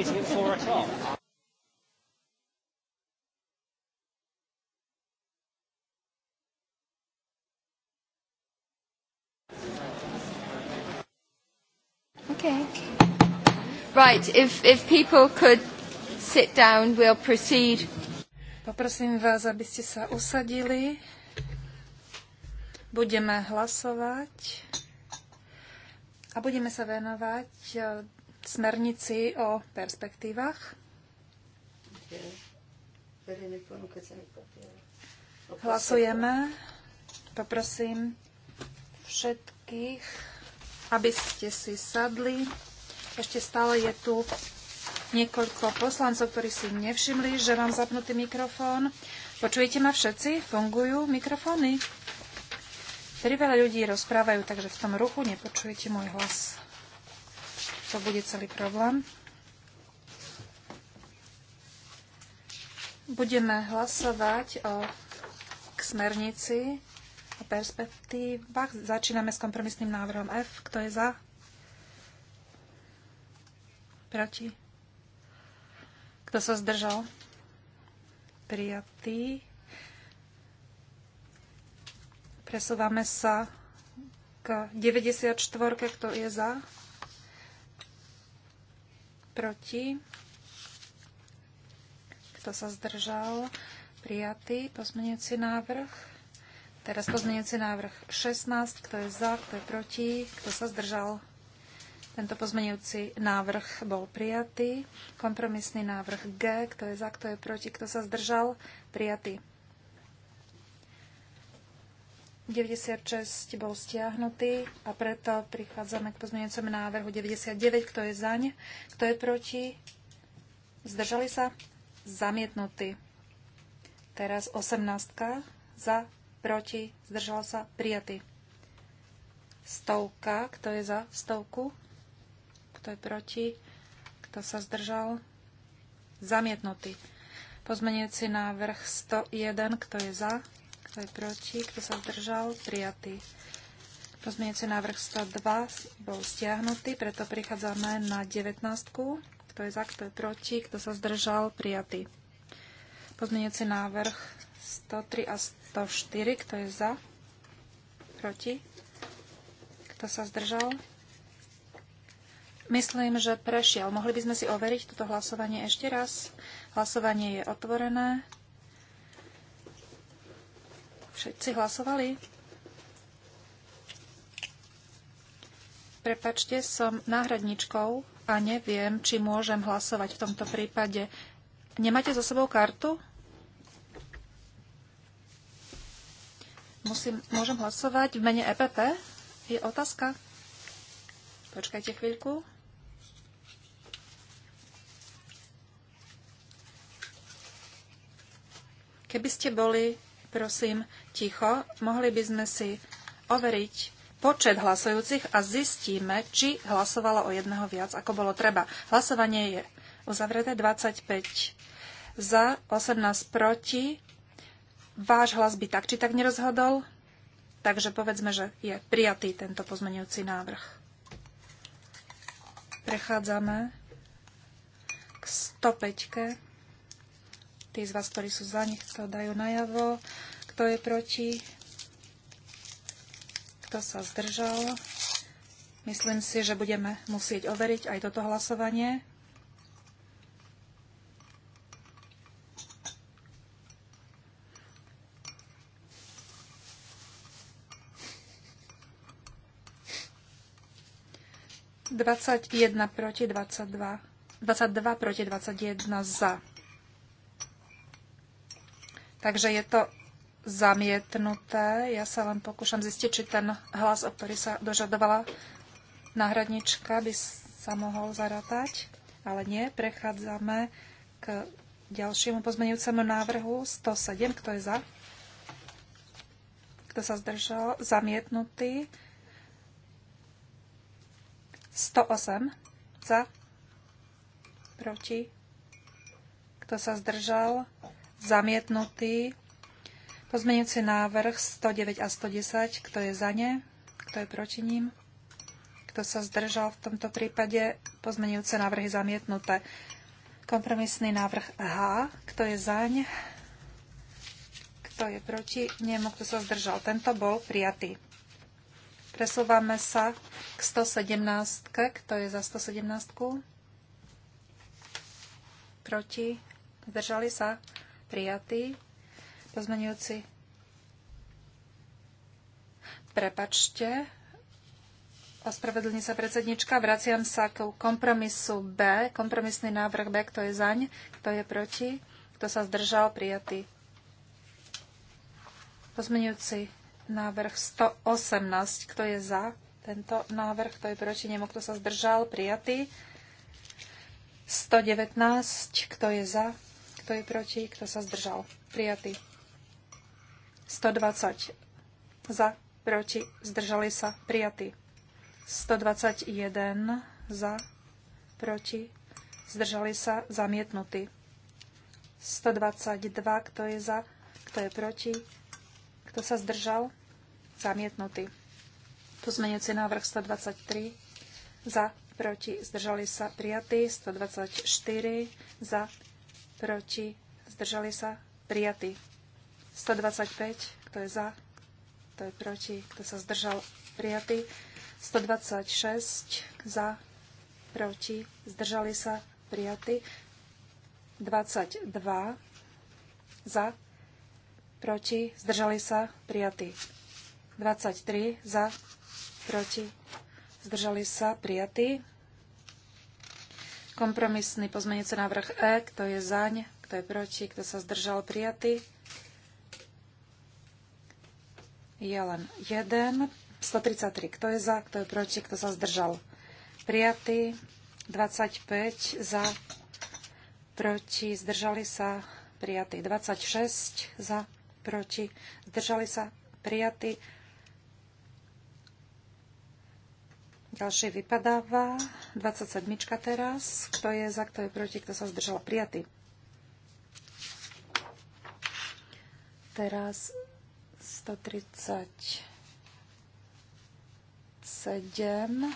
meeting at four o'clock. Okay. Right, if, if people could sit down, we'll proceed. Poprosím vás, aby ste sa usadili. Budeme hlasovať a budeme sa venovať smernici o perspektívach. Hlasujeme. Poprosím všetkých, aby ste si sadli. Ešte stále je tu niekoľko poslancov, ktorí si nevšimli, že mám zapnutý mikrofón. Počujete ma všetci? Fungujú mikrofóny? Tedy veľa ľudí rozprávajú, takže v tom ruchu nepočujete môj hlas to bude celý problém. Budeme hlasovať o k smernici o perspektívach. Začíname s kompromisným návrhom F. Kto je za? Proti? Kto sa zdržal? Prijatý. Presúvame sa k 94. Kto je za? proti, kto sa zdržal, prijatý pozmenujúci návrh. Teraz pozmenujúci návrh 16, kto je za, kto je proti, kto sa zdržal. Tento pozmeňujúci návrh bol prijatý. Kompromisný návrh G, kto je za, kto je proti, kto sa zdržal, prijatý. 96 bol stiahnutý a preto prichádzame k pozmeňujúcemu návrhu 99. Kto je zaň? Kto je proti? Zdržali sa? Zamietnutý. Teraz 18. Za, proti, zdržal sa, prijatý. Stovka. Kto je za stovku? Kto je proti? Kto sa zdržal? Zamietnutý. Pozmeňujúci návrh 101. Kto je za? kto je proti, kto sa zdržal, prijatý. Pozmienujúci návrh 102 bol stiahnutý, preto prichádzame na 19. Kto je za, kto je proti, kto sa zdržal, prijatý. Pozmienujúci návrh 103 a 104, kto je za, proti, kto sa zdržal. Myslím, že prešiel. Mohli by sme si overiť toto hlasovanie ešte raz. Hlasovanie je otvorené. Všetci hlasovali? Prepačte, som náhradničkou a neviem, či môžem hlasovať v tomto prípade. Nemáte so sebou kartu? Musím, môžem hlasovať v mene EPP? Je otázka? Počkajte chvíľku. Keby ste boli, prosím, ticho, mohli by sme si overiť počet hlasujúcich a zistíme, či hlasovalo o jedného viac, ako bolo treba. Hlasovanie je uzavreté 25 za, 18 proti. Váš hlas by tak či tak nerozhodol, takže povedzme, že je prijatý tento pozmenujúci návrh. Prechádzame k 105. Tí z vás, ktorí sú za, nech to dajú najavo. Kto je proti? Kto sa zdržal? Myslím si, že budeme musieť overiť aj toto hlasovanie. 21 proti 22, 22 proti 21 za. Takže je to zamietnuté. Ja sa len pokúšam zistiť, či ten hlas, o ktorý sa dožadovala náhradnička, by sa mohol zarátať. Ale nie, prechádzame k ďalšiemu pozmenujúcemu návrhu 107. Kto je za? Kto sa zdržal? Zamietnutý. 108. Za? Proti? Kto sa zdržal? Zamietnutý. Pozmeňujúci návrh 109 a 110, kto je za ne, kto je proti ním, kto sa zdržal v tomto prípade, pozmeňujúce návrhy zamietnuté. Kompromisný návrh H, kto je zaň, kto je proti nemu, kto sa zdržal. Tento bol prijatý. Presúvame sa k 117, kto je za 117, proti, zdržali sa, prijatý pozmenujúci. Prepačte. Ospravedlní sa predsednička. Vraciam sa k kompromisu B. Kompromisný návrh B. Kto je zaň? Kto je proti? Kto sa zdržal? Prijatý. Pozmenujúci návrh 118. Kto je za tento návrh? Kto je proti nemu? Kto sa zdržal? Prijatý. 119. Kto je za? Kto je proti? Kto sa zdržal? Prijatý. 120 za, proti, zdržali sa, prijatý. 121 za, proti, zdržali sa, zamietnutý. 122, kto je za, kto je proti, kto sa zdržal, zamietnutý. Pozmeňujúci návrh 123 za, proti, zdržali sa, prijatý. 124 za, proti, zdržali sa, prijatý. 125, kto je za, kto je proti, kto sa zdržal, prijatý. 126 za, proti, zdržali sa, prijatý. 22 za, proti, zdržali sa, prijatý. 23 za, proti, zdržali sa, prijatý. Kompromisný pozmenujúci návrh E, kto je zaň, kto je proti, kto sa zdržal, prijatý je len jeden. 133. Kto je za, kto je proti, kto sa zdržal? Prijatý. 25 za, proti, zdržali sa. Prijatý. 26 za, proti, zdržali sa. Prijatý. Ďalšie vypadáva. 27 teraz. Kto je za, kto je proti, kto sa zdržal? Prijatý. Teraz 137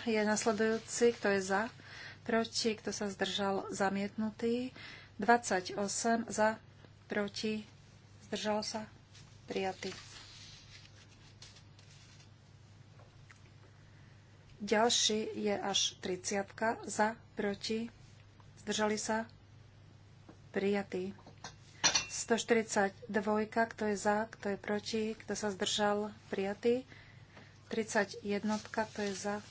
je nasledujúci, kto je za, proti, kto sa zdržal, zamietnutý. 28 za, proti, zdržal sa, prijatý. Ďalší je až 30 za, proti, zdržali sa, prijatý. 142, kto je za, kto je proti, kto sa zdržal, prijatý. 31, kto je za,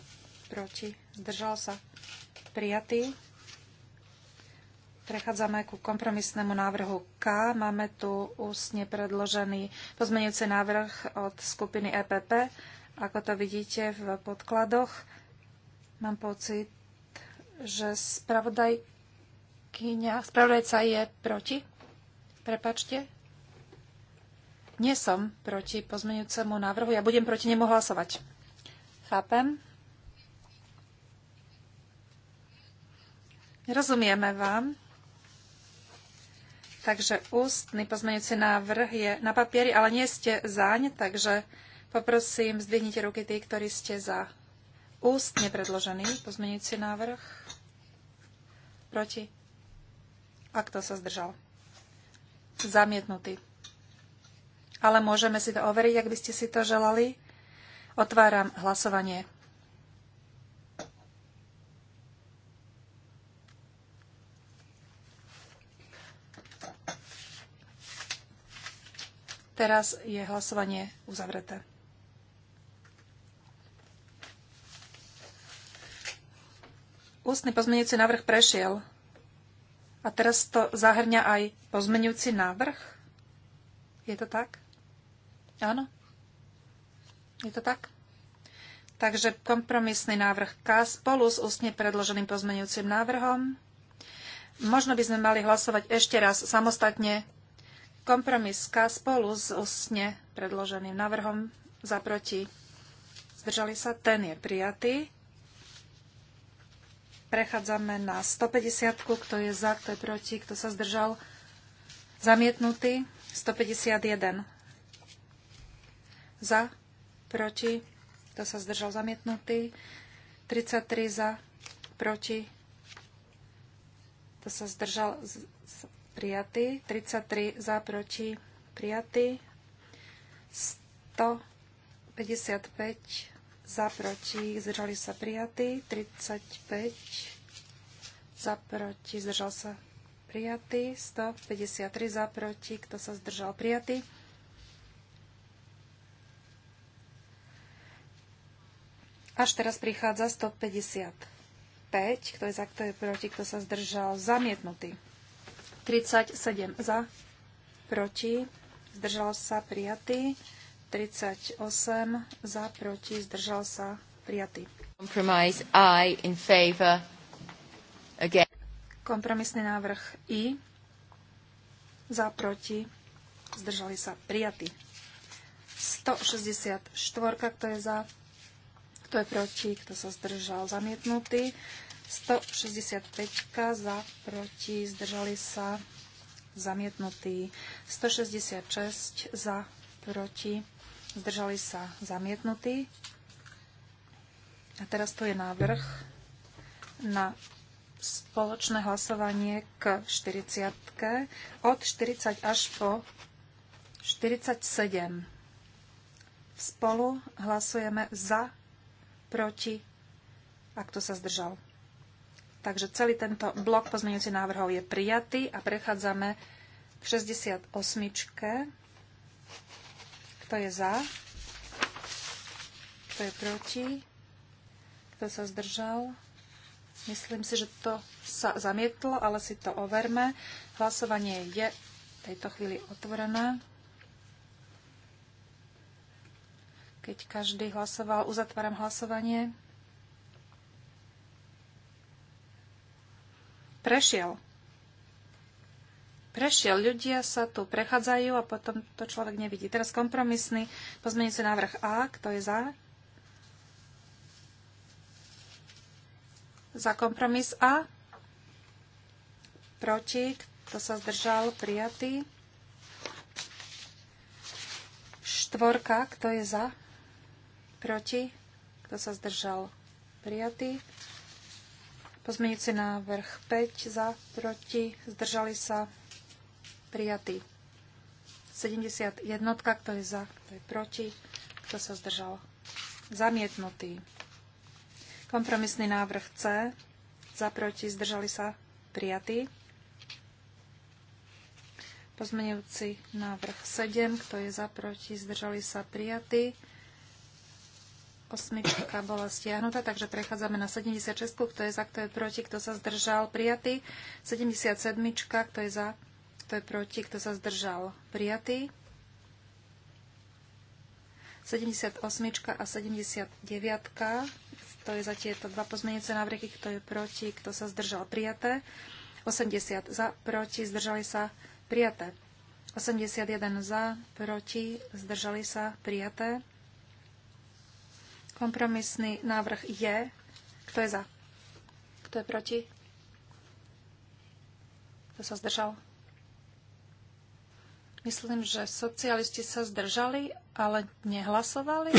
proti, zdržal sa, prijatý. Prechádzame ku kompromisnému návrhu K. Máme tu ústne predložený pozmenujúci návrh od skupiny EPP. Ako to vidíte v podkladoch, mám pocit, že spravodajca je proti. Prepačte. Nie som proti pozmeňujúcemu návrhu. Ja budem proti nemu hlasovať. Chápem. Rozumieme vám. Takže ústny pozmeňujúci návrh je na papieri, ale nie ste zaň, takže poprosím, zdvihnite ruky tí, ktorí ste za ústne predložený pozmeňujúci návrh. Proti. A kto sa zdržal? Zamietnutý. Ale môžeme si to overiť, ak by ste si to želali. Otváram hlasovanie. Teraz je hlasovanie uzavreté. Ústny pozmeňujúci návrh prešiel. A teraz to zahrňa aj pozmeňujúci návrh? Je to tak? Áno? Je to tak? Takže kompromisný návrh K spolu s ústne predloženým pozmeňujúcim návrhom. Možno by sme mali hlasovať ešte raz samostatne. Kompromis K spolu s ústne predloženým návrhom za proti. Zdržali sa? Ten je prijatý. Prechádzame na 150, kto je za, kto je proti, kto sa zdržal. Zamietnutý 151. Za, proti, kto sa zdržal zamietnutý. 33 za, proti, kto sa zdržal prijatý. 33 za, proti, prijatý. 155 za, proti, zdržali sa prijatí, 35 za, proti, zdržal sa prijatý, 153 za, proti, kto sa zdržal prijatý. Až teraz prichádza 155, kto je za, kto je proti, kto sa zdržal, zamietnutý. 37 za, proti, zdržal sa prijatý. 38 za, proti, zdržal sa, prijatý. Compromise I in favor again. Kompromisný návrh I za, proti, zdržali sa, prijatý. 164, kto je za, kto je proti, kto sa zdržal, zamietnutý. 165 za, proti, zdržali sa, zamietnutý. 166 za, proti, zdržali sa zamietnutí. A teraz tu je návrh na spoločné hlasovanie k 40. Od 40 až po 47. Spolu hlasujeme za, proti, a to sa zdržal. Takže celý tento blok pozmeňujúcich návrhov je prijatý a prechádzame k 68. Kto je za? Kto je proti? Kto sa zdržal? Myslím si, že to sa zamietlo, ale si to overme. Hlasovanie je v tejto chvíli otvorené. Keď každý hlasoval, uzatváram hlasovanie. Prešiel prešiel. Ľudia sa tu prechádzajú a potom to človek nevidí. Teraz kompromisný pozmeňujúci návrh A. Kto je za? Za kompromis A. Proti. Kto sa zdržal? Prijatý. Štvorka. Kto je za? Proti. Kto sa zdržal? Prijatý. Pozmeňujúci návrh 5 za, proti, zdržali sa, prijatý. 71, kto je za, kto je proti, kto sa zdržal. Zamietnutý. Kompromisný návrh C, za, proti, zdržali sa, prijatý. Pozmenujúci návrh 7, kto je za, proti, zdržali sa, prijatý. Osmička bola stiahnutá, takže prechádzame na 76, kto je za, kto je proti, kto sa zdržal, prijatý. 77, kto je za, kto je proti, kto sa zdržal. Prijatý. 78 a 79. To je za tieto dva pozmenujúce návrhy, kto je proti, kto sa zdržal. Prijaté. 80 za, proti, zdržali sa. Prijaté. 81 za, proti, zdržali sa. Prijaté. Kompromisný návrh je. Kto je za? Kto je proti? Kto sa zdržal? Myslím, že socialisti sa zdržali, ale nehlasovali.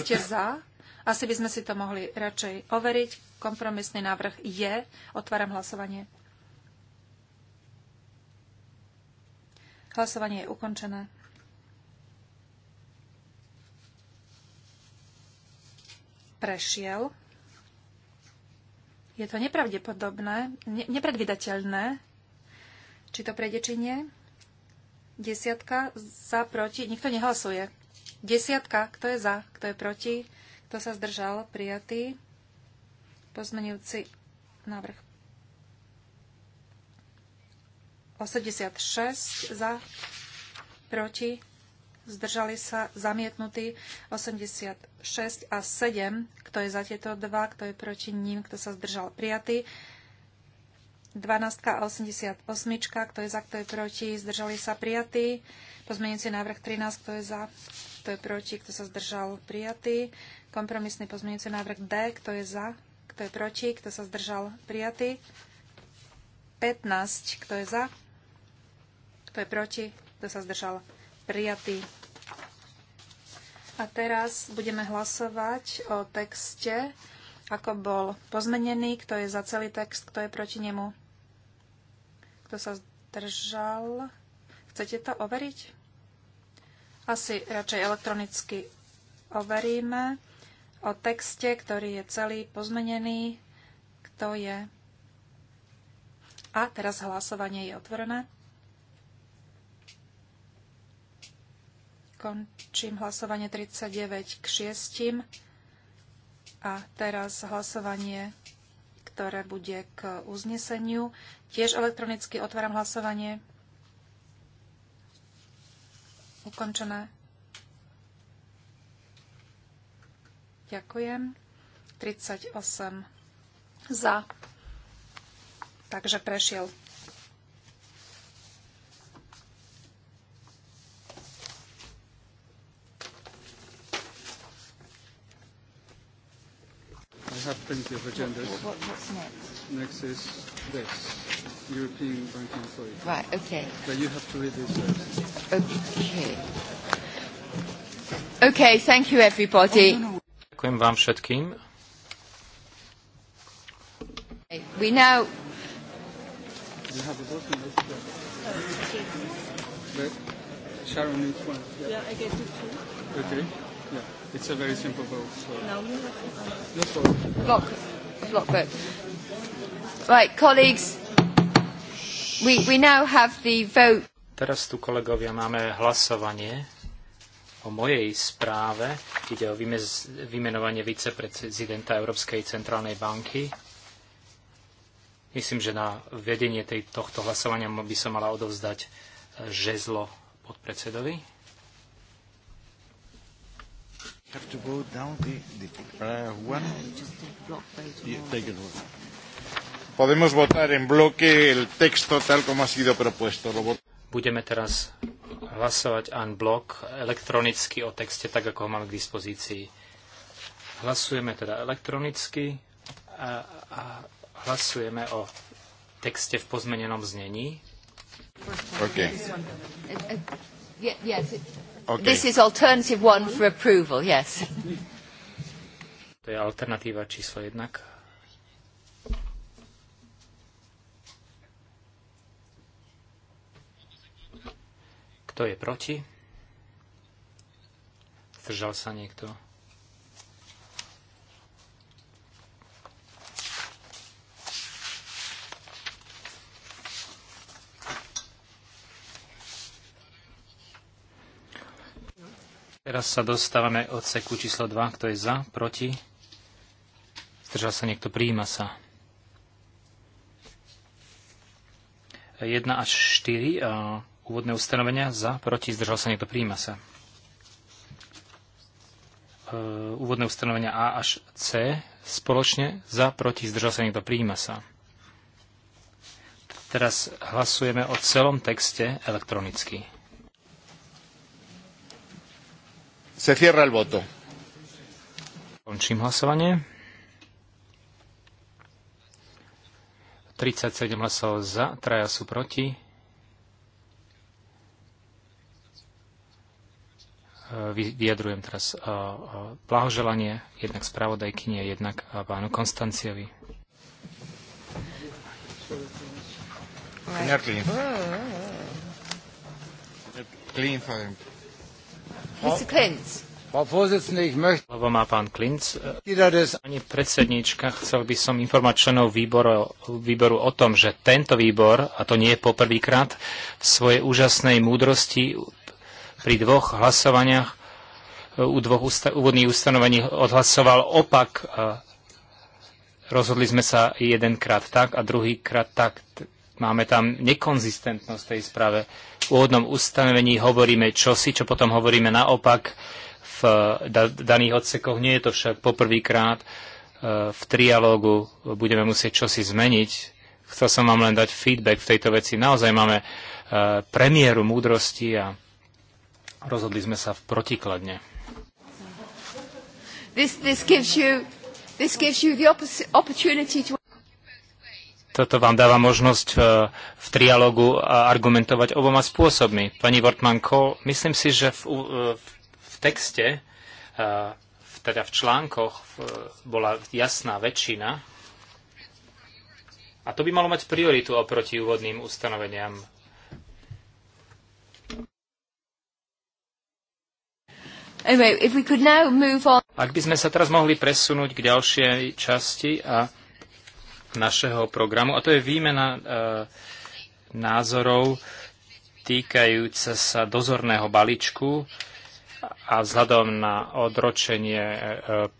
Ste za? Asi by sme si to mohli radšej overiť. Kompromisný návrh je. Otváram hlasovanie. Hlasovanie je ukončené. Prešiel. Je to nepravdepodobné, ne- nepredvydateľné, či to prejde, či nie. Desiatka za, proti. Nikto nehlasuje. Desiatka. Kto je za? Kto je proti? Kto sa zdržal? Prijatý. Pozmenujúci návrh. 86 za, proti, zdržali sa zamietnutí 86 a 7. Kto je za tieto dva, kto je proti ním, kto sa zdržal prijatý. 12 a 88, kto je za, kto je proti, zdržali sa prijatí. Pozmeňujúci návrh 13, kto je za, kto je proti, kto sa zdržal prijatý. Kompromisný pozmeňujúci návrh D, kto je za, kto je proti, kto sa zdržal prijatý. 15, kto je za, kto je proti, kto sa zdržal prijatý. A teraz budeme hlasovať o texte, ako bol pozmenený, kto je za celý text, kto je proti nemu kto sa zdržal? Chcete to overiť? Asi radšej elektronicky overíme o texte, ktorý je celý pozmenený. Kto je? A teraz hlasovanie je otvorené. Končím hlasovanie 39 k 6. A teraz hlasovanie, ktoré bude k uzneseniu. Tiež elektronicky otváram hlasovanie. Ukončené. Ďakujem. 38 za. Takže prešiel. have plenty of agendas. what, what's next? Next is this. European Banking Authority. Right, okay. But you have to read this first. Okay. Okay, thank you everybody. Oh, no, no. Ďakujem vám všetkým. We now... You have a voting list. But Sharon needs one. Yeah, I get it too. Okay. Yeah, it's a very simple vote. So. No, no, have to. No, sorry. Block, block vote. Right, colleagues. We, we now have the vote. Teraz tu, kolegovia, máme hlasovanie o mojej správe. Ide o vymez, vymenovanie viceprezidenta Európskej centrálnej banky. Myslím, že na vedenie tej, tohto hlasovania by som mala odovzdať e, žezlo podpredsedovi. Have to go down the, the uh, one. Just take block vote. Yeah, take it. Podemos votar en bloque el texto tal como ha sido propuesto. Budeme teraz hlasovať en blok elektronicky o texte, tak ako ho máme k dispozícii. Hlasujeme teda elektronicky a, a hlasujeme o texte v pozmenenom znení. Okay. This is alternative one for approval, yes. To je alternatíva číslo jednak Kto je proti? Zdržal sa niekto? Teraz sa dostávame od seku číslo 2. Kto je za? Proti? Zdržal sa niekto? Prijíma sa. 1 až 4 úvodné ustanovenia za, proti, zdržal sa niekto, príjma sa. E, úvodné ustanovenia A až C spoločne za, proti, zdržal sa niekto, príjma sa. Teraz hlasujeme o celom texte elektronicky. Se cierra el voto. Končím hlasovanie. 37 hlasov za, traja sú proti. vyjadrujem teraz e, e, blahoželanie jednak spravodajkyni a jednak e, pánu Konstanciovi. Lebo má pán Klinc. Pani predsednička, chcel by som informovať členov výboru, výboru o tom, že tento výbor, a to nie je poprvýkrát, v svojej úžasnej múdrosti pri dvoch hlasovaniach e, u dvoch ústa- úvodných ustanovení odhlasoval opak. E, rozhodli sme sa jedenkrát tak a druhýkrát tak. Máme tam nekonzistentnosť tej správe. V úvodnom ustanovení hovoríme čosi, čo potom hovoríme naopak v da- daných odsekoch. Nie je to však poprvýkrát. E, v trialógu budeme musieť čosi zmeniť. Chcel som vám len dať feedback v tejto veci. Naozaj máme premiéru múdrosti a Rozhodli sme sa v protikladne. This, this gives you, this gives you the opportunity to... Toto vám dáva možnosť e, v, v trialógu e, argumentovať oboma spôsobmi. Pani Wortmanko, myslím si, že v, e, v, v texte, v, teda v článkoch v, bola jasná väčšina a to by malo mať prioritu oproti úvodným ustanoveniam. Ak by sme sa teraz mohli presunúť k ďalšej časti a našeho programu, a to je výmena e, názorov týkajúca sa dozorného balíčku a vzhľadom na odročenie e, e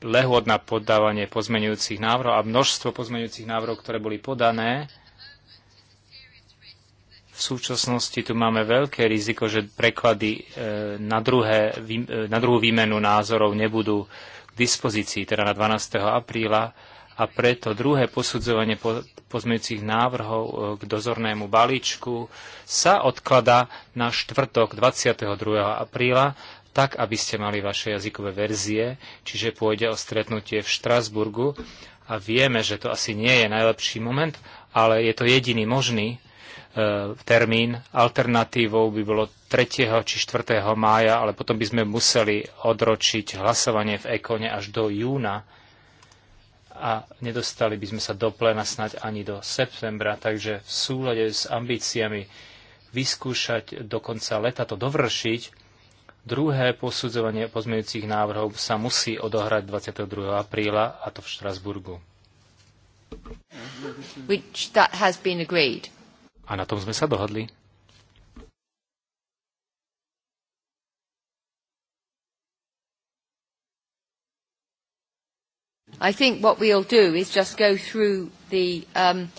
lehôd na podávanie pozmenujúcich návrhov a množstvo pozmenujúcich návrhov, ktoré boli podané, súčasnosti tu máme veľké riziko, že preklady e, na, druhé, e, na druhú výmenu názorov nebudú k dispozícii, teda na 12. apríla, a preto druhé posudzovanie pozmejúcich pozmeňujúcich návrhov e, k dozornému balíčku sa odklada na štvrtok 22. apríla, tak, aby ste mali vaše jazykové verzie, čiže pôjde o stretnutie v Štrasburgu a vieme, že to asi nie je najlepší moment, ale je to jediný možný, E, termín. Alternatívou by bolo 3. či 4. mája, ale potom by sme museli odročiť hlasovanie v Ekone až do júna a nedostali by sme sa do plena snať ani do septembra, takže v súlade s ambíciami vyskúšať do konca leta to dovršiť, druhé posudzovanie pozmeňujúcich návrhov sa musí odohrať 22. apríla, a to v Štrasburgu. Which that has been agreed. A na tom sme sa dohodli. I think what we'll do is just go through the um,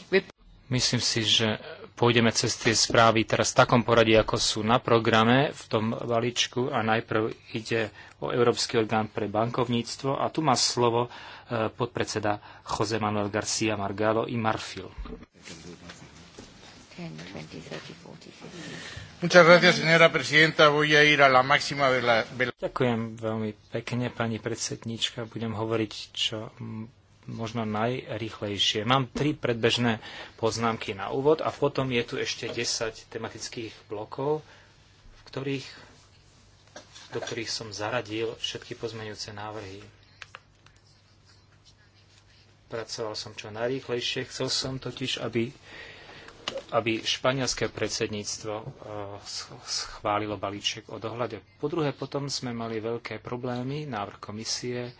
Myslím si, že pôjdeme cez tie správy teraz v takom poradí, ako sú na programe v tom balíčku a najprv ide o Európsky orgán pre bankovníctvo a tu má slovo eh, podpredseda Jose Manuel García Margalo i Marfil. 10, 20, 30, 40. Muchas gracias, señora presidenta. Voy a ir a la máxima Ďakujem veľmi pekne, pani predsednička. Budem hovoriť čo možno najrychlejšie. Mám tri predbežné poznámky na úvod a potom je tu ešte 10 tematických blokov, v ktorých, do ktorých som zaradil všetky pozmeňujúce návrhy. Pracoval som čo najrýchlejšie, chcel som totiž, aby aby španielské predsedníctvo eh, schválilo balíček o dohľade. Po druhé, potom sme mali veľké problémy. Návrh komisie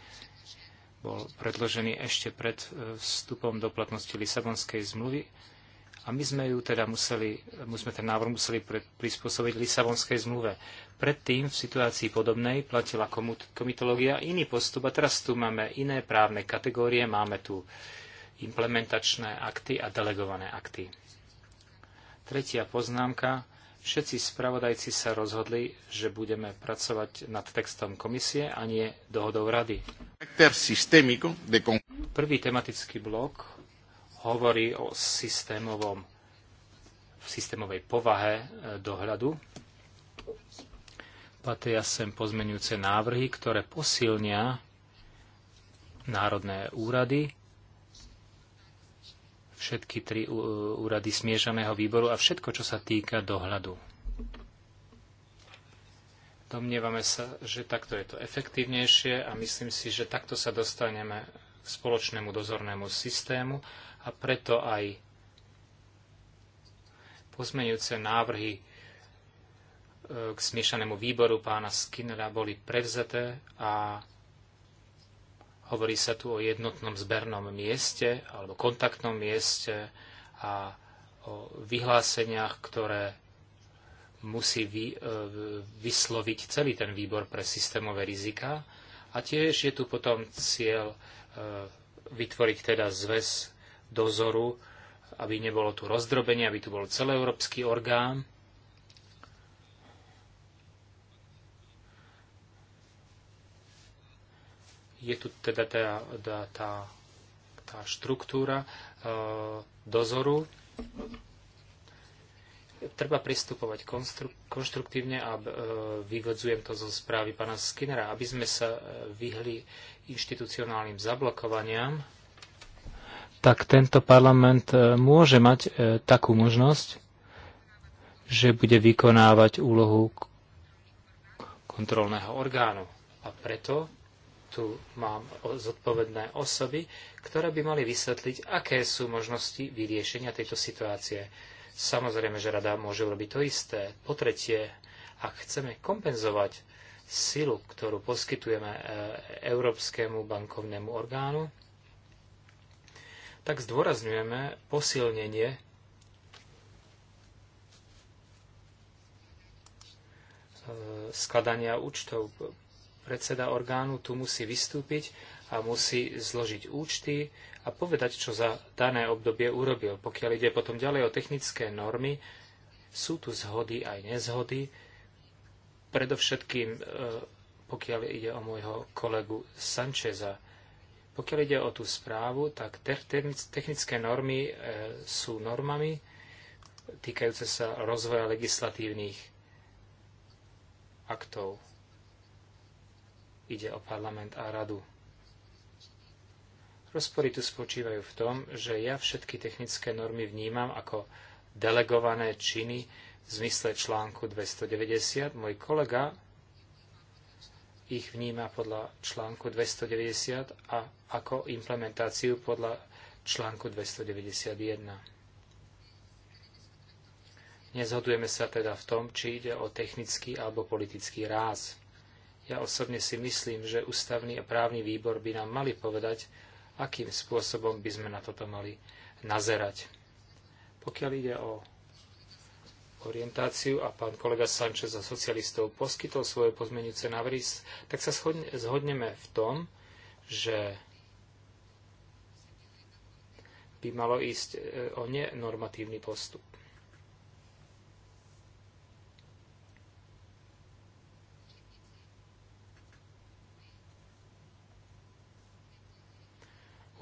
bol predložený ešte pred eh, vstupom do platnosti Lisabonskej zmluvy a my sme ju teda museli, my sme ten návrh museli prispôsobiť Lisabonskej zmluve. Predtým v situácii podobnej platila komitológia iný postup a teraz tu máme iné právne kategórie, máme tu implementačné akty a delegované akty Tretia poznámka. Všetci spravodajci sa rozhodli, že budeme pracovať nad textom komisie a nie dohodou rady. Prvý tematický blok hovorí o systémovom, v systémovej povahe e, dohľadu. Patria sem pozmenujúce návrhy, ktoré posilnia národné úrady všetky tri uh, úrady smiešaného výboru a všetko, čo sa týka dohľadu. Domnievame sa, že takto je to efektívnejšie a myslím si, že takto sa dostaneme k spoločnému dozornému systému a preto aj pozmeňujúce návrhy uh, k smiešanému výboru pána Skinnera boli prevzaté a Hovorí sa tu o jednotnom zbernom mieste alebo kontaktnom mieste a o vyhláseniach, ktoré musí vy, e, vysloviť celý ten výbor pre systémové rizika. A tiež je tu potom cieľ e, vytvoriť teda zväz dozoru, aby nebolo tu rozdrobenie, aby tu bol celoeurópsky orgán, Je tu teda tá, tá, tá, tá štruktúra uh, dozoru. Treba pristupovať konštruktívne a e, vyvodzujem to zo správy pána Skinnera, aby sme sa e, vyhli inštitucionálnym zablokovaniam tak tento parlament e, môže mať takú možnosť, že bude vykonávať úlohu kontrolného orgánu. A preto tu mám zodpovedné osoby, ktoré by mali vysvetliť, aké sú možnosti vyriešenia tejto situácie. Samozrejme, že rada môže urobiť to isté. Po tretie, ak chceme kompenzovať silu, ktorú poskytujeme e, Európskemu bankovnému orgánu, tak zdôrazňujeme posilnenie e, skladania účtov Predseda orgánu tu musí vystúpiť a musí zložiť účty a povedať, čo za dané obdobie urobil. Pokiaľ ide potom ďalej o technické normy, sú tu zhody aj nezhody. Predovšetkým, e, pokiaľ ide o môjho kolegu Sancheza. Pokiaľ ide o tú správu, tak technické normy e, sú normami týkajúce sa rozvoja legislatívnych aktov. Ide o parlament a radu. Rozpory tu spočívajú v tom, že ja všetky technické normy vnímam ako delegované činy v zmysle článku 290. Môj kolega ich vníma podľa článku 290 a ako implementáciu podľa článku 291. Nezhodujeme sa teda v tom, či ide o technický alebo politický ráz. Ja osobne si myslím, že ústavný a právny výbor by nám mali povedať, akým spôsobom by sme na toto mali nazerať. Pokiaľ ide o orientáciu a pán kolega Sanchez a socialistov poskytol svoje pozmenujúce návrhy, tak sa zhodneme v tom, že by malo ísť e, o nenormatívny postup.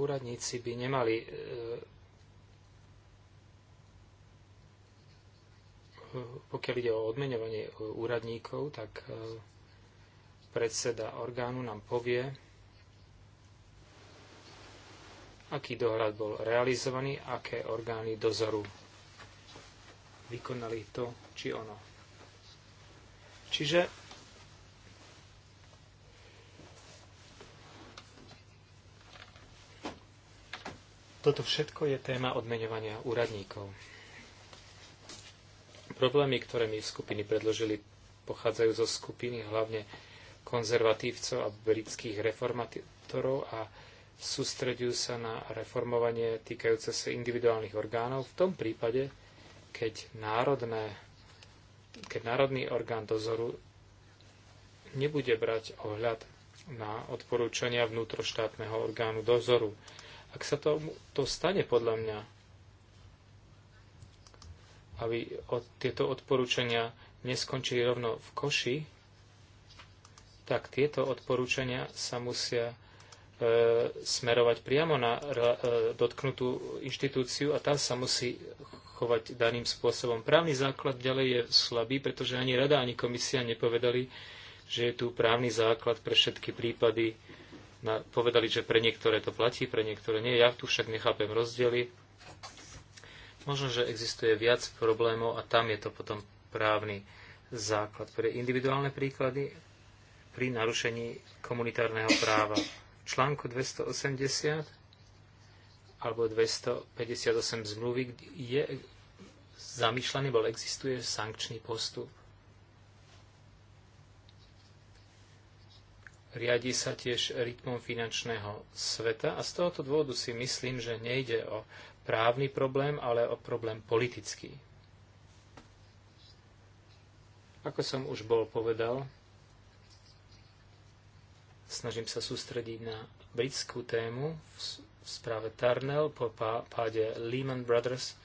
úradníci by nemali e, pokiaľ ide o odmeňovanie e, úradníkov, tak e, predseda orgánu nám povie, aký dohľad bol realizovaný, aké orgány dozoru vykonali to či ono. Čiže Toto všetko je téma odmeňovania úradníkov. Problémy, ktoré mi skupiny predložili, pochádzajú zo skupiny hlavne konzervatívcov a britských reformátorov a sústredujú sa na reformovanie týkajúce sa individuálnych orgánov v tom prípade, keď, národné, keď národný orgán dozoru nebude brať ohľad na odporúčania vnútroštátneho orgánu dozoru ak sa to, to stane podľa mňa, aby od, tieto odporúčania neskončili rovno v koši, tak tieto odporúčania sa musia e, smerovať priamo na e, dotknutú inštitúciu a tam sa musí chovať daným spôsobom. Právny základ ďalej je slabý, pretože ani rada, ani komisia nepovedali, že je tu právny základ pre všetky prípady povedali, že pre niektoré to platí, pre niektoré nie. Ja tu však nechápem rozdiely. Možno, že existuje viac problémov a tam je to potom právny základ pre individuálne príklady pri narušení komunitárneho práva. V článku 280 alebo 258 zmluvy je zamýšľaný, bol existuje sankčný postup. riadi sa tiež rytmom finančného sveta a z tohoto dôvodu si myslím, že nejde o právny problém, ale o problém politický. Ako som už bol povedal, snažím sa sústrediť na britskú tému v správe Tarnell po páde Lehman Brothers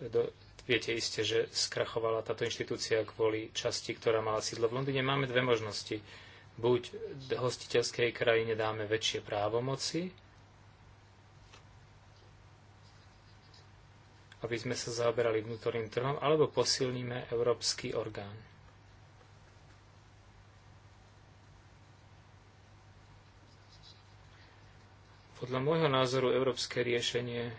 do Viete iste, že skrachovala táto inštitúcia kvôli časti, ktorá mala sídlo v Londýne. Máme dve možnosti. Buď hostiteľskej krajine dáme väčšie právomoci, aby sme sa zaoberali vnútorným trhom, alebo posilníme európsky orgán. Podľa môjho názoru európske riešenie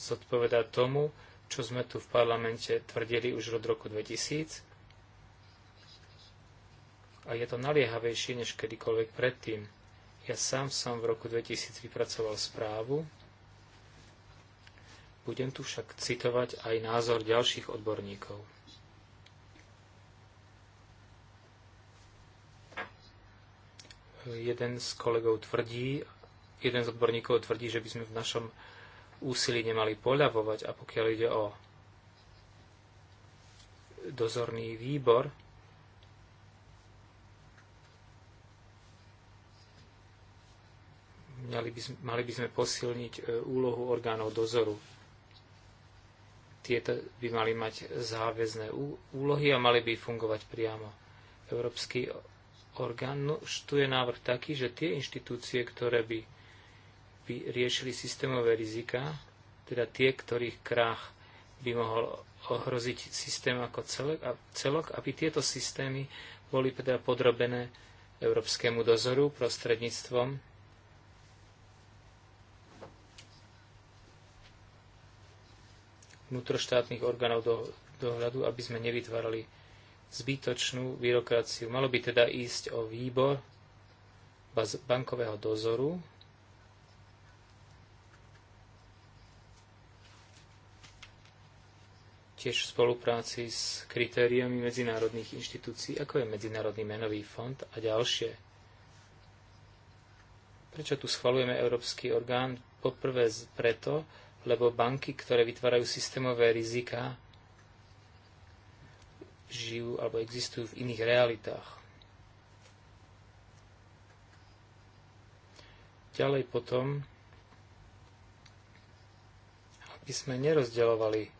zodpoveda tomu, čo sme tu v parlamente tvrdili už od roku 2000. A je to naliehavejšie než kedykoľvek predtým. Ja sám som v roku 2000 vypracoval správu. Budem tu však citovať aj názor ďalších odborníkov. Jeden z kolegov tvrdí, jeden z odborníkov tvrdí, že by sme v našom úsilí nemali poľavovať a pokiaľ ide o dozorný výbor, mali by, sme, mali by sme posilniť e, úlohu orgánov dozoru. Tieto by mali mať záväzné úlohy a mali by fungovať priamo. Európsky orgán no, tu je návrh taký, že tie inštitúcie, ktoré by by riešili systémové rizika, teda tie, ktorých krách by mohol ohroziť systém ako celok, a celok aby tieto systémy boli teda podrobené európskemu dozoru prostredníctvom vnútroštátnych orgánov do, dohľadu, aby sme nevytvárali zbytočnú byrokraciu. Malo by teda ísť o výbor bankového dozoru, tiež v spolupráci s kritériami medzinárodných inštitúcií, ako je Medzinárodný menový fond a ďalšie. Prečo tu schvalujeme Európsky orgán? Poprvé preto, lebo banky, ktoré vytvárajú systémové rizika, žijú alebo existujú v iných realitách. Ďalej potom, aby sme nerozdeľovali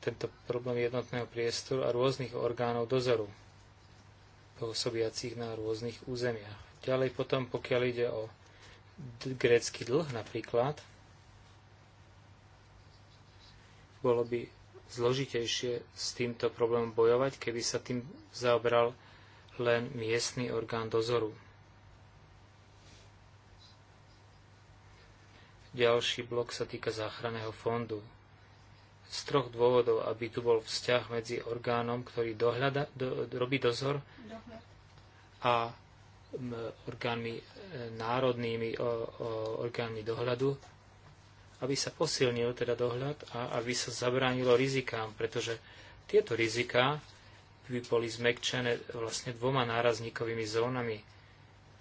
tento problém jednotného priestoru a rôznych orgánov dozoru pôsobiacich na rôznych územiach. Ďalej potom, pokiaľ ide o grécky dlh napríklad, bolo by zložitejšie s týmto problémom bojovať, keby sa tým zaobral len miestny orgán dozoru. Ďalší blok sa týka záchranného fondu z troch dôvodov, aby tu bol vzťah medzi orgánom, ktorý dohľada, do, robí dozor a orgánmi e, národnými o, o, orgánmi dohľadu, aby sa posilnil teda dohľad a aby sa zabránilo rizikám, pretože tieto riziká by boli zmekčené vlastne dvoma nárazníkovými zónami.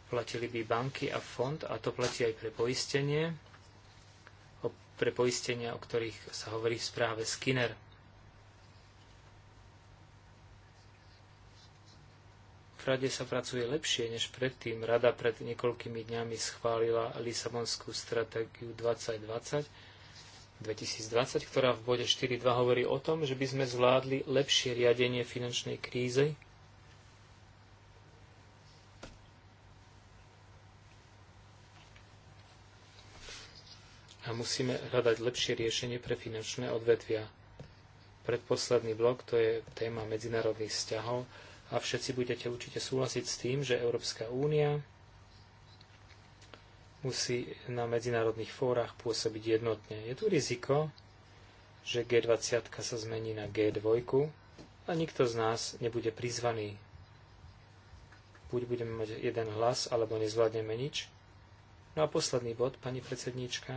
Platili by banky a fond a to platí aj pre poistenie pre poistenia, o ktorých sa hovorí v správe Skinner. V rade sa pracuje lepšie než predtým. Rada pred niekoľkými dňami schválila Lisabonskú stratégiu 2020, 2020, ktorá v bode 4.2 hovorí o tom, že by sme zvládli lepšie riadenie finančnej krízy a musíme hľadať lepšie riešenie pre finančné odvetvia. Predposledný blok to je téma medzinárodných vzťahov a všetci budete určite súhlasiť s tým, že Európska únia musí na medzinárodných fórach pôsobiť jednotne. Je tu riziko, že G20 sa zmení na G2 a nikto z nás nebude prizvaný. Buď budeme mať jeden hlas, alebo nezvládneme nič. No a posledný bod, pani predsedníčka.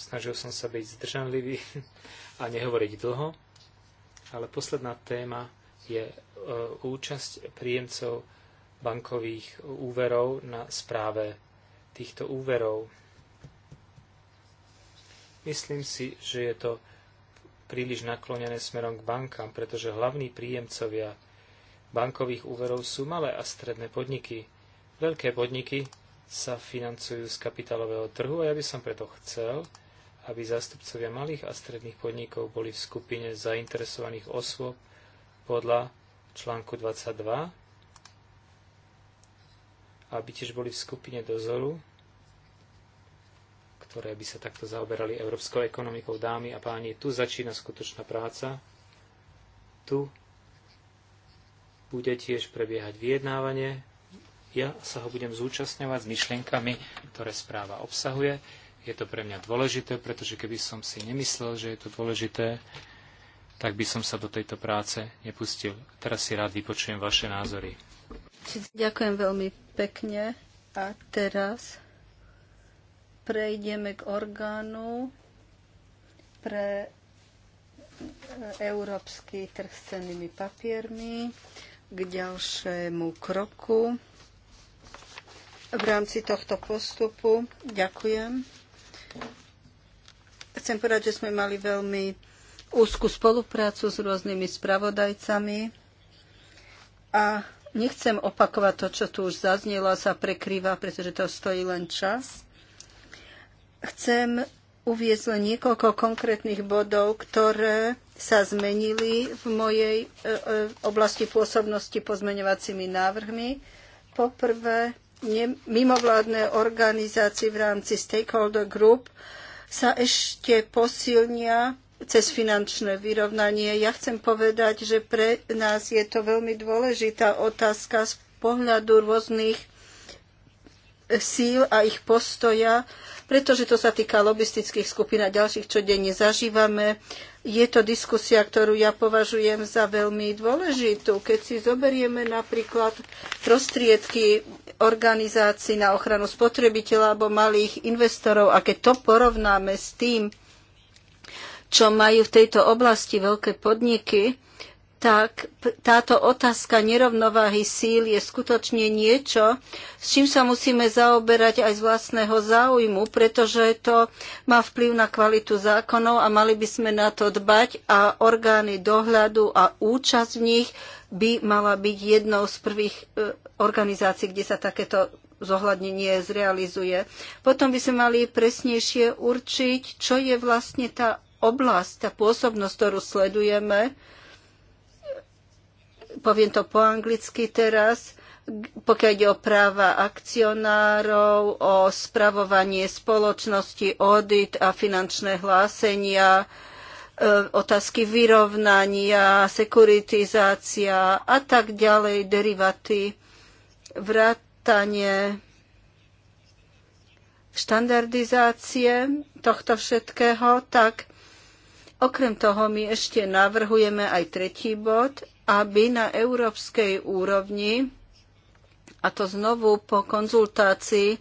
Snažil som sa byť zdržanlivý a nehovoriť dlho, ale posledná téma je e, účasť príjemcov bankových úverov na správe týchto úverov. Myslím si, že je to príliš naklonené smerom k bankám, pretože hlavní príjemcovia bankových úverov sú malé a stredné podniky. Veľké podniky sa financujú z kapitálového trhu a ja by som preto chcel, aby zástupcovia malých a stredných podnikov boli v skupine zainteresovaných osôb podľa článku 22, aby tiež boli v skupine dozoru, ktoré by sa takto zaoberali európskou ekonomikou. Dámy a páni, tu začína skutočná práca. Tu bude tiež prebiehať vyjednávanie. Ja sa ho budem zúčastňovať s myšlienkami, ktoré správa obsahuje. Je to pre mňa dôležité, pretože keby som si nemyslel, že je to dôležité, tak by som sa do tejto práce nepustil. Teraz si rád vypočujem vaše názory. Ďakujem veľmi pekne. A teraz prejdeme k orgánu pre e, európsky trh s cennými papiermi k ďalšiemu kroku v rámci tohto postupu. Ďakujem. Chcem povedať, že sme mali veľmi úzku spoluprácu s rôznymi spravodajcami a nechcem opakovať to, čo tu už zaznelo a sa prekrýva, pretože to stojí len čas. Chcem uviezť len niekoľko konkrétnych bodov, ktoré sa zmenili v mojej e, e, oblasti pôsobnosti pozmeňovacími návrhmi. Poprvé, mimovládne organizácie v rámci stakeholder group sa ešte posilnia cez finančné vyrovnanie. Ja chcem povedať, že pre nás je to veľmi dôležitá otázka z pohľadu rôznych síl a ich postoja, pretože to sa týka lobistických skupín a ďalších, čo denne zažívame je to diskusia, ktorú ja považujem za veľmi dôležitú. Keď si zoberieme napríklad prostriedky organizácií na ochranu spotrebiteľa alebo malých investorov a keď to porovnáme s tým, čo majú v tejto oblasti veľké podniky, tak táto otázka nerovnováhy síl je skutočne niečo, s čím sa musíme zaoberať aj z vlastného záujmu, pretože to má vplyv na kvalitu zákonov a mali by sme na to dbať a orgány dohľadu a účasť v nich by mala byť jednou z prvých e, organizácií, kde sa takéto zohľadnenie zrealizuje. Potom by sme mali presnejšie určiť, čo je vlastne tá oblasť, tá pôsobnosť, ktorú sledujeme, poviem to po anglicky teraz, pokiaľ ide o práva akcionárov, o spravovanie spoločnosti, audit a finančné hlásenia, e, otázky vyrovnania, sekuritizácia a tak ďalej, derivaty, vrátanie štandardizácie tohto všetkého, tak Okrem toho my ešte navrhujeme aj tretí bod, aby na európskej úrovni, a to znovu po konzultácii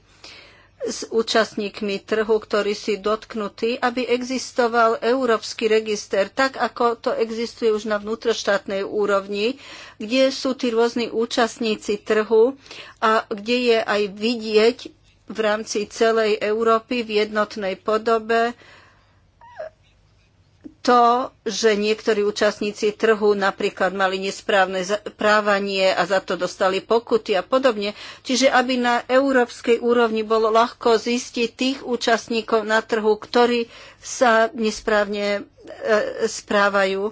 s účastníkmi trhu, ktorí si dotknutí, aby existoval európsky register, tak ako to existuje už na vnútroštátnej úrovni, kde sú tí rôzni účastníci trhu a kde je aj vidieť v rámci celej Európy v jednotnej podobe, to, že niektorí účastníci trhu napríklad mali nesprávne správanie a za to dostali pokuty a podobne. Čiže aby na európskej úrovni bolo ľahko zistiť tých účastníkov na trhu, ktorí sa nesprávne e, správajú.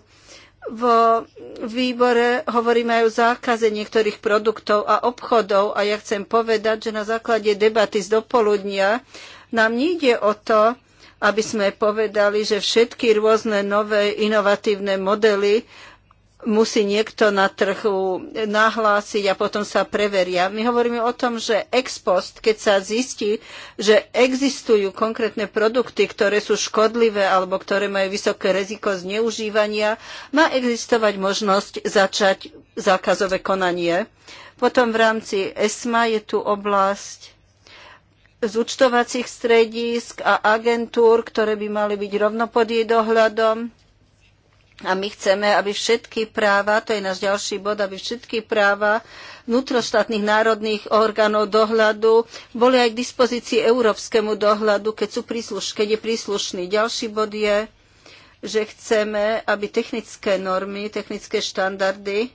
Vo výbore hovoríme aj o zákaze niektorých produktov a obchodov a ja chcem povedať, že na základe debaty z dopoludnia nám nejde o to, aby sme povedali, že všetky rôzne nové inovatívne modely musí niekto na trhu nahlásiť a potom sa preveria. My hovoríme o tom, že ex post, keď sa zistí, že existujú konkrétne produkty, ktoré sú škodlivé alebo ktoré majú vysoké riziko zneužívania, má existovať možnosť začať zákazové konanie. Potom v rámci ESMA je tu oblasť zúčtovacích stredísk a agentúr, ktoré by mali byť rovno pod jej dohľadom. A my chceme, aby všetky práva, to je náš ďalší bod, aby všetky práva vnútroštátnych národných orgánov dohľadu boli aj k dispozícii európskemu dohľadu, keď, sú príslušní. keď je príslušný. Ďalší bod je, že chceme, aby technické normy, technické štandardy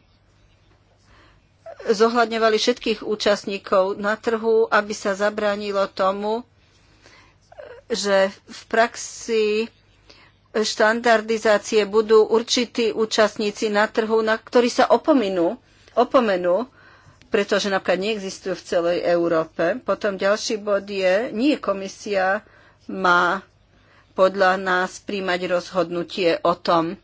zohľadňovali všetkých účastníkov na trhu, aby sa zabránilo tomu, že v praxi štandardizácie budú určití účastníci na trhu, na ktorí sa opominú, opomenú, pretože napríklad neexistujú v celej Európe. Potom ďalší bod je, nie komisia má podľa nás príjmať rozhodnutie o tom,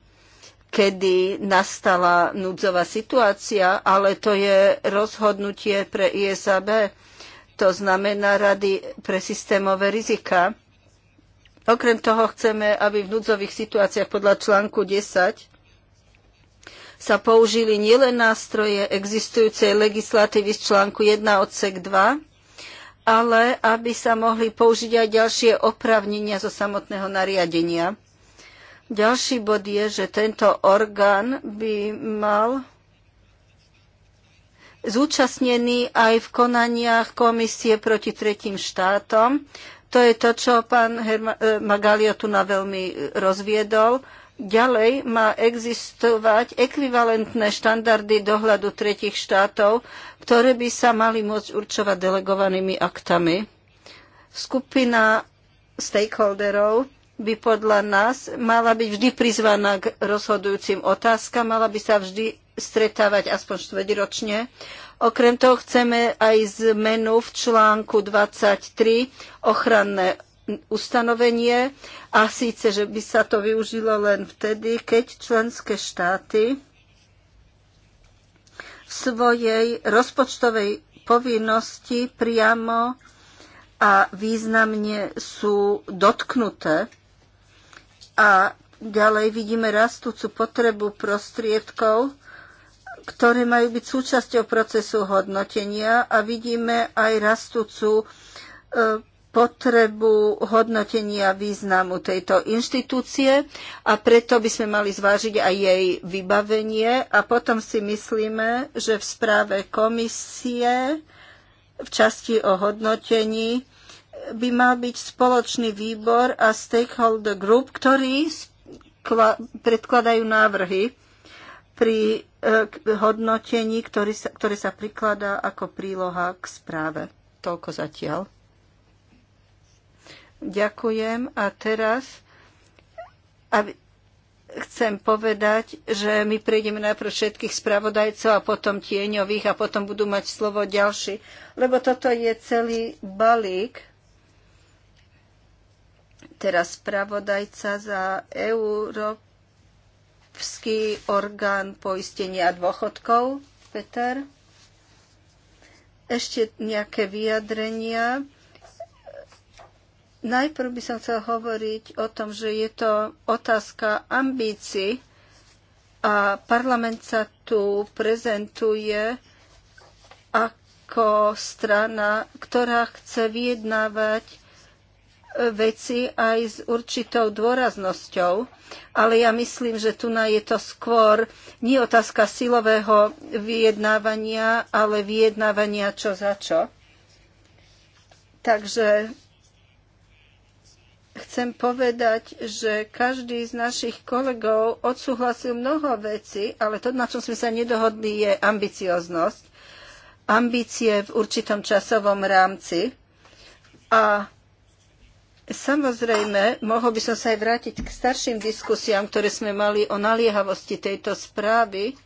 kedy nastala núdzová situácia, ale to je rozhodnutie pre ISAB, to znamená Rady pre systémové rizika. Okrem toho chceme, aby v núdzových situáciách podľa článku 10 sa použili nielen nástroje existujúcej legislatívy z článku 1 odsek 2, ale aby sa mohli použiť aj ďalšie opravnenia zo samotného nariadenia. Ďalší bod je, že tento orgán by mal zúčastnený aj v konaniach komisie proti tretím štátom. To je to, čo pán eh, Magalio tu na veľmi rozviedol. Ďalej má existovať ekvivalentné štandardy dohľadu tretich štátov, ktoré by sa mali môcť určovať delegovanými aktami. Skupina stakeholderov by podľa nás mala byť vždy prizvaná k rozhodujúcim otázkam, mala by sa vždy stretávať aspoň štvrťročne. Okrem toho chceme aj zmenu v článku 23 ochranné ustanovenie a síce, že by sa to využilo len vtedy, keď členské štáty v svojej rozpočtovej povinnosti priamo a významne sú dotknuté a ďalej vidíme rastúcu potrebu prostriedkov, ktoré majú byť súčasťou procesu hodnotenia a vidíme aj rastúcu e, potrebu hodnotenia významu tejto inštitúcie a preto by sme mali zvážiť aj jej vybavenie a potom si myslíme, že v správe komisie v časti o hodnotení by mal byť spoločný výbor a stakeholder group, ktorí predkladajú návrhy pri e, hodnotení, ktoré sa, ktoré sa prikladá ako príloha k správe. Toľko zatiaľ. Ďakujem a teraz aby, chcem povedať, že my prejdeme najprv všetkých spravodajcov a potom tieňových a potom budú mať slovo ďalší, lebo toto je celý balík teraz spravodajca za Európsky orgán poistenia dôchodkov, Peter. Ešte nejaké vyjadrenia. Najprv by som chcel hovoriť o tom, že je to otázka ambícií a parlament sa tu prezentuje ako strana, ktorá chce vyjednávať veci aj s určitou dôraznosťou, ale ja myslím, že tu je to skôr nie otázka silového vyjednávania, ale vyjednávania čo za čo. Takže chcem povedať, že každý z našich kolegov odsúhlasil mnoho vecí, ale to, na čom sme sa nedohodli, je ambicioznosť. Ambície v určitom časovom rámci. A Samozrejme, mohol by som sa aj vrátiť k starším diskusiám, ktoré sme mali o naliehavosti tejto správy.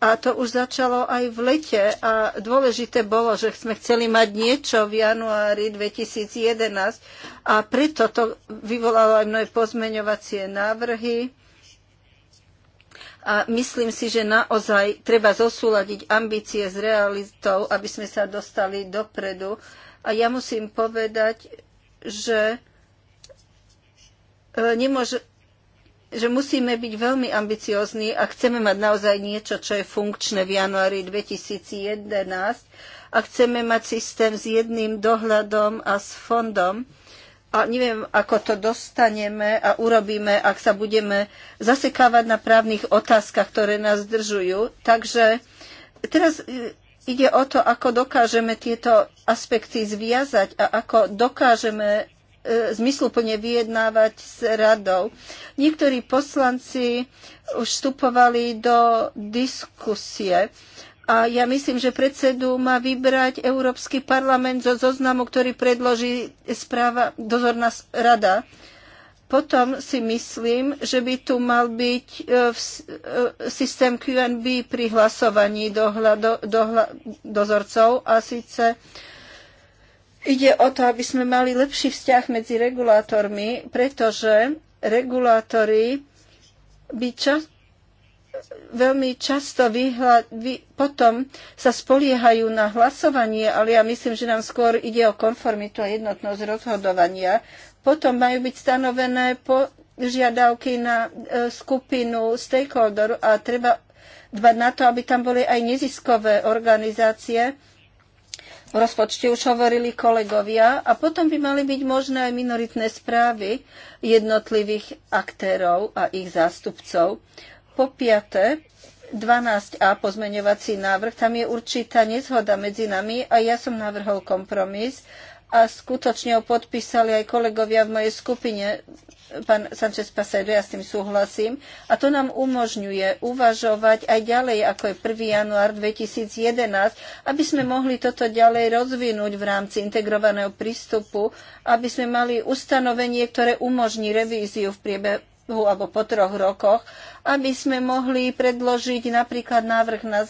A to už začalo aj v lete a dôležité bolo, že sme chceli mať niečo v januári 2011 a preto to vyvolalo aj mnohé pozmeňovacie návrhy. A myslím si, že naozaj treba zosúľadiť ambície s realitou, aby sme sa dostali dopredu. A ja musím povedať, že, e, nemôže, že musíme byť veľmi ambiciozní a chceme mať naozaj niečo, čo je funkčné v januári 2011 a chceme mať systém s jedným dohľadom a s fondom. A neviem, ako to dostaneme a urobíme, ak sa budeme zasekávať na právnych otázkach, ktoré nás držujú. Takže teraz e, Ide o to, ako dokážeme tieto aspekty zviazať a ako dokážeme e, zmysluplne vyjednávať s radou. Niektorí poslanci už vstupovali do diskusie a ja myslím, že predsedu má vybrať Európsky parlament zo zoznamu, ktorý predloží správa dozorná rada. E, potom si myslím, že by tu mal byť e, e, systém QNB pri hlasovaní dozorcov a síce ide o to, aby sme mali lepší vzťah medzi regulátormi, pretože regulátori by čas, veľmi často vyhla, vy, potom sa spoliehajú na hlasovanie, ale ja myslím, že nám skôr ide o konformitu a jednotnosť rozhodovania. Potom majú byť stanovené požiadavky na e, skupinu stakeholder a treba dbať na to, aby tam boli aj neziskové organizácie. V rozpočte už hovorili kolegovia a potom by mali byť možné aj minoritné správy jednotlivých aktérov a ich zástupcov. Po piate, 12a pozmeňovací návrh, tam je určitá nezhoda medzi nami a ja som navrhol kompromis a skutočne ho podpísali aj kolegovia v mojej skupine, pán Sanchez Pasedo, ja s tým súhlasím. A to nám umožňuje uvažovať aj ďalej, ako je 1. január 2011, aby sme mohli toto ďalej rozvinúť v rámci integrovaného prístupu, aby sme mali ustanovenie, ktoré umožní revíziu v priebehu alebo po troch rokoch, aby sme mohli predložiť napríklad návrh na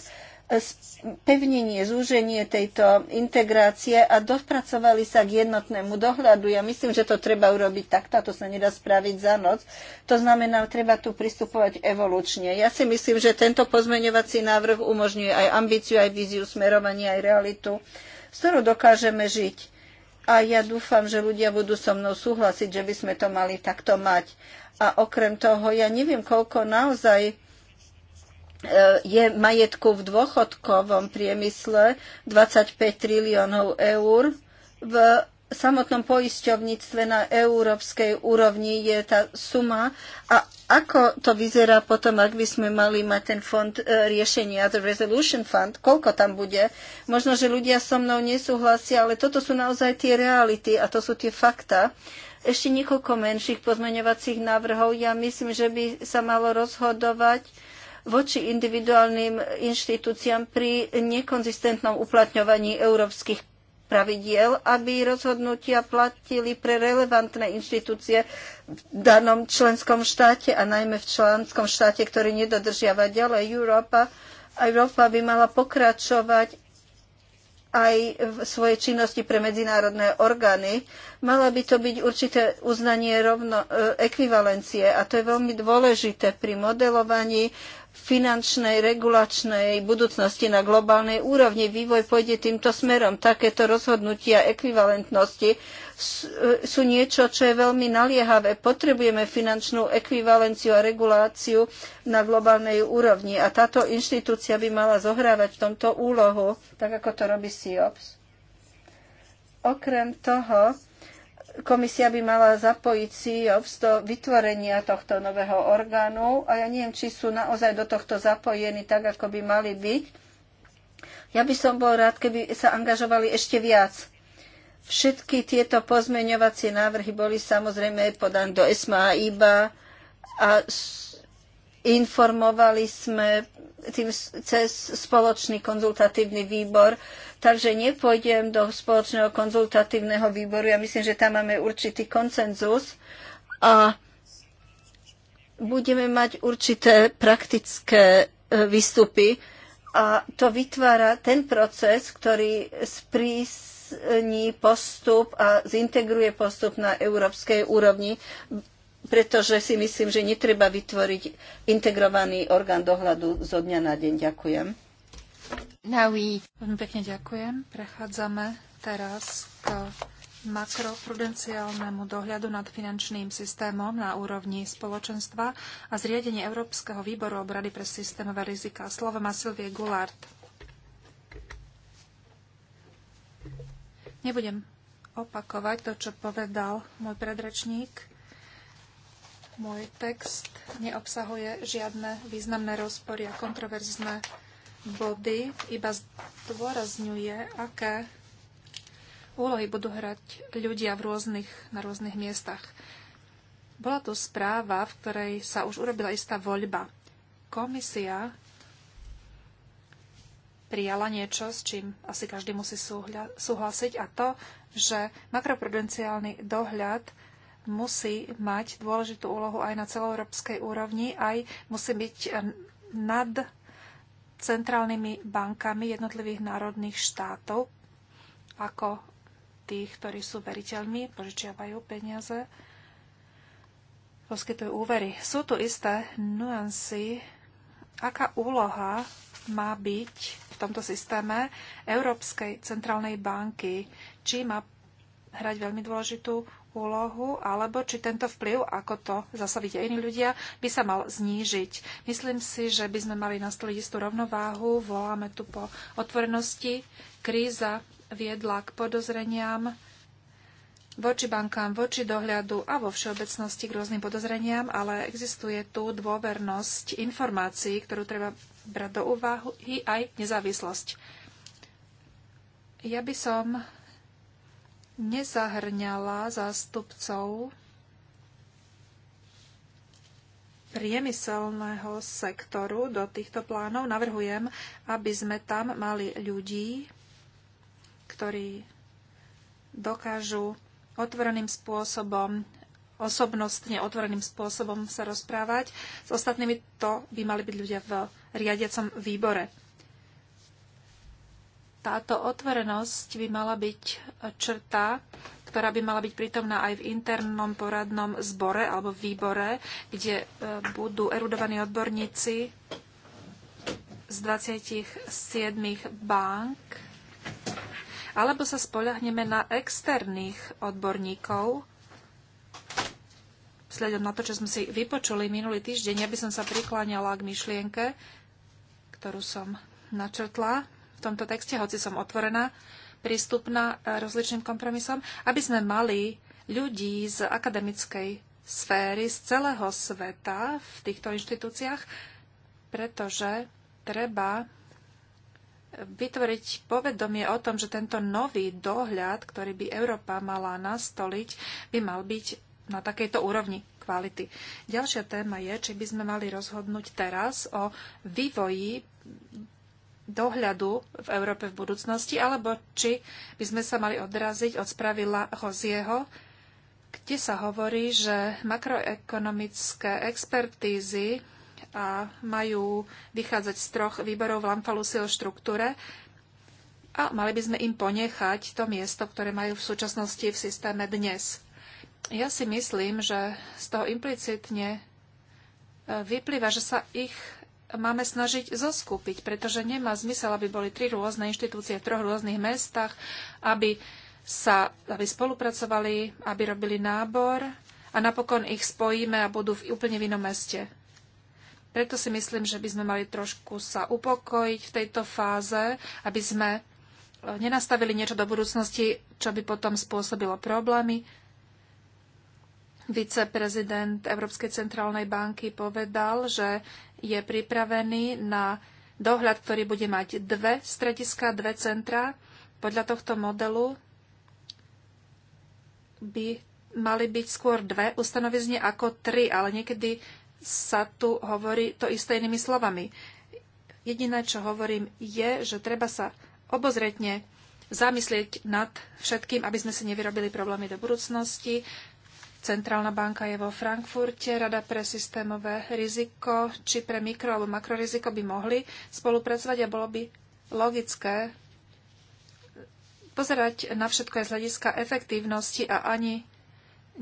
spevnenie, zúženie tejto integrácie a dopracovali sa k jednotnému dohľadu. Ja myslím, že to treba urobiť takto, to sa nedá spraviť za noc. To znamená, treba tu pristupovať evolučne. Ja si myslím, že tento pozmeňovací návrh umožňuje aj ambíciu, aj víziu, smerovanie, aj realitu, s ktorou dokážeme žiť. A ja dúfam, že ľudia budú so mnou súhlasiť, že by sme to mali takto mať. A okrem toho, ja neviem, koľko naozaj Eh, je majetku v dôchodkovom priemysle 25 triliónov eur. V samotnom poisťovníctve na európskej úrovni je tá suma. A ako to vyzerá potom, ak by sme mali mať ten fond eh, riešenia, the resolution fund, koľko tam bude? Možno, že ľudia so mnou nesúhlasia, ale toto sú naozaj tie reality a to sú tie fakta. Ešte niekoľko menších pozmeňovacích návrhov. Ja myslím, že by sa malo rozhodovať voči individuálnym inštitúciám pri nekonzistentnom uplatňovaní európskych pravidiel, aby rozhodnutia platili pre relevantné inštitúcie v danom členskom štáte a najmä v členskom štáte, ktorý nedodržiava ďalej Európa. Európa by mala pokračovať aj v svojej činnosti pre medzinárodné orgány. Mala by to byť určité uznanie rovno, e, ekvivalencie a to je veľmi dôležité pri modelovaní finančnej, regulačnej budúcnosti na globálnej úrovni. Vývoj pôjde týmto smerom. Takéto rozhodnutia ekvivalentnosti e, sú niečo, čo je veľmi naliehavé. Potrebujeme finančnú ekvivalenciu a reguláciu na globálnej úrovni a táto inštitúcia by mala zohrávať v tomto úlohu, tak ako to robí SIOPS. Okrem toho, komisia by mala zapojiť si do vytvorenia tohto nového orgánu a ja neviem, či sú naozaj do tohto zapojení tak, ako by mali byť. Ja by som bol rád, keby sa angažovali ešte viac. Všetky tieto pozmeňovacie návrhy boli samozrejme podané do ESMA a IBA a informovali sme tým cez spoločný konzultatívny výbor Takže nepôjdem do spoločného konzultatívneho výboru. Ja myslím, že tam máme určitý koncenzus a budeme mať určité praktické e, výstupy a to vytvára ten proces, ktorý sprísní postup a zintegruje postup na európskej úrovni pretože si myslím, že netreba vytvoriť integrovaný orgán dohľadu zo dňa na deň. Ďakujem. Veľmi pekne ďakujem. Prechádzame teraz k makroprudenciálnemu dohľadu nad finančným systémom na úrovni spoločenstva a zriadenie Európskeho výboru obrady pre systémové rizika. Slovo má Silvie Goulart. Nebudem opakovať to, čo povedal môj predrečník. Môj text neobsahuje žiadne významné rozpory a kontroverzné body iba zdôrazňuje, aké úlohy budú hrať ľudia v rôznych, na rôznych miestach. Bola to správa, v ktorej sa už urobila istá voľba. Komisia prijala niečo, s čím asi každý musí súhlasiť, a to, že makroprudenciálny dohľad musí mať dôležitú úlohu aj na celoeurópskej úrovni, aj musí byť nad centrálnymi bankami jednotlivých národných štátov, ako tých, ktorí sú veriteľmi, požičiavajú peniaze, poskytujú úvery. Sú tu isté nuancy, aká úloha má byť v tomto systéme Európskej centrálnej banky, či má hrať veľmi dôležitú úlohu, alebo či tento vplyv, ako to zase vidia iní ľudia, by sa mal znížiť. Myslím si, že by sme mali nastoliť istú rovnováhu, voláme tu po otvorenosti. Kríza viedla k podozreniam voči bankám, voči dohľadu a vo všeobecnosti k rôznym podozreniam, ale existuje tu dôvernosť informácií, ktorú treba brať do úvahy aj nezávislosť. Ja by som nezahrňala zástupcov priemyselného sektoru do týchto plánov. Navrhujem, aby sme tam mali ľudí, ktorí dokážu otvoreným spôsobom, osobnostne otvoreným spôsobom sa rozprávať. S ostatnými to by mali byť ľudia v riadiacom výbore táto otvorenosť by mala byť črta, ktorá by mala byť prítomná aj v internom poradnom zbore alebo výbore, kde e, budú erudovaní odborníci z 27 bank, alebo sa spoľahneme na externých odborníkov, vzhľadom na to, čo sme si vypočuli minulý týždeň, ja by som sa prikláňala k myšlienke, ktorú som načrtla, v tomto texte, hoci som otvorená, prístupná e, rozličným kompromisom, aby sme mali ľudí z akademickej sféry, z celého sveta v týchto inštitúciách, pretože treba vytvoriť povedomie o tom, že tento nový dohľad, ktorý by Európa mala nastoliť, by mal byť na takejto úrovni kvality. Ďalšia téma je, či by sme mali rozhodnúť teraz o vývoji dohľadu v Európe v budúcnosti, alebo či by sme sa mali odraziť od spravila Hozieho, kde sa hovorí, že makroekonomické expertízy a majú vychádzať z troch výborov v Lamfalusil štruktúre a mali by sme im ponechať to miesto, ktoré majú v súčasnosti v systéme dnes. Ja si myslím, že z toho implicitne e, vyplýva, že sa ich máme snažiť zoskupiť, pretože nemá zmysel, aby boli tri rôzne inštitúcie v troch rôznych mestách, aby, sa, aby spolupracovali, aby robili nábor a napokon ich spojíme a budú v úplne v inom meste. Preto si myslím, že by sme mali trošku sa upokojiť v tejto fáze, aby sme nenastavili niečo do budúcnosti, čo by potom spôsobilo problémy viceprezident Európskej centrálnej banky povedal, že je pripravený na dohľad, ktorý bude mať dve strediska, dve centra. Podľa tohto modelu by mali byť skôr dve ustanovizne ako tri, ale niekedy sa tu hovorí to isté inými slovami. Jediné, čo hovorím, je, že treba sa obozretne zamyslieť nad všetkým, aby sme si nevyrobili problémy do budúcnosti, Centrálna banka je vo Frankfurte, Rada pre systémové riziko, či pre mikro alebo makroriziko by mohli spolupracovať a bolo by logické pozerať na všetko aj z hľadiska efektívnosti a ani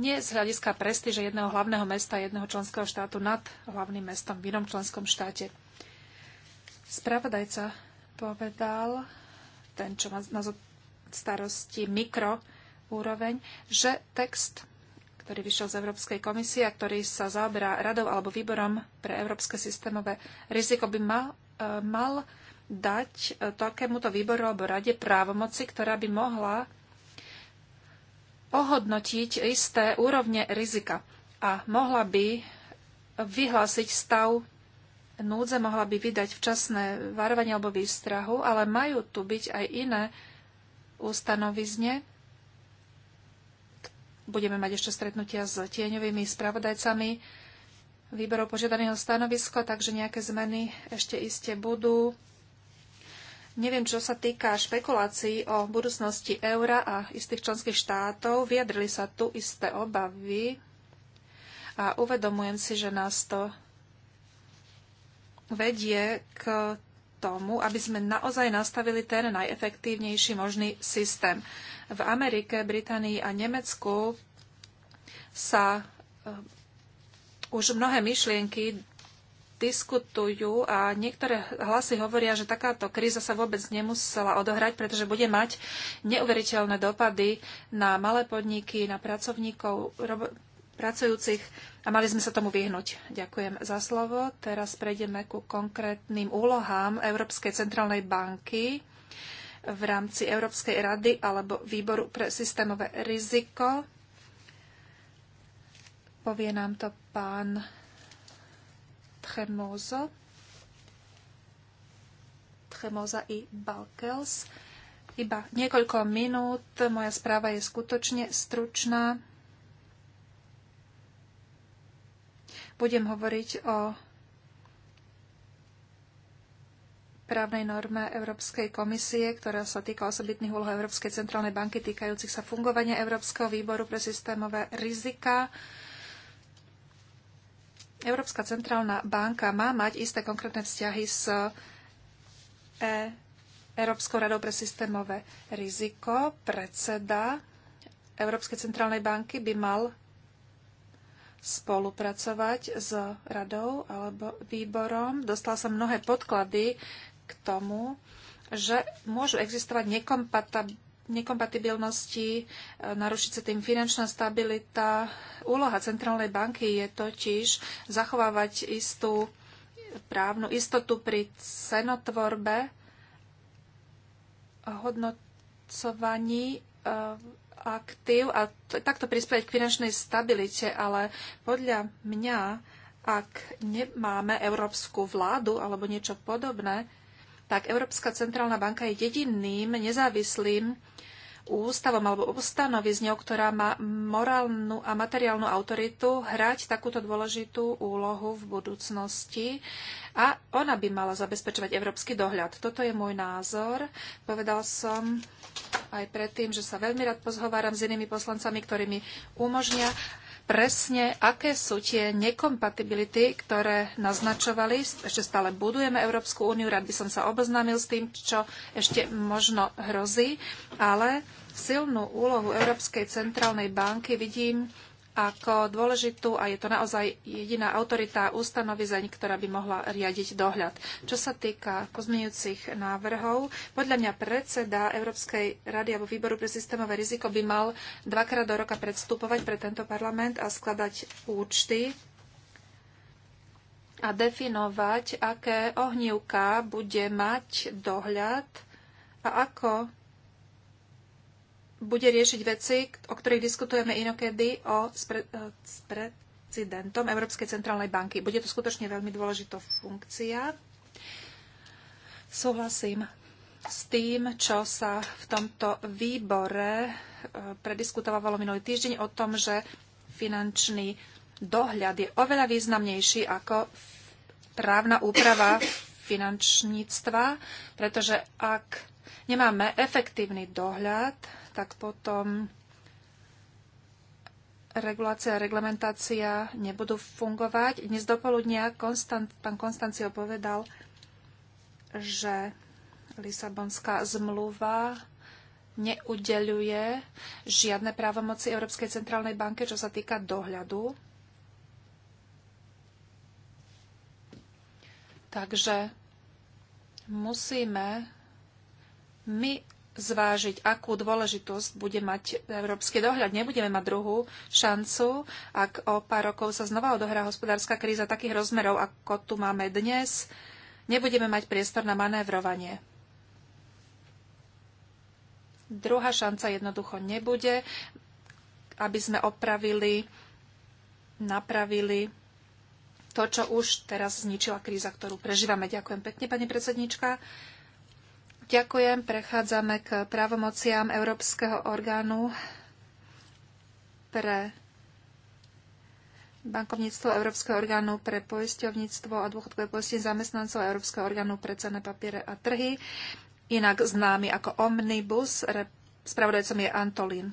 nie z hľadiska prestíže jedného hlavného mesta, jedného členského štátu nad hlavným mestom v inom členskom štáte. Spravodajca povedal, ten, čo má na starosti mikroúroveň, že text ktorý vyšiel z Európskej komisie a ktorý sa zaoberá radou alebo výborom pre európske systémové riziko, by mal, e, mal dať e, takémuto výboru alebo rade právomoci, ktorá by mohla ohodnotiť isté úrovne rizika a mohla by vyhlásiť stav núdze, mohla by vydať včasné varovanie alebo výstrahu, ale majú tu byť aj iné ustanovizne, budeme mať ešte stretnutia s tieňovými spravodajcami výberov požiadaného stanoviska, takže nejaké zmeny ešte iste budú. Neviem, čo sa týka špekulácií o budúcnosti eura a istých členských štátov. Vyjadrili sa tu isté obavy a uvedomujem si, že nás to vedie k tomu, aby sme naozaj nastavili ten najefektívnejší možný systém. V Amerike, Británii a Nemecku sa eh, už mnohé myšlienky diskutujú a niektoré hlasy hovoria, že takáto kríza sa vôbec nemusela odohrať, pretože bude mať neuveriteľné dopady na malé podniky, na pracovníkov, pracujúcich a mali sme sa tomu vyhnúť. Ďakujem za slovo. Teraz prejdeme ku konkrétnym úlohám Európskej centrálnej banky v rámci Európskej rady alebo Výboru pre systémové riziko. Povie nám to pán Tremozo. Tremoza i Balkels. Iba niekoľko minút. Moja správa je skutočne stručná. Budem hovoriť o právnej norme Európskej komisie, ktorá sa týka osobitných úloh Európskej centrálnej banky týkajúcich sa fungovania Európskeho výboru pre systémové rizika. Európska centrálna banka má mať isté konkrétne vzťahy s e, Európskou radou pre systémové riziko. Predseda Európskej centrálnej banky by mal spolupracovať s radou alebo výborom. Dostal som mnohé podklady k tomu, že môžu existovať nekompatibilnosti, e, narušiť sa tým finančná stabilita. Úloha Centrálnej banky je totiž zachovávať istú právnu istotu pri cenotvorbe, hodnocovaní e, aktív a takto prispieť k finančnej stabilite, ale podľa mňa, ak nemáme európsku vládu alebo niečo podobné, tak Európska centrálna banka je jediným nezávislým ústavom alebo ustanovizňou, ktorá má morálnu a materiálnu autoritu hrať takúto dôležitú úlohu v budúcnosti a ona by mala zabezpečovať európsky dohľad. Toto je môj názor. Povedal som aj predtým, že sa veľmi rád pozhováram s inými poslancami, ktorí mi umožnia presne, aké sú tie nekompatibility, ktoré naznačovali. Ešte stále budujeme Európsku úniu, rád by som sa oboznámil s tým, čo ešte možno hrozí, ale silnú úlohu Európskej centrálnej banky vidím ako dôležitú a je to naozaj jediná autorita ustanovizeň, ktorá by mohla riadiť dohľad. Čo sa týka pozmeňujúcich návrhov, podľa mňa predseda Európskej rady alebo výboru pre systémové riziko by mal dvakrát do roka predstupovať pre tento parlament a skladať účty a definovať, aké ohnívka bude mať dohľad a ako bude riešiť veci, o ktorých diskutujeme inokedy o, spre, e, s precedentom Európskej centrálnej banky. Bude to skutočne veľmi dôležitá funkcia. Súhlasím s tým, čo sa v tomto výbore e, prediskutovalo minulý týždeň o tom, že finančný dohľad je oveľa významnejší ako právna úprava finančníctva, pretože ak nemáme efektívny dohľad tak potom regulácia a reglementácia nebudú fungovať. Dnes poludnia Konstant, pán Konstancio povedal, že Lisabonská zmluva neudeľuje žiadne právomoci Európskej centrálnej banke, čo sa týka dohľadu. Takže musíme my zvážiť, akú dôležitosť bude mať európsky dohľad. Nebudeme mať druhú šancu, ak o pár rokov sa znova odohrá hospodárska kríza takých rozmerov, ako tu máme dnes. Nebudeme mať priestor na manévrovanie. Druhá šanca jednoducho nebude, aby sme opravili, napravili to, čo už teraz zničila kríza, ktorú prežívame. Ďakujem pekne, pani predsednička. Ďakujem. Prechádzame k právomociam Európskeho orgánu pre bankovníctvo Európskeho orgánu pre poisťovníctvo a dôchodkové poistenie zamestnancov Európskeho orgánu pre cenné papiere a trhy, inak známy ako Omnibus. Spravodajcom je Antolín.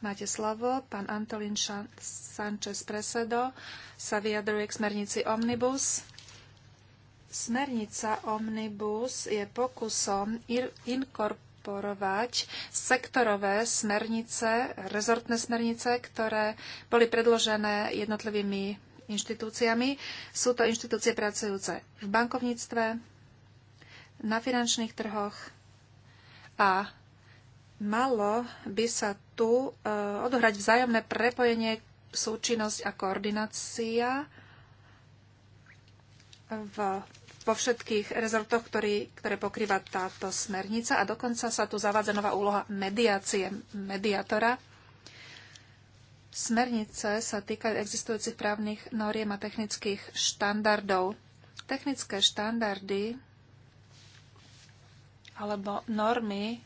Máte slovo. Pán Antolín Sanchez Presedo sa vyjadruje k smernici Omnibus. Smernica Omnibus je pokusom inkorporovať sektorové smernice, rezortné smernice, ktoré boli predložené jednotlivými inštitúciami. Sú to inštitúcie pracujúce v bankovníctve, na finančných trhoch a malo by sa tu e, odohrať vzájomné prepojenie, súčinnosť a koordinácia v vo všetkých rezortoch, ktorý, ktoré pokrýva táto smernica a dokonca sa tu zavádza nová úloha mediácie, mediátora. Smernice sa týkajú existujúcich právnych noriem a technických štandardov. Technické štandardy alebo normy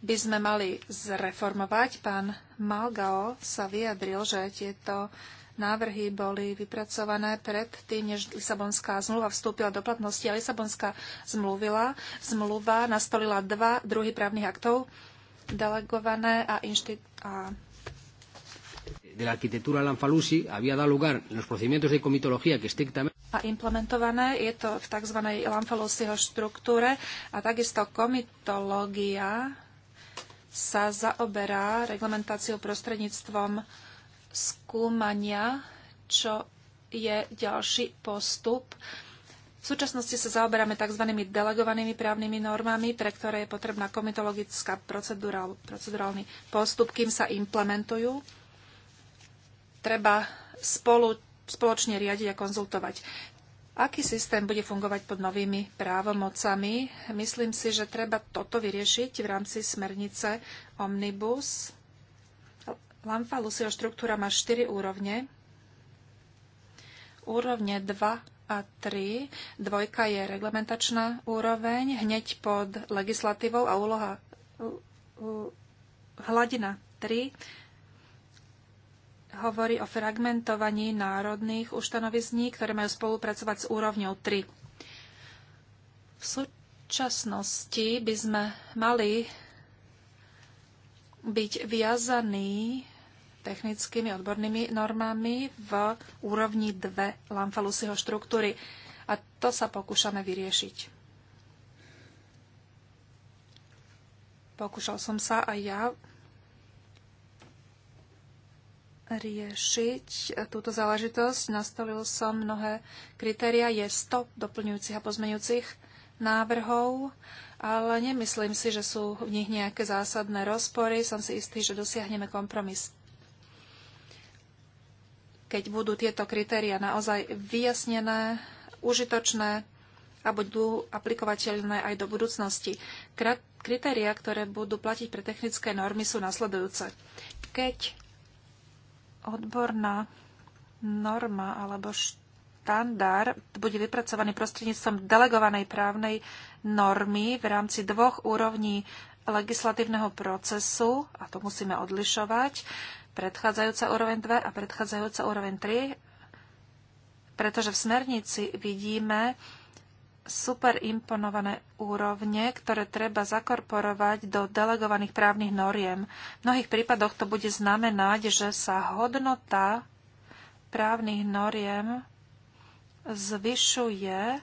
by sme mali zreformovať. Pán Malgao sa vyjadril, že tieto návrhy boli vypracované pred tým, než Lisabonská zmluva vstúpila do platnosti a Lisabonská zmluvila, zmluva nastolila dva druhy právnych aktov, delegované a, inštitúcie. a de la arquitectura Lanfalusi había dado lugar en los procedimientos de comitología que estrictamente a implementované je to v tzv. Lanfalusiho štruktúre a takisto komitológia sa zaoberá reglementáciou prostredníctvom skúmania, čo je ďalší postup. V súčasnosti sa zaoberáme tzv. delegovanými právnymi normami, pre ktoré je potrebná komitologická procedúra alebo procedurálny postup, kým sa implementujú. Treba spolu, spoločne riadiť a konzultovať. Aký systém bude fungovať pod novými právomocami? Myslím si, že treba toto vyriešiť v rámci smernice Omnibus lucio štruktúra má 4 úrovne. Úrovne 2 a 3. Dvojka je reglementačná úroveň, hneď pod legislatívou a úloha hladina 3 hovorí o fragmentovaní národných ustanovizní, ktoré majú spolupracovať s úrovňou 3. V súčasnosti by sme mali byť viazaný technickými odbornými normami v úrovni dve Lamfalusiho štruktúry. A to sa pokúšame vyriešiť. Pokúšal som sa aj ja riešiť túto záležitosť. Nastolil som mnohé kritéria. Je 100 doplňujúcich a pozmeňujúcich návrhov ale nemyslím si, že sú v nich nejaké zásadné rozpory. Som si istý, že dosiahneme kompromis. Keď budú tieto kritéria naozaj vyjasnené, užitočné a budú aplikovateľné aj do budúcnosti. Kritéria, ktoré budú platiť pre technické normy, sú nasledujúce. Keď odborná norma alebo št- štandard bude vypracovaný prostredníctvom delegovanej právnej normy v rámci dvoch úrovní legislatívneho procesu, a to musíme odlišovať, predchádzajúca úroveň 2 a predchádzajúca úroveň 3, pretože v smernici vidíme superimponované úrovne, ktoré treba zakorporovať do delegovaných právnych noriem. V mnohých prípadoch to bude znamenať, že sa hodnota právnych noriem zvyšuje,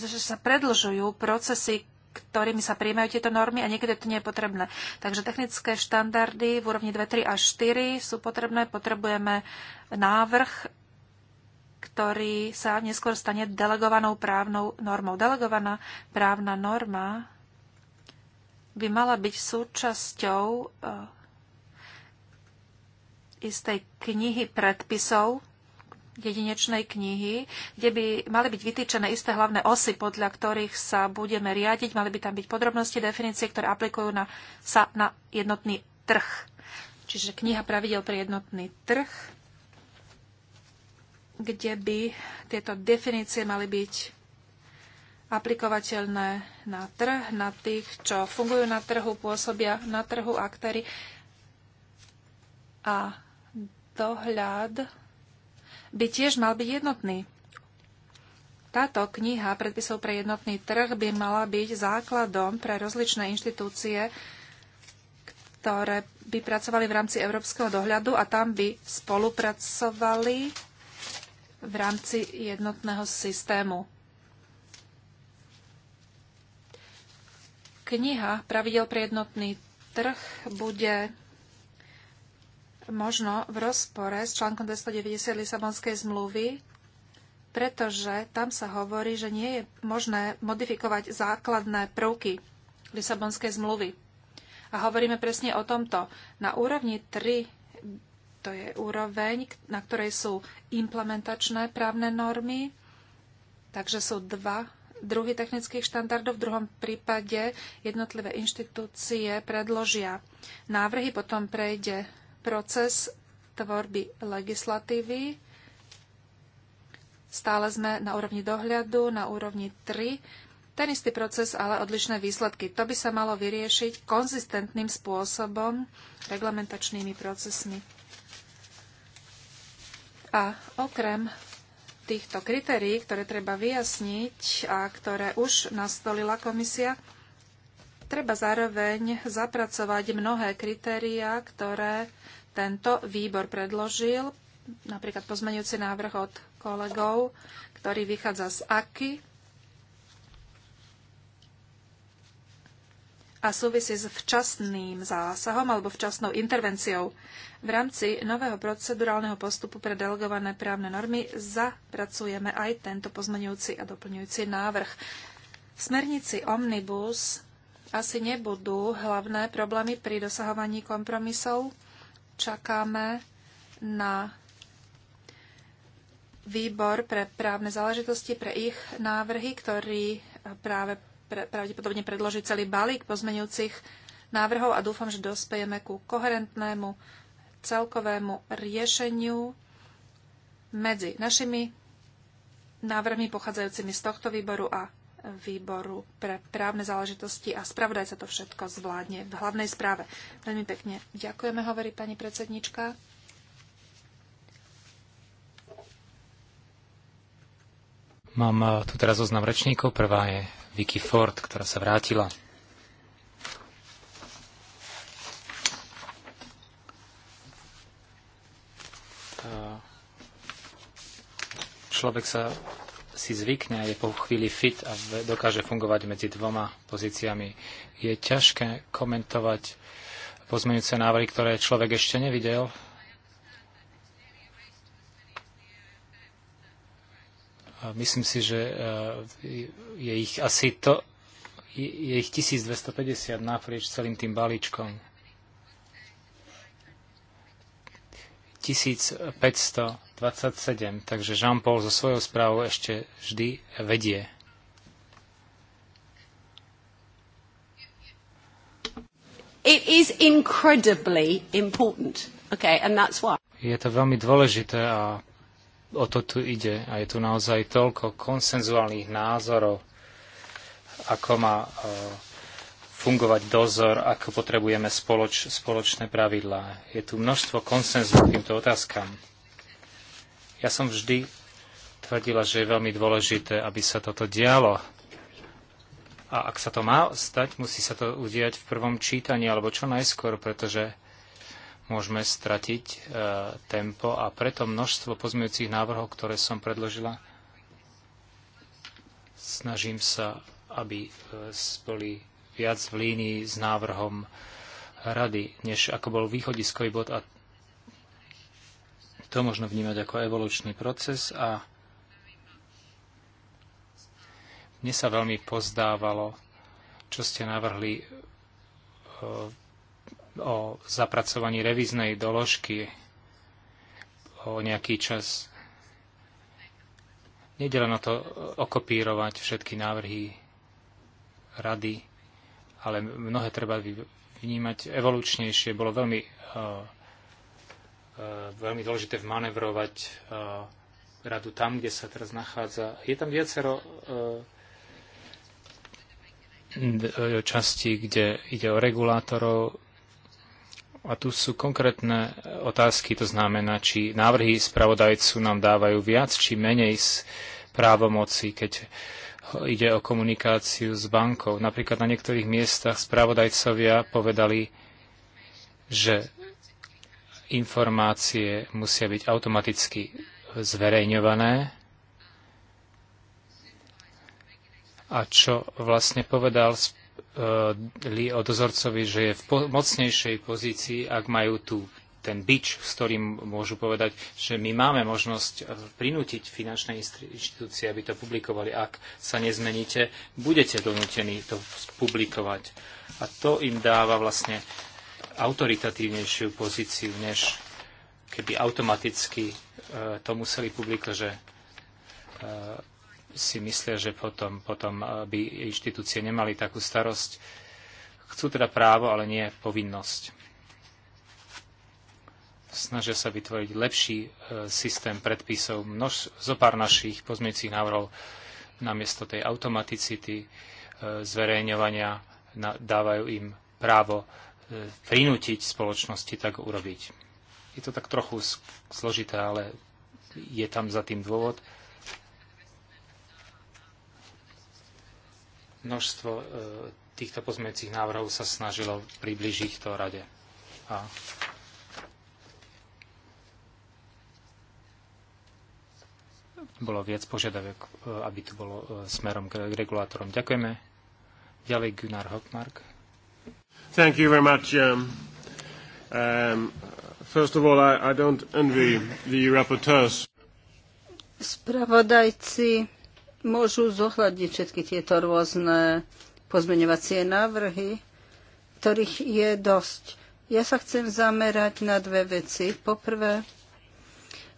že sa predlžujú procesy, ktorými sa príjmajú tieto normy a niekedy to nie je potrebné. Takže technické štandardy v úrovni 2, 3 a 4 sú potrebné. Potrebujeme návrh, ktorý sa neskôr stane delegovanou právnou normou. Delegovaná právna norma by mala byť súčasťou e, istej knihy predpisov, jedinečnej knihy, kde by mali byť vytýčené isté hlavné osy, podľa ktorých sa budeme riadiť. Mali by tam byť podrobnosti, definície, ktoré aplikujú na, sa na jednotný trh. Čiže kniha pravidel pre jednotný trh, kde by tieto definície mali byť aplikovateľné na trh, na tých, čo fungujú na trhu, pôsobia na trhu aktéry a dohľad by tiež mal byť jednotný. Táto kniha predpisov pre jednotný trh by mala byť základom pre rozličné inštitúcie, ktoré by pracovali v rámci európskeho dohľadu a tam by spolupracovali v rámci jednotného systému. Kniha Pravidel pre jednotný trh bude možno v rozpore s článkom 290 Lisabonskej zmluvy, pretože tam sa hovorí, že nie je možné modifikovať základné prvky Lisabonskej zmluvy. A hovoríme presne o tomto. Na úrovni 3, to je úroveň, na ktorej sú implementačné právne normy, takže sú dva druhy technických štandardov. V druhom prípade jednotlivé inštitúcie predložia návrhy, potom prejde proces tvorby legislatívy. Stále sme na úrovni dohľadu, na úrovni 3. Ten istý proces, ale odlišné výsledky. To by sa malo vyriešiť konzistentným spôsobom, reglamentačnými procesmi. A okrem týchto kritérií, ktoré treba vyjasniť a ktoré už nastolila komisia, Treba zároveň zapracovať mnohé kritériá, ktoré tento výbor predložil, napríklad pozmenujúci návrh od kolegov, ktorý vychádza z AKY a súvisí s včasným zásahom alebo včasnou intervenciou. V rámci nového procedurálneho postupu pre delegované právne normy zapracujeme aj tento pozmenujúci a doplňujúci návrh. V smernici Omnibus asi nebudú hlavné problémy pri dosahovaní kompromisov. Čakáme na výbor pre právne záležitosti, pre ich návrhy, ktorý eh, práve pre, pravdepodobne predloží celý balík pozmenujúcich návrhov a dúfam, že dospejeme ku koherentnému celkovému riešeniu medzi našimi návrhmi pochádzajúcimi z tohto výboru a výboru pre právne záležitosti a spravodaj sa to všetko zvládne v hlavnej správe. Veľmi pekne ďakujeme, hovorí pani predsednička. Mám eh, tu teraz oznam rečníkov. Prvá je Vicky Ford, ktorá sa vrátila. Eh, človek sa si zvykne a je po chvíli fit a dokáže fungovať medzi dvoma pozíciami. Je ťažké komentovať pozmeňujúce návrhy, ktoré človek ešte nevidel. A myslím si, že e, je ich asi to, je ich 1250 naprieč celým tým balíčkom 1527. Takže Jean-Paul so svojou správou ešte vždy vedie. It is incredibly important. Okay, and that's why. Je to veľmi dôležité a o to tu ide. A je tu naozaj toľko konsenzuálnych názorov, ako má uh, fungovať dozor, ak potrebujeme spoloč, spoločné pravidlá. Je tu množstvo konsenzu k týmto otázkam. Ja som vždy tvrdila, že je veľmi dôležité, aby sa toto dialo. A ak sa to má stať, musí sa to udiať v prvom čítaní alebo čo najskôr, pretože môžeme stratiť e, tempo a preto množstvo pozmeňujúcich návrhov, ktoré som predložila, snažím sa, aby e, boli viac v línii s návrhom rady, než ako bol východiskový bod a to možno vnímať ako evolučný proces a mne sa veľmi pozdávalo, čo ste navrhli e, o, zapracovaní revíznej doložky o nejaký čas. Nedelo na to okopírovať všetky návrhy rady ale mnohé treba vnímať evolučnejšie. Bolo veľmi, eh, eh, veľmi dôležité vmanevrovať eh, radu tam, kde sa teraz nachádza. Je tam viacero časti, kde ide o regulátorov, a tu sú konkrétne otázky, to znamená, či návrhy spravodajcu nám dávajú viac či menej z právomoci, keď ide o komunikáciu s bankou. Napríklad na niektorých miestach správodajcovia povedali, že informácie musia byť automaticky zverejňované. A čo vlastne povedal eh, o dozorcovi, že je v mocnejšej pozícii, ak majú tú ten bič, s ktorým môžu povedať, že my máme možnosť prinútiť finančné inštitúcie, aby to publikovali. Ak sa nezmeníte, budete donútení to publikovať. A to im dáva vlastne autoritatívnejšiu pozíciu, než keby automaticky e, to museli publikovať, že e, si myslia, že potom, potom e, by inštitúcie nemali takú starosť. Chcú teda právo, ale nie povinnosť snažia sa vytvoriť lepší e, systém predpisov. Množ, zo pár našich pozmiecich návrhov namiesto tej automaticity e, zverejňovania dávajú im právo e, prinútiť spoločnosti tak urobiť. Je to tak trochu zložité, ale je tam za tým dôvod. Množstvo týchto pozmeňujúcich návrhov sa snažilo približiť to rade. A bolo viac požiadaviek, e, aby to bolo e, smerom k regulátorom. Ďakujeme. Ďalej Gunnar Hockmark. Thank you very much. Um, um, first of all, I, I don't envy the rapporteurs. Spravodajci môžu zohľadniť všetky tieto rôzne pozmeňovacie návrhy, ktorých je dosť. Ja sa chcem zamerať na dve veci. Poprvé,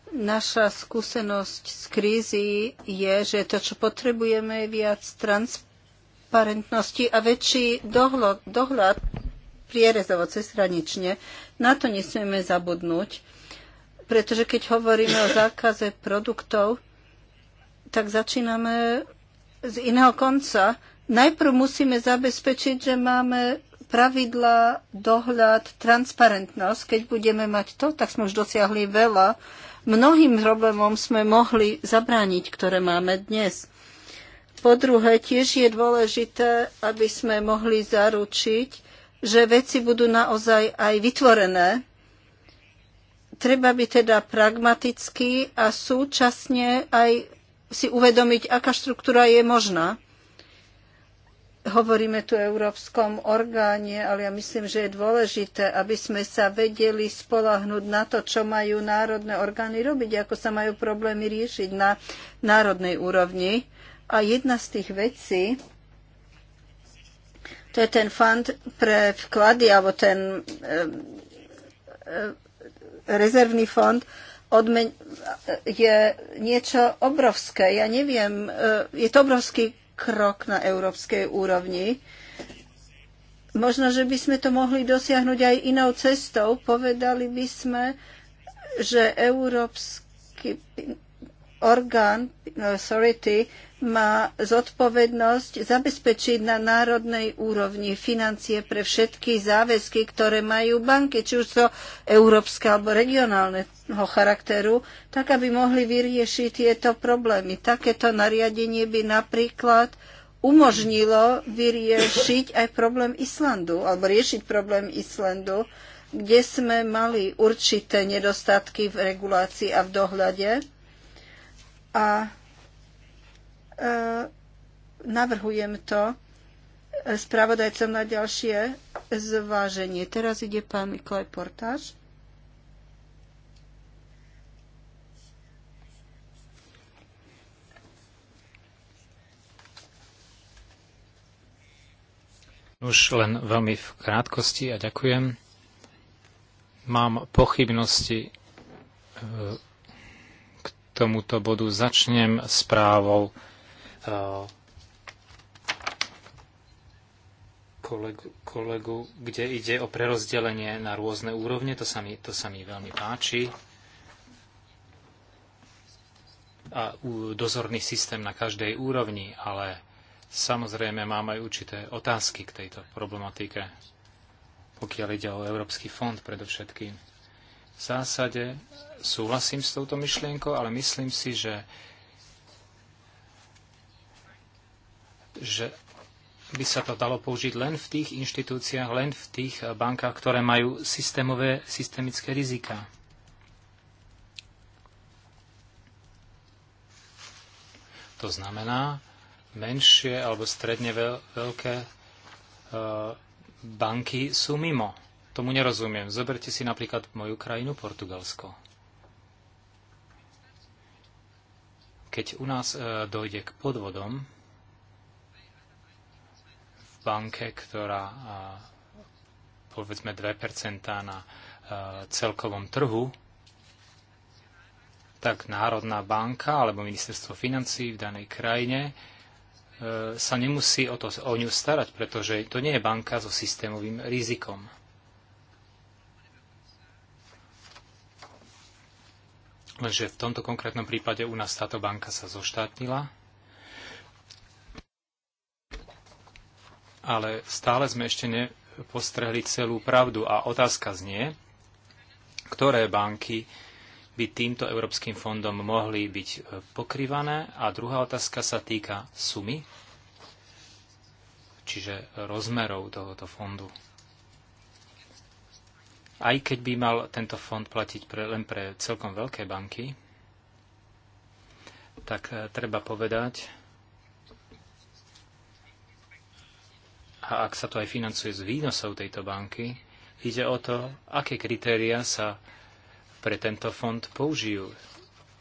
Naša skúsenosť z krízy je, že to, čo potrebujeme, je viac transparentnosti a väčší dohľad, dohľad prierezovo cezhranične. Na to nesmieme zabudnúť, pretože keď hovoríme o zákaze produktov, tak začíname z iného konca. Najprv musíme zabezpečiť, že máme pravidla, dohľad, transparentnosť. Keď budeme mať to, tak sme už dosiahli veľa Mnohým problémom sme mohli zabrániť, ktoré máme dnes. Po druhé, tiež je dôležité, aby sme mohli zaručiť, že veci budú naozaj aj vytvorené. Treba byť teda pragmatický a súčasne aj si uvedomiť, aká štruktúra je možná hovoríme tu o európskom orgáne, ale ja myslím, že je dôležité, aby sme sa vedeli spolahnúť na to, čo majú národné orgány robiť, ako sa majú problémy riešiť na národnej úrovni. A jedna z tých vecí, to je ten fond pre vklady, alebo ten eh, eh, rezervný fond, je niečo obrovské. Ja neviem, eh, je to obrovský krok na európskej úrovni. Možno, že by sme to mohli dosiahnuť aj inou cestou. Povedali by sme, že európsky orgán, eh, authority, má zodpovednosť zabezpečiť na národnej úrovni financie pre všetky záväzky, ktoré majú banky, či už to európske alebo regionálneho charakteru, tak aby mohli vyriešiť tieto problémy. Takéto nariadenie by napríklad umožnilo vyriešiť aj problém Islandu, alebo riešiť problém Islandu, kde sme mali určité nedostatky v regulácii a v dohľade. A E, navrhujem to spravodajcom na ďalšie zváženie. Teraz ide pán Mikolaj Portáž. Už len veľmi v krátkosti a ďakujem. Mám pochybnosti e, k tomuto bodu. Začnem správou kolegu, kolegu, kde ide o prerozdelenie na rôzne úrovne. To sa mi, to sa mi veľmi páči. A dozorný systém na každej úrovni, ale samozrejme mám aj určité otázky k tejto problematike, pokiaľ ide o Európsky fond predovšetkým. V zásade súhlasím s touto myšlienkou, ale myslím si, že že by sa to dalo použiť len v tých inštitúciách, len v tých eh, bankách, ktoré majú systémové, systemické rizika. To znamená, menšie alebo stredne veľké e, banky sú mimo. Tomu nerozumiem. Zoberte si napríklad moju krajinu Portugalsko. Keď u nás e, dojde k podvodom, banke, ktorá povedzme 2% na celkovom trhu, tak Národná banka alebo ministerstvo financí v danej krajine e, sa nemusí o, to, o ňu starať, pretože to nie je banka so systémovým rizikom. Lenže v tomto konkrétnom prípade u nás táto banka sa zoštátnila ale stále sme ešte nepostrehli celú pravdu a otázka znie, ktoré banky by týmto Európskym fondom mohli byť e, pokrývané. A druhá otázka sa týka sumy, čiže rozmerov tohoto fondu. Aj keď by mal tento fond platiť pre, len pre celkom veľké banky, tak e, treba povedať, a ak sa to aj financuje z výnosov tejto banky, ide o to, aké kritéria sa pre tento fond použijú.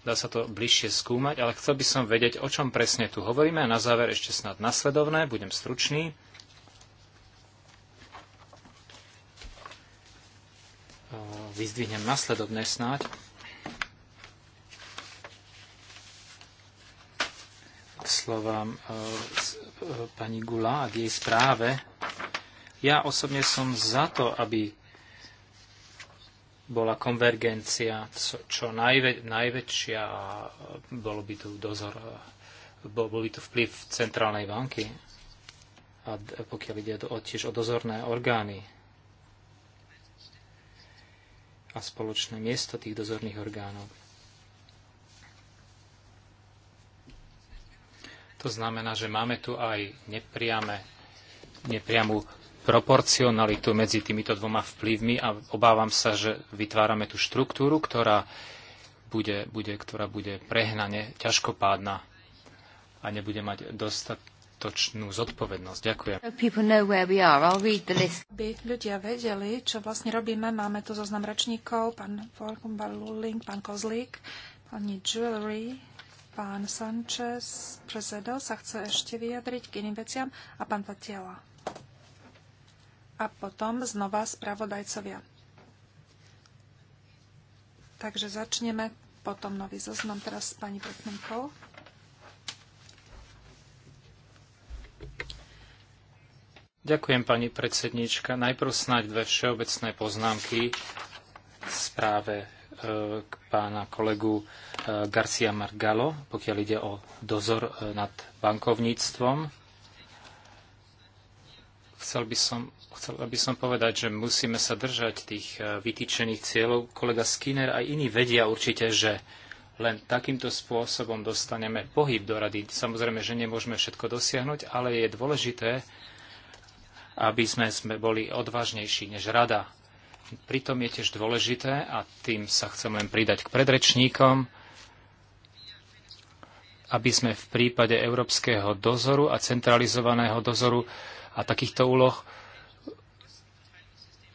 Dá sa to bližšie skúmať, ale chcel by som vedieť, o čom presne tu hovoríme. A na záver ešte snad nasledovné, budem stručný. Vyzdvihnem nasledovné snáď. slovám e, e, pani Gula a k jej správe. Ja osobne som za to, aby bola konvergencia čo najvä, najväčšia a bolo by tu dozor, e, bol, bol by tu vplyv centrálnej banky a pokiaľ ide o, tiež o dozorné orgány a spoločné miesto tých dozorných orgánov. To znamená, že máme tu aj nepriame, nepriamu proporcionalitu medzi týmito dvoma vplyvmi a obávam sa, že vytvárame tú štruktúru, ktorá bude, bude, ktorá bude prehnane ťažkopádna a nebude mať dostatočnú zodpovednosť. Ďakujem. Aby ľudia vedeli, čo vlastne robíme, máme tu zoznam rečníkov, pán Forkumbar Luling, pán Kozlík, pani Jewelry, Pán Sanchez, prezedo, sa chce ešte vyjadriť k iným veciam a pán Tatiela. A potom znova spravodajcovia. Takže začneme potom nový zoznam teraz s pani Petmenkou. Ďakujem, pani predsedníčka. Najprv snáď dve všeobecné poznámky k správe k pána kolegu e, Garcia Margalo, pokiaľ ide o dozor e, nad bankovníctvom. Chcel by som, chcel by som povedať, že musíme sa držať tých e, vytýčených cieľov. Kolega Skinner aj iní vedia určite, že len takýmto spôsobom dostaneme pohyb do rady. Samozrejme, že nemôžeme všetko dosiahnuť, ale je dôležité, aby sme, sme boli odvážnejší než rada Pritom je tiež dôležité, a tým sa chcem len pridať k predrečníkom, aby sme v prípade európskeho dozoru a centralizovaného dozoru a takýchto úloh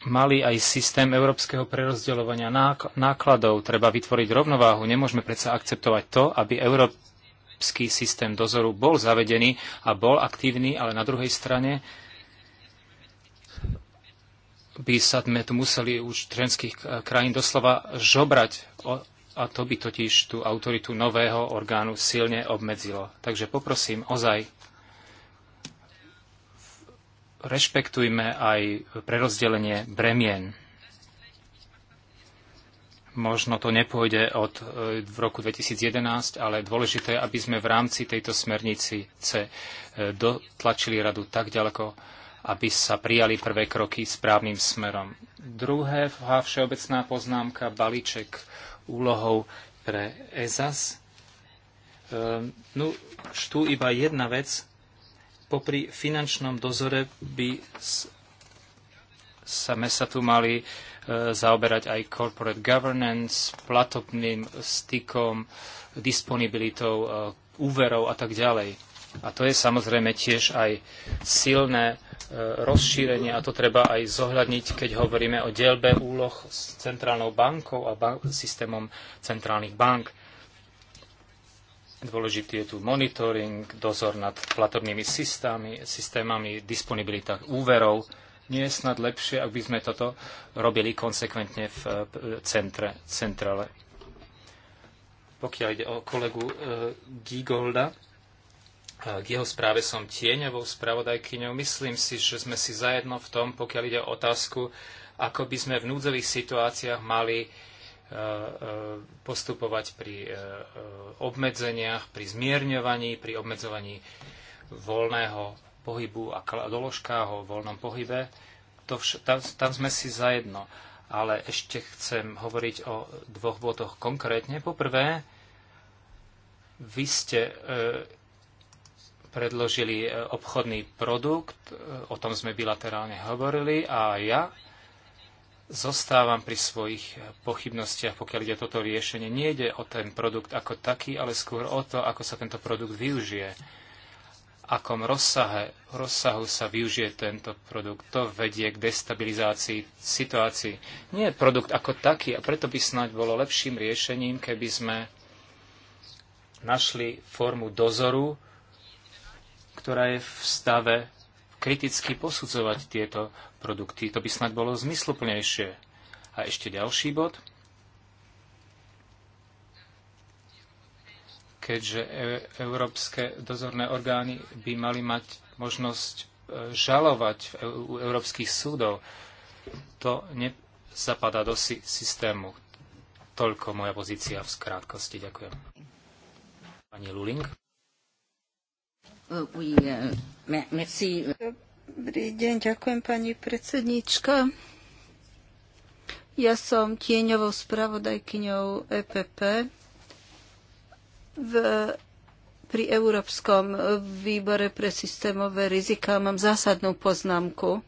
mali aj systém európskeho prerozdeľovania nákladov. Treba vytvoriť rovnováhu. Nemôžeme predsa akceptovať to, aby európsky systém dozoru bol zavedený a bol aktívny, ale na druhej strane by sa sme tu museli už členských krajín doslova žobrať a to by totiž tú autoritu nového orgánu silne obmedzilo. Takže poprosím ozaj, rešpektujme aj prerozdelenie bremien. Možno to nepôjde od e, v roku 2011, ale dôležité, aby sme v rámci tejto smernici C e, dotlačili radu tak ďaleko, aby sa prijali prvé kroky správnym smerom. Druhé, všeobecná poznámka, balíček úlohou pre ESAS. Ehm, no, tu iba jedna vec. Popri finančnom dozore by sme sa tu mali e, zaoberať aj corporate governance, platobným stykom, disponibilitou e, úverov a tak ďalej. A to je samozrejme tiež aj silné E, rozšírenie a to treba aj zohľadniť, keď hovoríme o dielbe úloh s centrálnou bankou a bank systémom centrálnych bank. Dôležitý je tu monitoring, dozor nad platobnými systémami, systémami disponibilita úverov. Nie je snad lepšie, ak by sme toto robili konsekventne v e, centre, centrale. Pokiaľ ide o kolegu e, Gigolda, k jeho správe som tieňovou spravodajkyňou. Myslím si, že sme si zajedno v tom, pokiaľ ide o otázku, ako by sme v núdzových situáciách mali e, e, postupovať pri e, obmedzeniach, pri zmierňovaní, pri obmedzovaní voľného pohybu a doložkách o voľnom pohybe. To vš- tam, tam sme si zajedno. Ale ešte chcem hovoriť o dvoch bodoch konkrétne. Poprvé, vy ste e, predložili e, obchodný produkt, e, o tom sme bilaterálne hovorili a ja zostávam pri svojich e, pochybnostiach, pokiaľ ide toto riešenie. Nie ide o ten produkt ako taký, ale skôr o to, ako sa tento produkt využije. Akom rozsahe, rozsahu sa využije tento produkt. To vedie k destabilizácii situácií. Nie je produkt ako taký a preto by snáď bolo lepším riešením, keby sme našli formu dozoru, ktorá je v stave kriticky posudzovať tieto produkty. To by snad bolo zmysluplnejšie. A ešte ďalší bod. Keďže e európske dozorné orgány by mali mať možnosť e, žalovať e, u e európskych súdov, to nezapadá do systému. Toľko moja pozícia v krátkosti. Ďakujem. Pani Luling. Uh, uh, Dobrý deň, ďakujem pani predsednička. Ja som tieňovou spravodajkyňou EPP v, pri Európskom výbore pre systémové rizika. Mám zásadnú poznámku.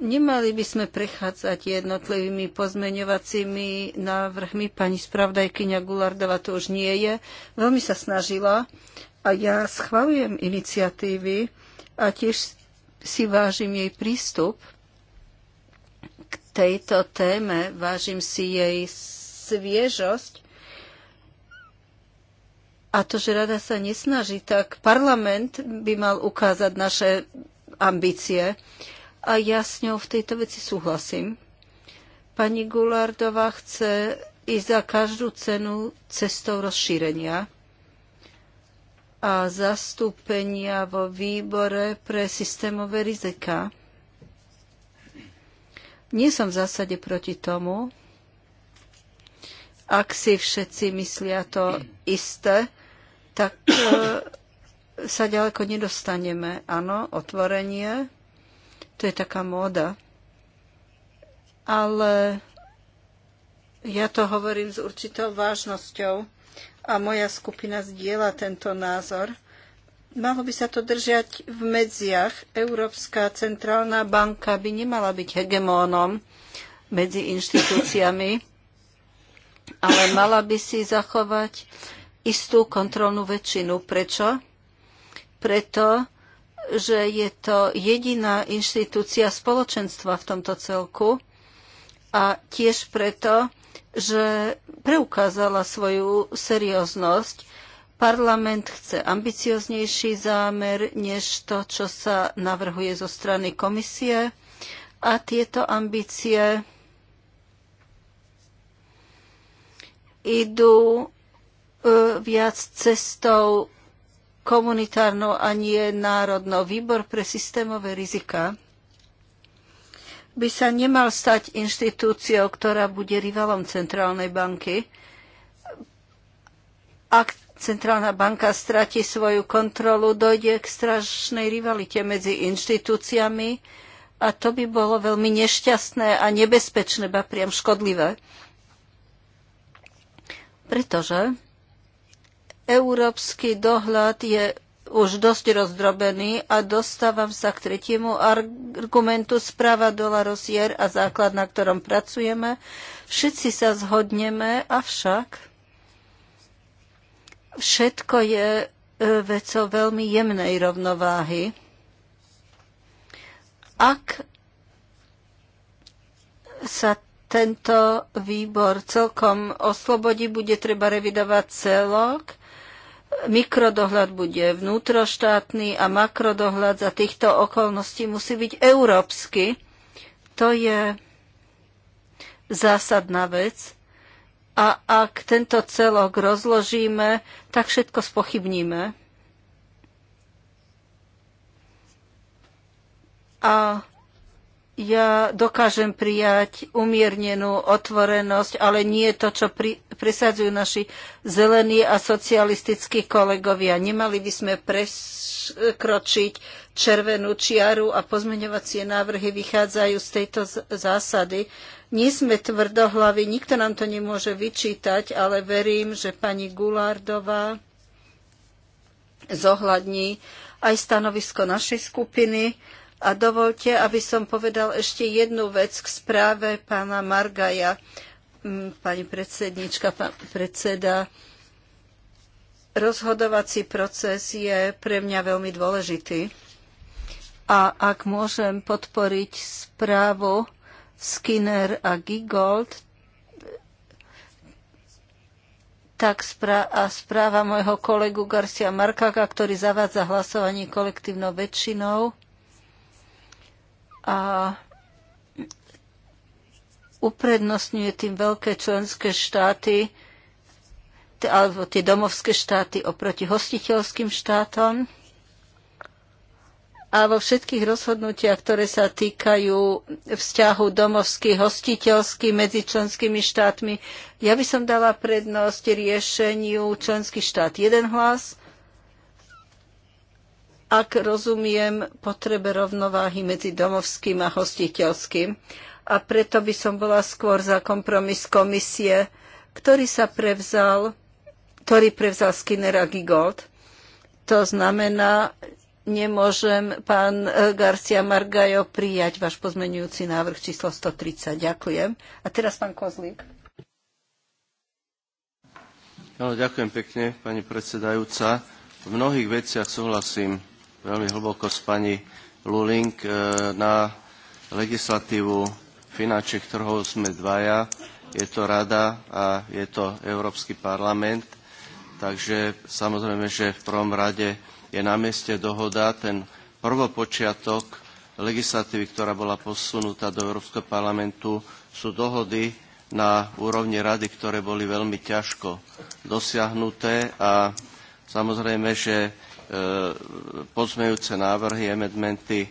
Nemali by sme prechádzať jednotlivými pozmeňovacími návrhmi. Pani spravdajkyňa Gulardova to už nie je. Veľmi sa snažila a ja schvalujem iniciatívy a tiež si vážim jej prístup k tejto téme, vážim si jej sviežosť a to, že rada sa nesnaží, tak parlament by mal ukázať naše ambície. A ja s ňou v tejto veci súhlasím. Pani Gulardová chce ísť za každú cenu cestou rozšírenia a zastúpenia vo výbore pre systémové rizika. Nie som v zásade proti tomu, ak si všetci myslia to isté, tak eh, sa ďaleko nedostaneme. Áno, otvorenie, to je taká móda. Ale ja to hovorím s určitou vážnosťou a moja skupina zdieľa tento názor. Malo by sa to držať v medziach. Európska centrálna banka by nemala byť hegemónom medzi inštitúciami, ale mala by si zachovať istú kontrolnú väčšinu. Prečo? Preto, že je to jediná inštitúcia spoločenstva v tomto celku a tiež preto, že preukázala svoju serióznosť. Parlament chce ambicioznejší zámer než to, čo sa navrhuje zo strany komisie a tieto ambície idú e, viac cestou komunitárnou a nie národnou. Výbor pre systémové rizika by sa nemal stať inštitúciou, ktorá bude rivalom centrálnej banky. Ak centrálna banka stratí svoju kontrolu, dojde k strašnej rivalite medzi inštitúciami a to by bolo veľmi nešťastné a nebezpečné, ba priam škodlivé. Pretože európsky dohľad je už dosť rozdrobený a dostávam sa k tretiemu argumentu správa dola Rosier a základ, na ktorom pracujeme. Všetci sa zhodneme, avšak všetko je e, vecou veľmi jemnej rovnováhy. Ak sa tento výbor celkom oslobodí, bude treba revidovať celok, mikrodohľad bude vnútroštátny a makrodohľad za týchto okolností musí byť európsky. To je zásadná vec. A ak tento celok rozložíme, tak všetko spochybníme. A ja dokážem prijať umiernenú otvorenosť, ale nie to, čo pri, presadzujú naši zelení a socialistickí kolegovia. Nemali by sme preskročiť červenú čiaru a pozmeňovacie návrhy vychádzajú z tejto zásady. Nie sme tvrdohlaví, nikto nám to nemôže vyčítať, ale verím, že pani Gulardová zohľadní aj stanovisko našej skupiny a dovolte, aby som povedal ešte jednu vec k správe pána Margaja, mm, pani predsednička, pán predseda. Rozhodovací proces je pre mňa veľmi dôležitý. A ak môžem podporiť správu Skinner a Gigold, tak správa, a správa môjho kolegu Garcia Markaka, ktorý zavádza hlasovanie kolektívnou väčšinou, a uprednostňuje tým veľké členské štáty alebo tie domovské štáty oproti hostiteľským štátom. A vo všetkých rozhodnutiach, ktoré sa týkajú vzťahu domovský, hostiteľský medzi členskými štátmi, ja by som dala prednosť riešeniu členský štát jeden hlas – ak rozumiem potrebe rovnováhy medzi domovským a hostiteľským. A preto by som bola skôr za kompromis komisie, ktorý sa prevzal, ktorý prevzal Skinner a Gigold. To znamená, nemôžem, pán e, Garcia Margajo, prijať váš pozmenujúci návrh číslo 130. Ďakujem. A teraz pán Kozlík. No, ďakujem pekne, pani predsedajúca. V mnohých veciach súhlasím veľmi hlboko s pani Luling. E, na legislatívu finančných trhov sme dvaja. Je to Rada a je to Európsky parlament. Takže samozrejme, že v prvom rade je na mieste dohoda. Ten prvopočiatok legislatívy, ktorá bola posunutá do Európskeho parlamentu, sú dohody na úrovni rady, ktoré boli veľmi ťažko dosiahnuté a samozrejme, že E, pozmejúce návrhy, amendmenty e,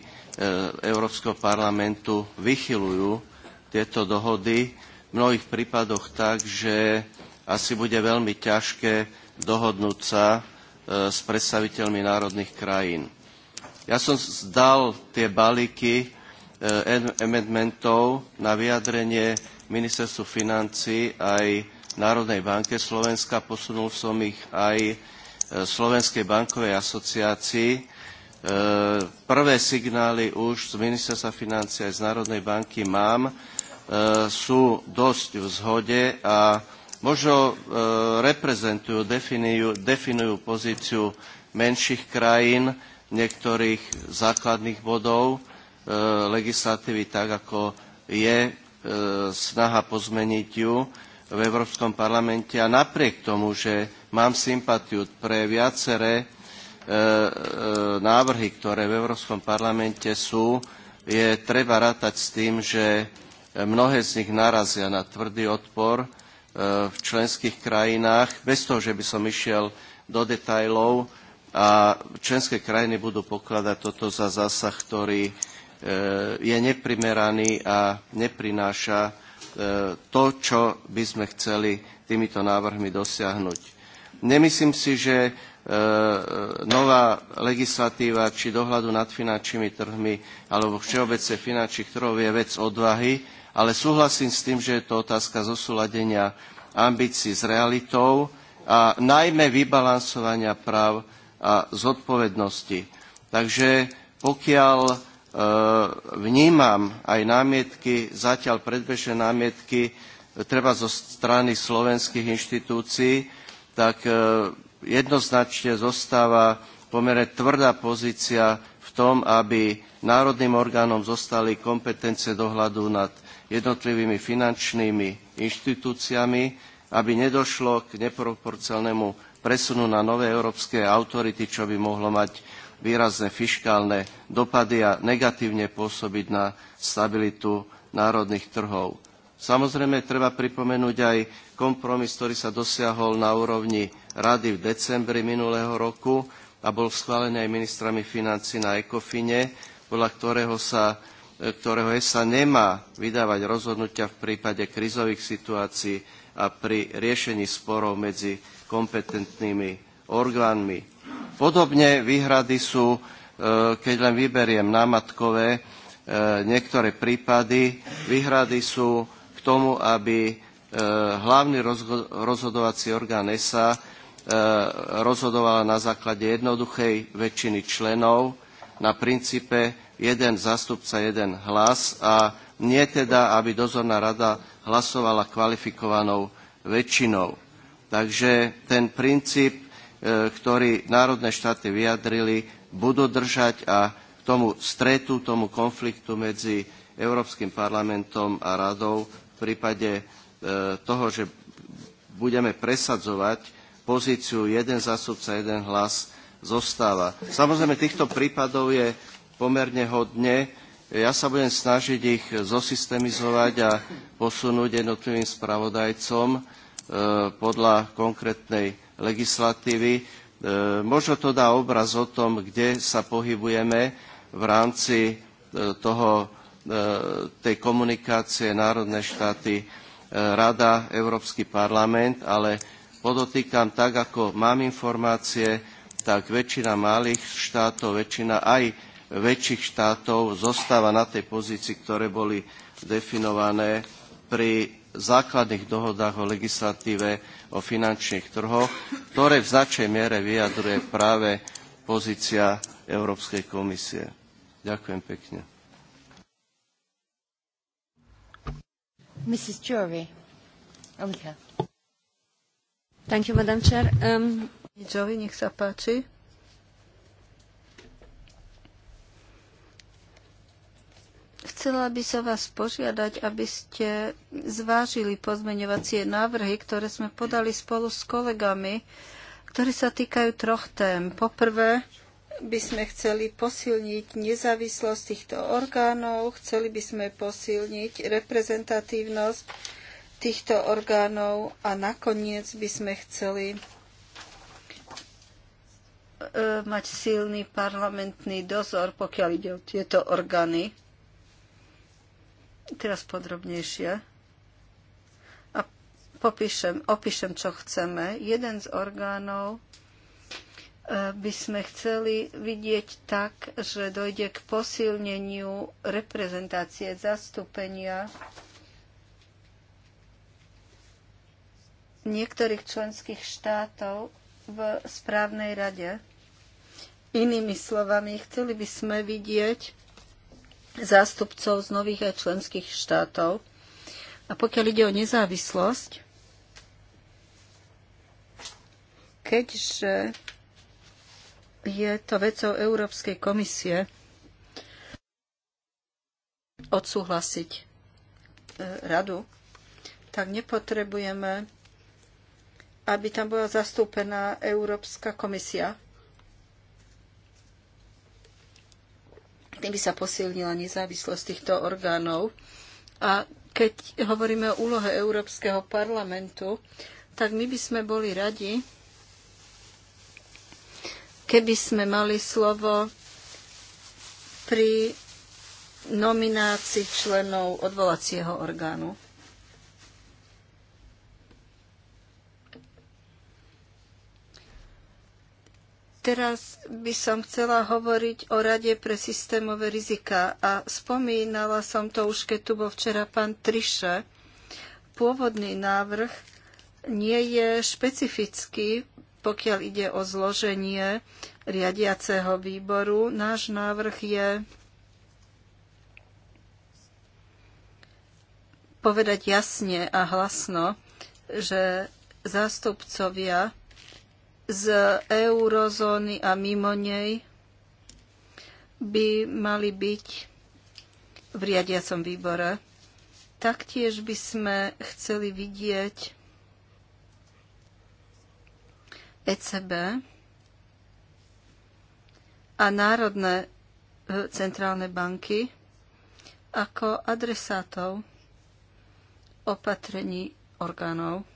Európskeho parlamentu vychylujú tieto dohody v mnohých prípadoch tak, že asi bude veľmi ťažké dohodnúť sa e, s predstaviteľmi národných krajín. Ja som zdal tie balíky amendmentov na vyjadrenie ministerstvu financí aj Národnej banke Slovenska. Posunul som ich aj E, Slovenskej bankovej asociácii. E, prvé signály už z ministerstva financie aj z Národnej banky mám, e, sú dosť v zhode a možno reprezentujú, definujú, definujú pozíciu menších krajín, niektorých základných bodov legislatívy tak, ako je snaha pozmeniť ju v Európskom parlamente a napriek tomu, že mám sympatiu pre viaceré e, e, návrhy, ktoré v Európskom parlamente sú, je treba rátať s tým, že mnohé z nich narazia na tvrdý odpor e, v členských krajinách, bez toho, že by som išiel do detajlov a členské krajiny budú pokladať toto za zásah, ktorý je neprimeraný a neprináša to, čo by sme chceli týmito návrhmi dosiahnuť. Nemyslím si, že e, nová legislatíva či dohľadu nad finančnými trhmi alebo všeobecne finančných trhov je vec odvahy, ale súhlasím s tým, že je to otázka zosúladenia ambícií s realitou a najmä vybalansovania práv a zodpovednosti. Takže pokiaľ e, vnímam aj námietky, zatiaľ predbežné námietky, e, treba zo strany slovenských inštitúcií, tak e, jednoznačne zostáva pomere tvrdá pozícia v tom, aby národným orgánom zostali kompetencie dohľadu nad jednotlivými finančnými inštitúciami, aby nedošlo k neproporcelnému presunu na nové európske autority, čo by mohlo mať výrazné fiškálne dopady a negatívne pôsobiť na stabilitu národných trhov. Samozrejme, treba pripomenúť aj kompromis, ktorý sa dosiahol na úrovni rady v decembri minulého roku a bol schválený aj ministrami financí na ECOFINE, podľa ktorého sa e, ktorého ESA nemá vydávať rozhodnutia v prípade krizových situácií a pri riešení sporov medzi kompetentnými orgánmi. Podobne výhrady sú, e, keď len vyberiem námatkové, e, niektoré prípady, výhrady sú k tomu, aby E, hlavný rozhodovací orgán ESA e, rozhodovala na základe jednoduchej väčšiny členov na princípe jeden zástupca, jeden hlas a nie teda, aby dozorná rada hlasovala kvalifikovanou väčšinou. Takže ten princíp, e, ktorý národné štáty vyjadrili, budú držať a k tomu stretu, tomu konfliktu medzi Európskym parlamentom a radou v prípade E, toho, že budeme presadzovať pozíciu jeden zástupca, jeden hlas zostáva. Samozrejme, týchto prípadov je pomerne hodne. Ja sa budem snažiť ich zosystemizovať a posunúť jednotlivým spravodajcom e, podľa konkrétnej legislatívy. E, možno to dá obraz o tom, kde sa pohybujeme v rámci toho, tej komunikácie národné štáty E, Rada, Európsky parlament, ale podotýkam tak, ako mám informácie, tak väčšina malých štátov, väčšina aj väčších štátov zostáva na tej pozícii, ktoré boli definované pri základných dohodách o legislatíve o finančných trhoch, ktoré v značnej miere vyjadruje práve pozícia Európskej komisie. Ďakujem pekne. Um, Chcela by sa vás požiadať, aby ste zvážili pozmeňovacie návrhy, ktoré sme podali spolu s kolegami, ktoré sa týkajú troch tém. Poprvé, by sme chceli posilniť nezávislosť týchto orgánov, chceli by sme posilniť reprezentatívnosť týchto orgánov a nakoniec by sme chceli e, mať silný parlamentný dozor, pokiaľ ide o tieto orgány. Teraz podrobnejšie. A popíšem, opíšem, čo chceme. Jeden z orgánov by sme chceli vidieť tak, že dojde k posilneniu reprezentácie, zastúpenia niektorých členských štátov v správnej rade. Inými slovami, chceli by sme vidieť zástupcov z nových aj členských štátov. A pokiaľ ide o nezávislosť, keďže je to vecou Európskej komisie odsúhlasiť e, radu, tak nepotrebujeme, aby tam bola zastúpená Európska komisia. Tým by sa posilnila nezávislosť týchto orgánov. A keď hovoríme o úlohe Európskeho parlamentu, tak my by sme boli radi, keby sme mali slovo pri nominácii členov odvolacieho orgánu. Teraz by som chcela hovoriť o Rade pre systémové rizika a spomínala som to už, keď tu bol včera pán Triše. Pôvodný návrh nie je špecifický pokiaľ ide o zloženie riadiaceho výboru, náš návrh je povedať jasne a hlasno, že zástupcovia z eurozóny a mimo nej by mali byť v riadiacom výbore. Taktiež by sme chceli vidieť ECB a národné e, centrálne banky ako adresátov opatrení orgánov.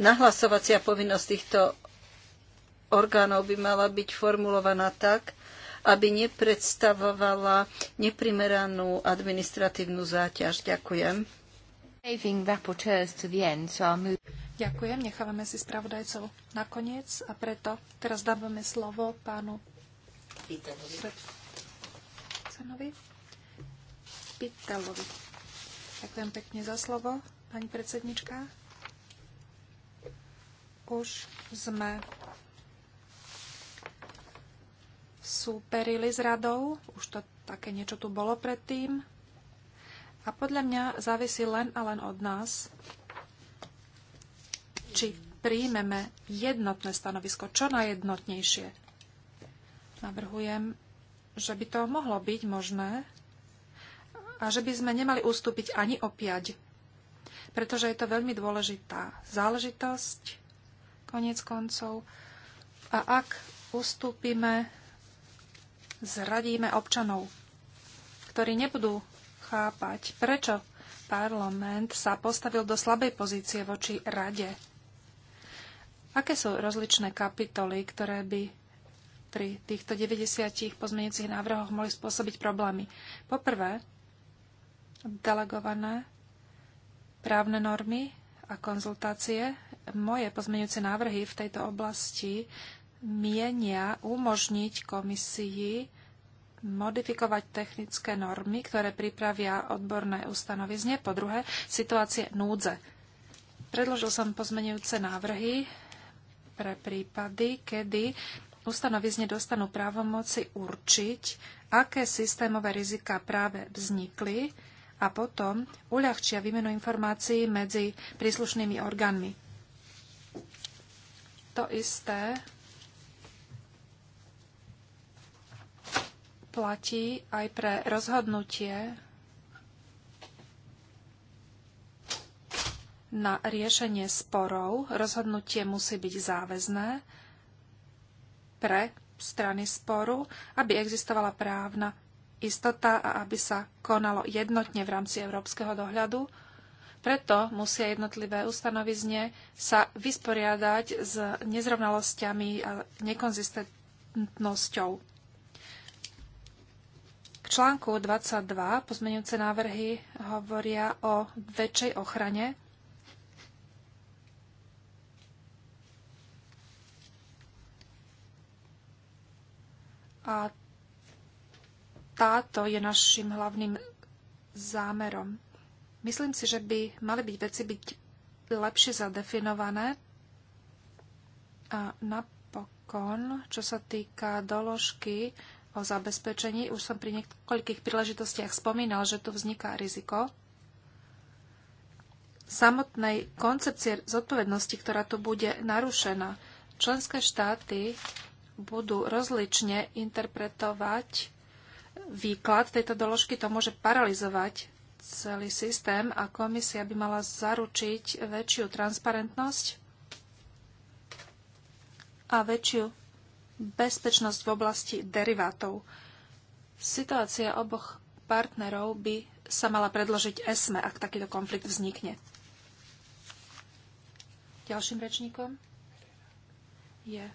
nahlasovacia povinnosť týchto orgánov by mala byť formulovaná tak, aby nepredstavovala neprimeranú administratívnu záťaž. Ďakujem. Ďakujem, nechávame si spravodajcov nakoniec a preto teraz dávame slovo pánu Pitalovi. Pitalovi. Ďakujem pekne za slovo, pani predsednička. Už sme súperili s radou, už to také niečo tu bolo predtým a podľa mňa závisí len a len od nás, či príjmeme jednotné stanovisko, čo najjednotnejšie. Navrhujem, že by to mohlo byť možné a že by sme nemali ustúpiť ani o piať, pretože je to veľmi dôležitá záležitosť, koniec koncov. A ak ustúpime, zradíme občanov, ktorí nebudú chápať, prečo parlament sa postavil do slabej pozície voči rade. Aké sú rozličné kapitoly, ktoré by pri týchto 90 pozmeniacich návrhoch mohli spôsobiť problémy? Poprvé, delegované právne normy a konzultácie. Moje pozmenujúce návrhy v tejto oblasti mienia umožniť komisii modifikovať technické normy, ktoré pripravia odborné ustanovizne. Po druhé, situácie núdze. Predložil som pozmenujúce návrhy pre prípady, kedy ustanovizne dostanú právomoci určiť, aké systémové rizika práve vznikli a potom uľahčia výmenu informácií medzi príslušnými orgánmi. To isté platí aj pre rozhodnutie na riešenie sporov. Rozhodnutie musí byť záväzné pre strany sporu, aby existovala právna istota a aby sa konalo jednotne v rámci európskeho dohľadu. Preto musia jednotlivé ustanovizne sa vysporiadať s nezrovnalosťami a nekonzistentnosťou článku 22 pozmeňujúce návrhy hovoria o väčšej ochrane a táto je našim hlavným zámerom. Myslím si, že by mali byť veci byť lepšie zadefinované a napokon, čo sa týka doložky o zabezpečení. Už som pri niekoľkých príležitostiach spomínal, že tu vzniká riziko samotnej koncepcie zodpovednosti, ktorá tu bude narušená. Členské štáty budú rozlične interpretovať výklad tejto doložky. To môže paralizovať celý systém a komisia by mala zaručiť väčšiu transparentnosť a väčšiu bezpečnosť v oblasti derivátov. Situácia oboch partnerov by sa mala predložiť ESME, ak takýto konflikt vznikne. Ďalším rečníkom je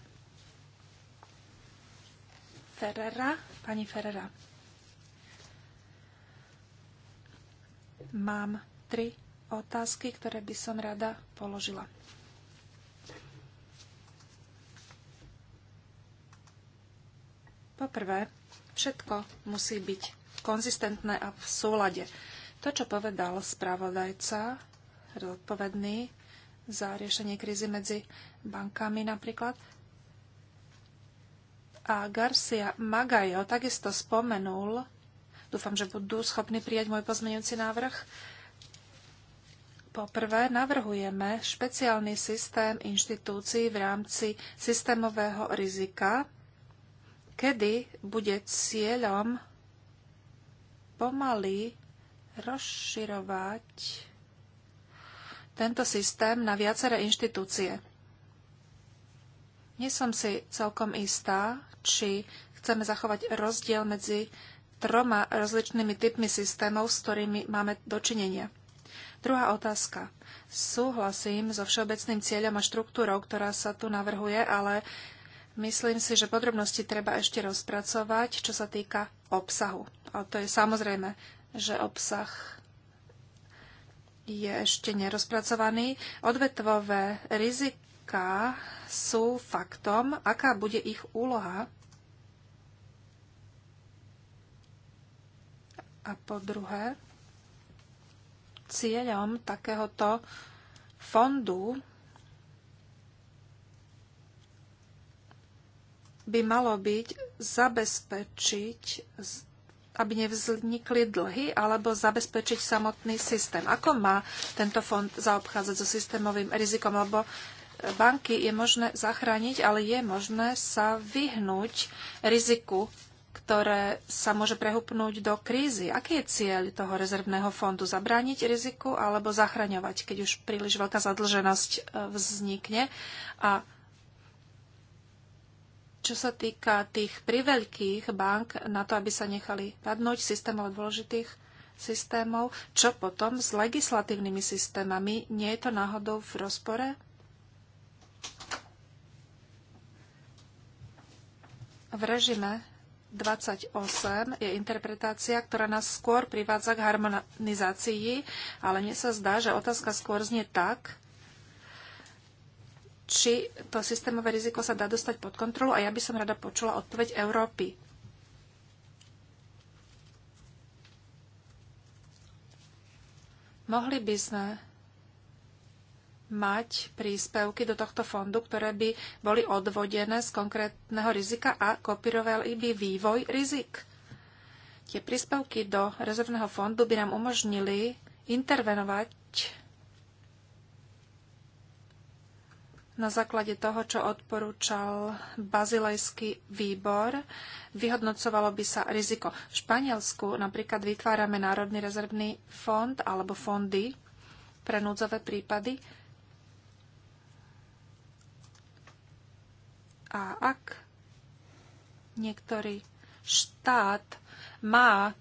Ferrera, pani Ferrera. Mám tri otázky, ktoré by som rada položila. Poprvé, všetko musí byť konzistentné a v súlade. To, čo povedal spravodajca, zodpovedný za riešenie krízy medzi bankami napríklad, a Garcia Magajo takisto spomenul, dúfam, že budú schopní prijať môj pozmeňujúci návrh, Poprvé navrhujeme špeciálny systém inštitúcií v rámci systémového rizika, kedy bude cieľom pomaly rozširovať tento systém na viaceré inštitúcie. Nie som si celkom istá, či chceme zachovať rozdiel medzi troma rozličnými typmi systémov, s ktorými máme dočinenia. Druhá otázka. Súhlasím so všeobecným cieľom a štruktúrou, ktorá sa tu navrhuje, ale Myslím si, že podrobnosti treba ešte rozpracovať, čo sa týka obsahu. A to je samozrejme, že obsah je ešte nerozpracovaný. Odvetvové rizika sú faktom, aká bude ich úloha. A po druhé, cieľom takéhoto fondu by malo byť zabezpečiť, aby nevznikli dlhy, alebo zabezpečiť samotný systém. Ako má tento fond zaobchádzať so systémovým rizikom? Lebo e, banky je možné zachrániť, ale je možné sa vyhnúť riziku, ktoré sa môže prehupnúť do krízy. Aký je cieľ toho rezervného fondu? Zabrániť riziku alebo zachraňovať, keď už príliš veľká zadlženosť e, vznikne? A čo sa týka tých priveľkých bank na to, aby sa nechali padnúť systémov dôležitých systémov, čo potom s legislatívnymi systémami? Nie je to náhodou v rozpore? V režime 28 je interpretácia, ktorá nás skôr privádza k harmonizácii, ale mne sa zdá, že otázka skôr znie tak, či to systémové riziko sa dá dostať pod kontrolu a ja by som rada počula odpoveď Európy. Mohli by sme mať príspevky do tohto fondu, ktoré by boli odvodené z konkrétneho rizika a kopírovali by vývoj rizik. Tie príspevky do rezervného fondu by nám umožnili intervenovať na základe toho, čo odporúčal bazilejský výbor, vyhodnocovalo by sa riziko. V Španielsku napríklad vytvárame Národný rezervný fond alebo fondy pre núdzové prípady. A ak niektorý štát má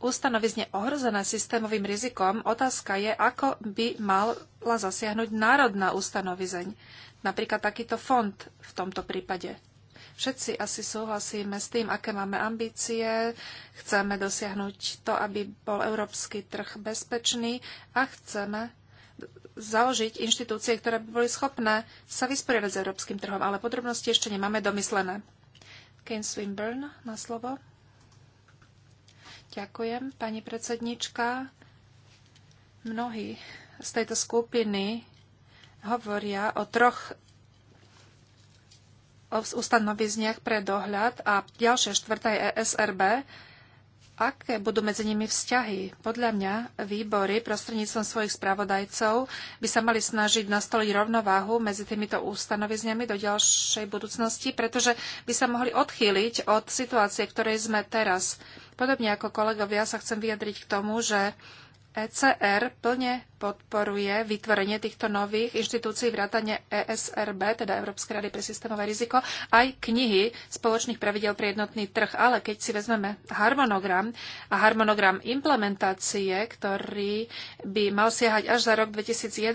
ustanovizne ohrozené systémovým rizikom, otázka je, ako by mala zasiahnuť národná ustanovizeň, napríklad takýto fond v tomto prípade. Všetci asi súhlasíme s tým, aké máme ambície, chceme dosiahnuť to, aby bol európsky trh bezpečný a chceme založiť inštitúcie, ktoré by boli schopné sa vysporiadať s európskym trhom, ale podrobnosti ešte nemáme domyslené. Kane Swinburne má slovo. Ďakujem, pani predsednička. Mnohí z tejto skupiny hovoria o troch v ustanovizniach pre dohľad a ďalšia štvrtá je ESRB aké budú medzi nimi vzťahy. Podľa mňa výbory prostredníctvom svojich spravodajcov by sa mali snažiť nastoliť rovnováhu medzi týmito ustanovizňami do ďalšej budúcnosti, pretože by sa mohli odchýliť od situácie, ktorej sme teraz. Podobne ako kolegovia sa chcem vyjadriť k tomu, že ECR plne podporuje vytvorenie týchto nových inštitúcií vrátane ESRB, teda Európskej rady pre systémové riziko, aj knihy spoločných pravidel pre jednotný trh. Ale keď si vezmeme harmonogram a harmonogram implementácie, ktorý by mal siahať až za rok 2011,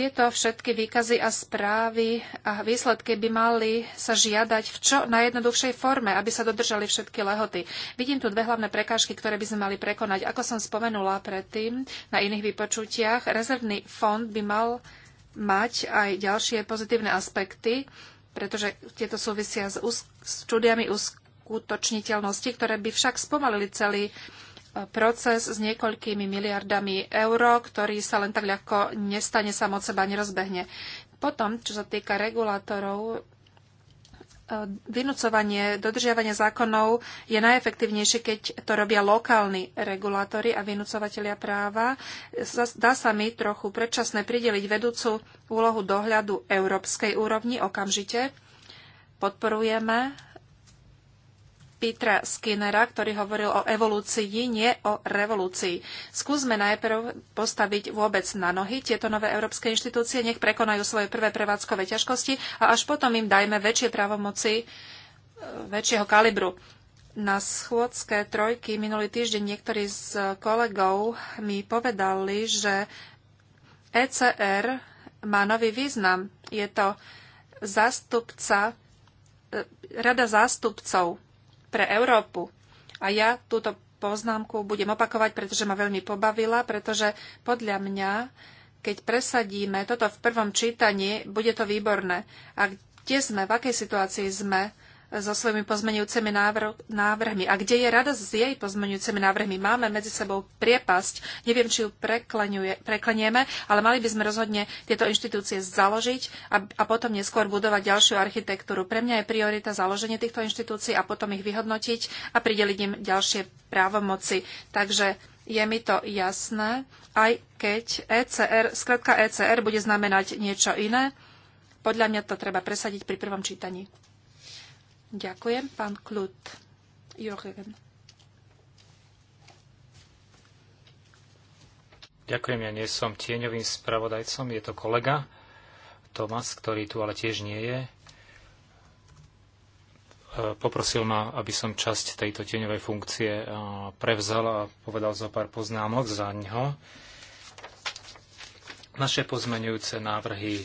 tieto všetky výkazy a správy a výsledky by mali sa žiadať v čo najjednoduchšej forme, aby sa dodržali všetky lehoty. Vidím tu dve hlavné prekážky, ktoré by sme mali prekonať. Ako som spomenula predtým na iných vypočutiach, rezervný fond by mal mať aj ďalšie pozitívne aspekty, pretože tieto súvisia s, ús- štúdiami uskutočniteľnosti, ktoré by však spomalili celý proces s niekoľkými miliardami eur, ktorý sa len tak ľahko nestane, sám od seba nerozbehne. Potom, čo sa týka regulátorov, e, vynúcovanie, dodržiavanie zákonov je najefektívnejšie, keď to robia lokálni regulátori a vynúcovateľia práva. Dá sa mi trochu predčasné prideliť vedúcu úlohu dohľadu európskej úrovni okamžite. Podporujeme Petra Skinnera, ktorý hovoril o evolúcii, nie o revolúcii. Skúsme najprv postaviť vôbec na nohy tieto nové európske inštitúcie, nech prekonajú svoje prvé prevádzkové ťažkosti a až potom im dajme väčšie právomoci e, väčšieho kalibru. Na schôdske trojky minulý týždeň niektorí z kolegov mi povedali, že ECR má nový význam. Je to zástupca, e, rada zástupcov pre Európu. A ja túto poznámku budem opakovať, pretože ma veľmi pobavila, pretože podľa mňa, keď presadíme toto v prvom čítaní, bude to výborné. A kde sme, v akej situácii sme, so svojimi pozmenujúcimi návrhmi. A kde je rada s jej pozmenujúcimi návrhmi? Máme medzi sebou priepasť. Neviem, či ju preklenieme, ale mali by sme rozhodne tieto inštitúcie založiť a, a potom neskôr budovať ďalšiu architektúru. Pre mňa je priorita založenie týchto inštitúcií a potom ich vyhodnotiť a prideliť im ďalšie právomoci. Takže je mi to jasné, aj keď ECR, skratka ECR bude znamenať niečo iné. Podľa mňa to treba presadiť pri prvom čítaní. Ďakujem, pán Klut. Jorgen. Ďakujem, ja nie som tieňovým spravodajcom, je to kolega Tomas, ktorý tu ale tiež nie je. E, poprosil ma, aby som časť tejto tieňovej funkcie e, prevzal a povedal za pár poznámok za ňo. Naše pozmenujúce návrhy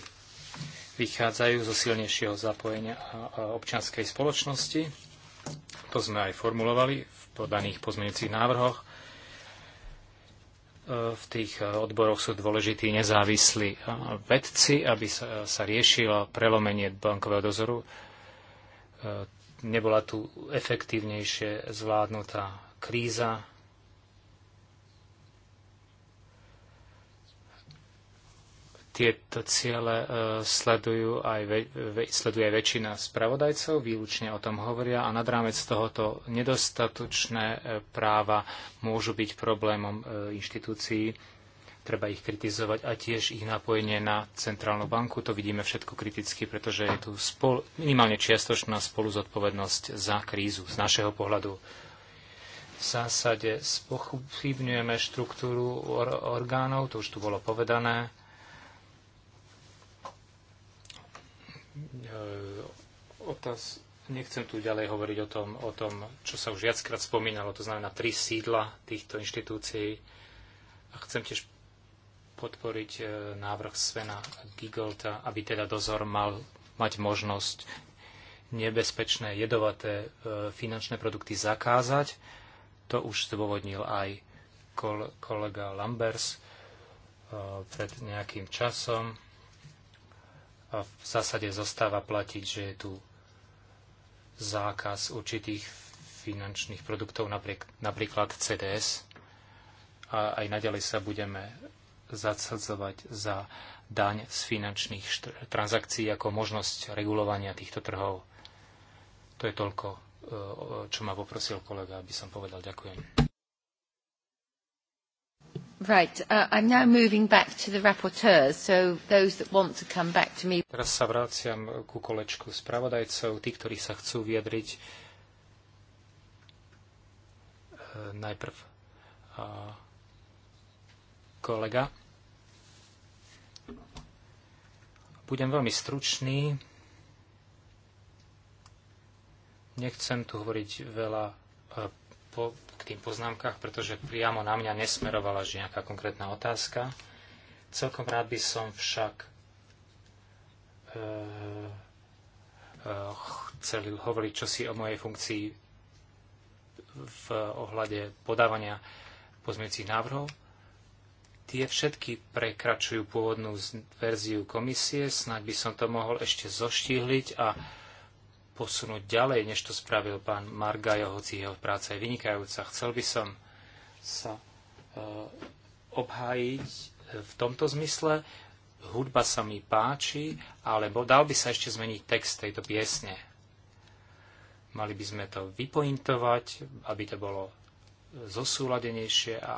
vychádzajú zo silnejšieho zapojenia občianskej spoločnosti. To sme aj formulovali v podaných pozmeňujúcich návrhoch. E, v tých e, odboroch sú dôležití nezávislí e, vedci, aby sa, sa riešilo prelomenie bankového dozoru. Nebola tu efektívnejšie zvládnutá kríza, tieto ciele e, sledujú aj, sleduje aj väčšina spravodajcov, výlučne o tom hovoria a nad rámec tohoto nedostatočné e, práva môžu byť problémom e, inštitúcií. Treba ich kritizovať a tiež ich napojenie na Centrálnu banku. To vidíme všetko kriticky, pretože je tu spol, minimálne čiastočná spolu zodpovednosť za krízu z našeho pohľadu. V zásade spochybňujeme štruktúru or- orgánov, to už tu bolo povedané E, otáz, nechcem tu ďalej hovoriť o tom, o tom, čo sa už viackrát spomínalo, to znamená tri sídla týchto inštitúcií. A chcem tiež podporiť e, návrh Svena Gigolta, aby teda dozor mal mať možnosť nebezpečné jedovaté e, finančné produkty zakázať. To už zdôvodnil aj kolega Lambers pred nejakým časom a v zásade zostáva platiť, že je tu zákaz určitých finančných produktov, napriek, napríklad CDS. A aj naďalej sa budeme zasadzovať za daň z finančných transakcií ako možnosť regulovania týchto trhov. To je toľko, e, čo ma poprosil kolega, aby som povedal. Ďakujem. Right. Uh, I'm now moving back to the rapporteurs, so those that want to come back to me. Teraz sa vraciam ku kolečku spravodajcov, tí, ktorí sa chcú vyjadriť. Uh, najprv uh, kolega. Budem veľmi stručný. Nechcem tu hovoriť veľa uh, po, k tým poznámkach, pretože priamo na mňa nesmerovala nejaká konkrétna otázka. Celkom rád by som však e, e, chcel hovoriť čosi o mojej funkcii v ohľade podávania pozmeňujúcich návrhov. Tie všetky prekračujú pôvodnú verziu komisie, snáď by som to mohol ešte zoštíhliť a posunúť ďalej, než to spravil pán Margajo, hoci jeho práca je vynikajúca. Chcel by som sa e, obhájiť v tomto zmysle. Hudba sa mi páči, alebo dal by sa ešte zmeniť text tejto piesne. Mali by sme to vypointovať, aby to bolo e, zosúladenejšie a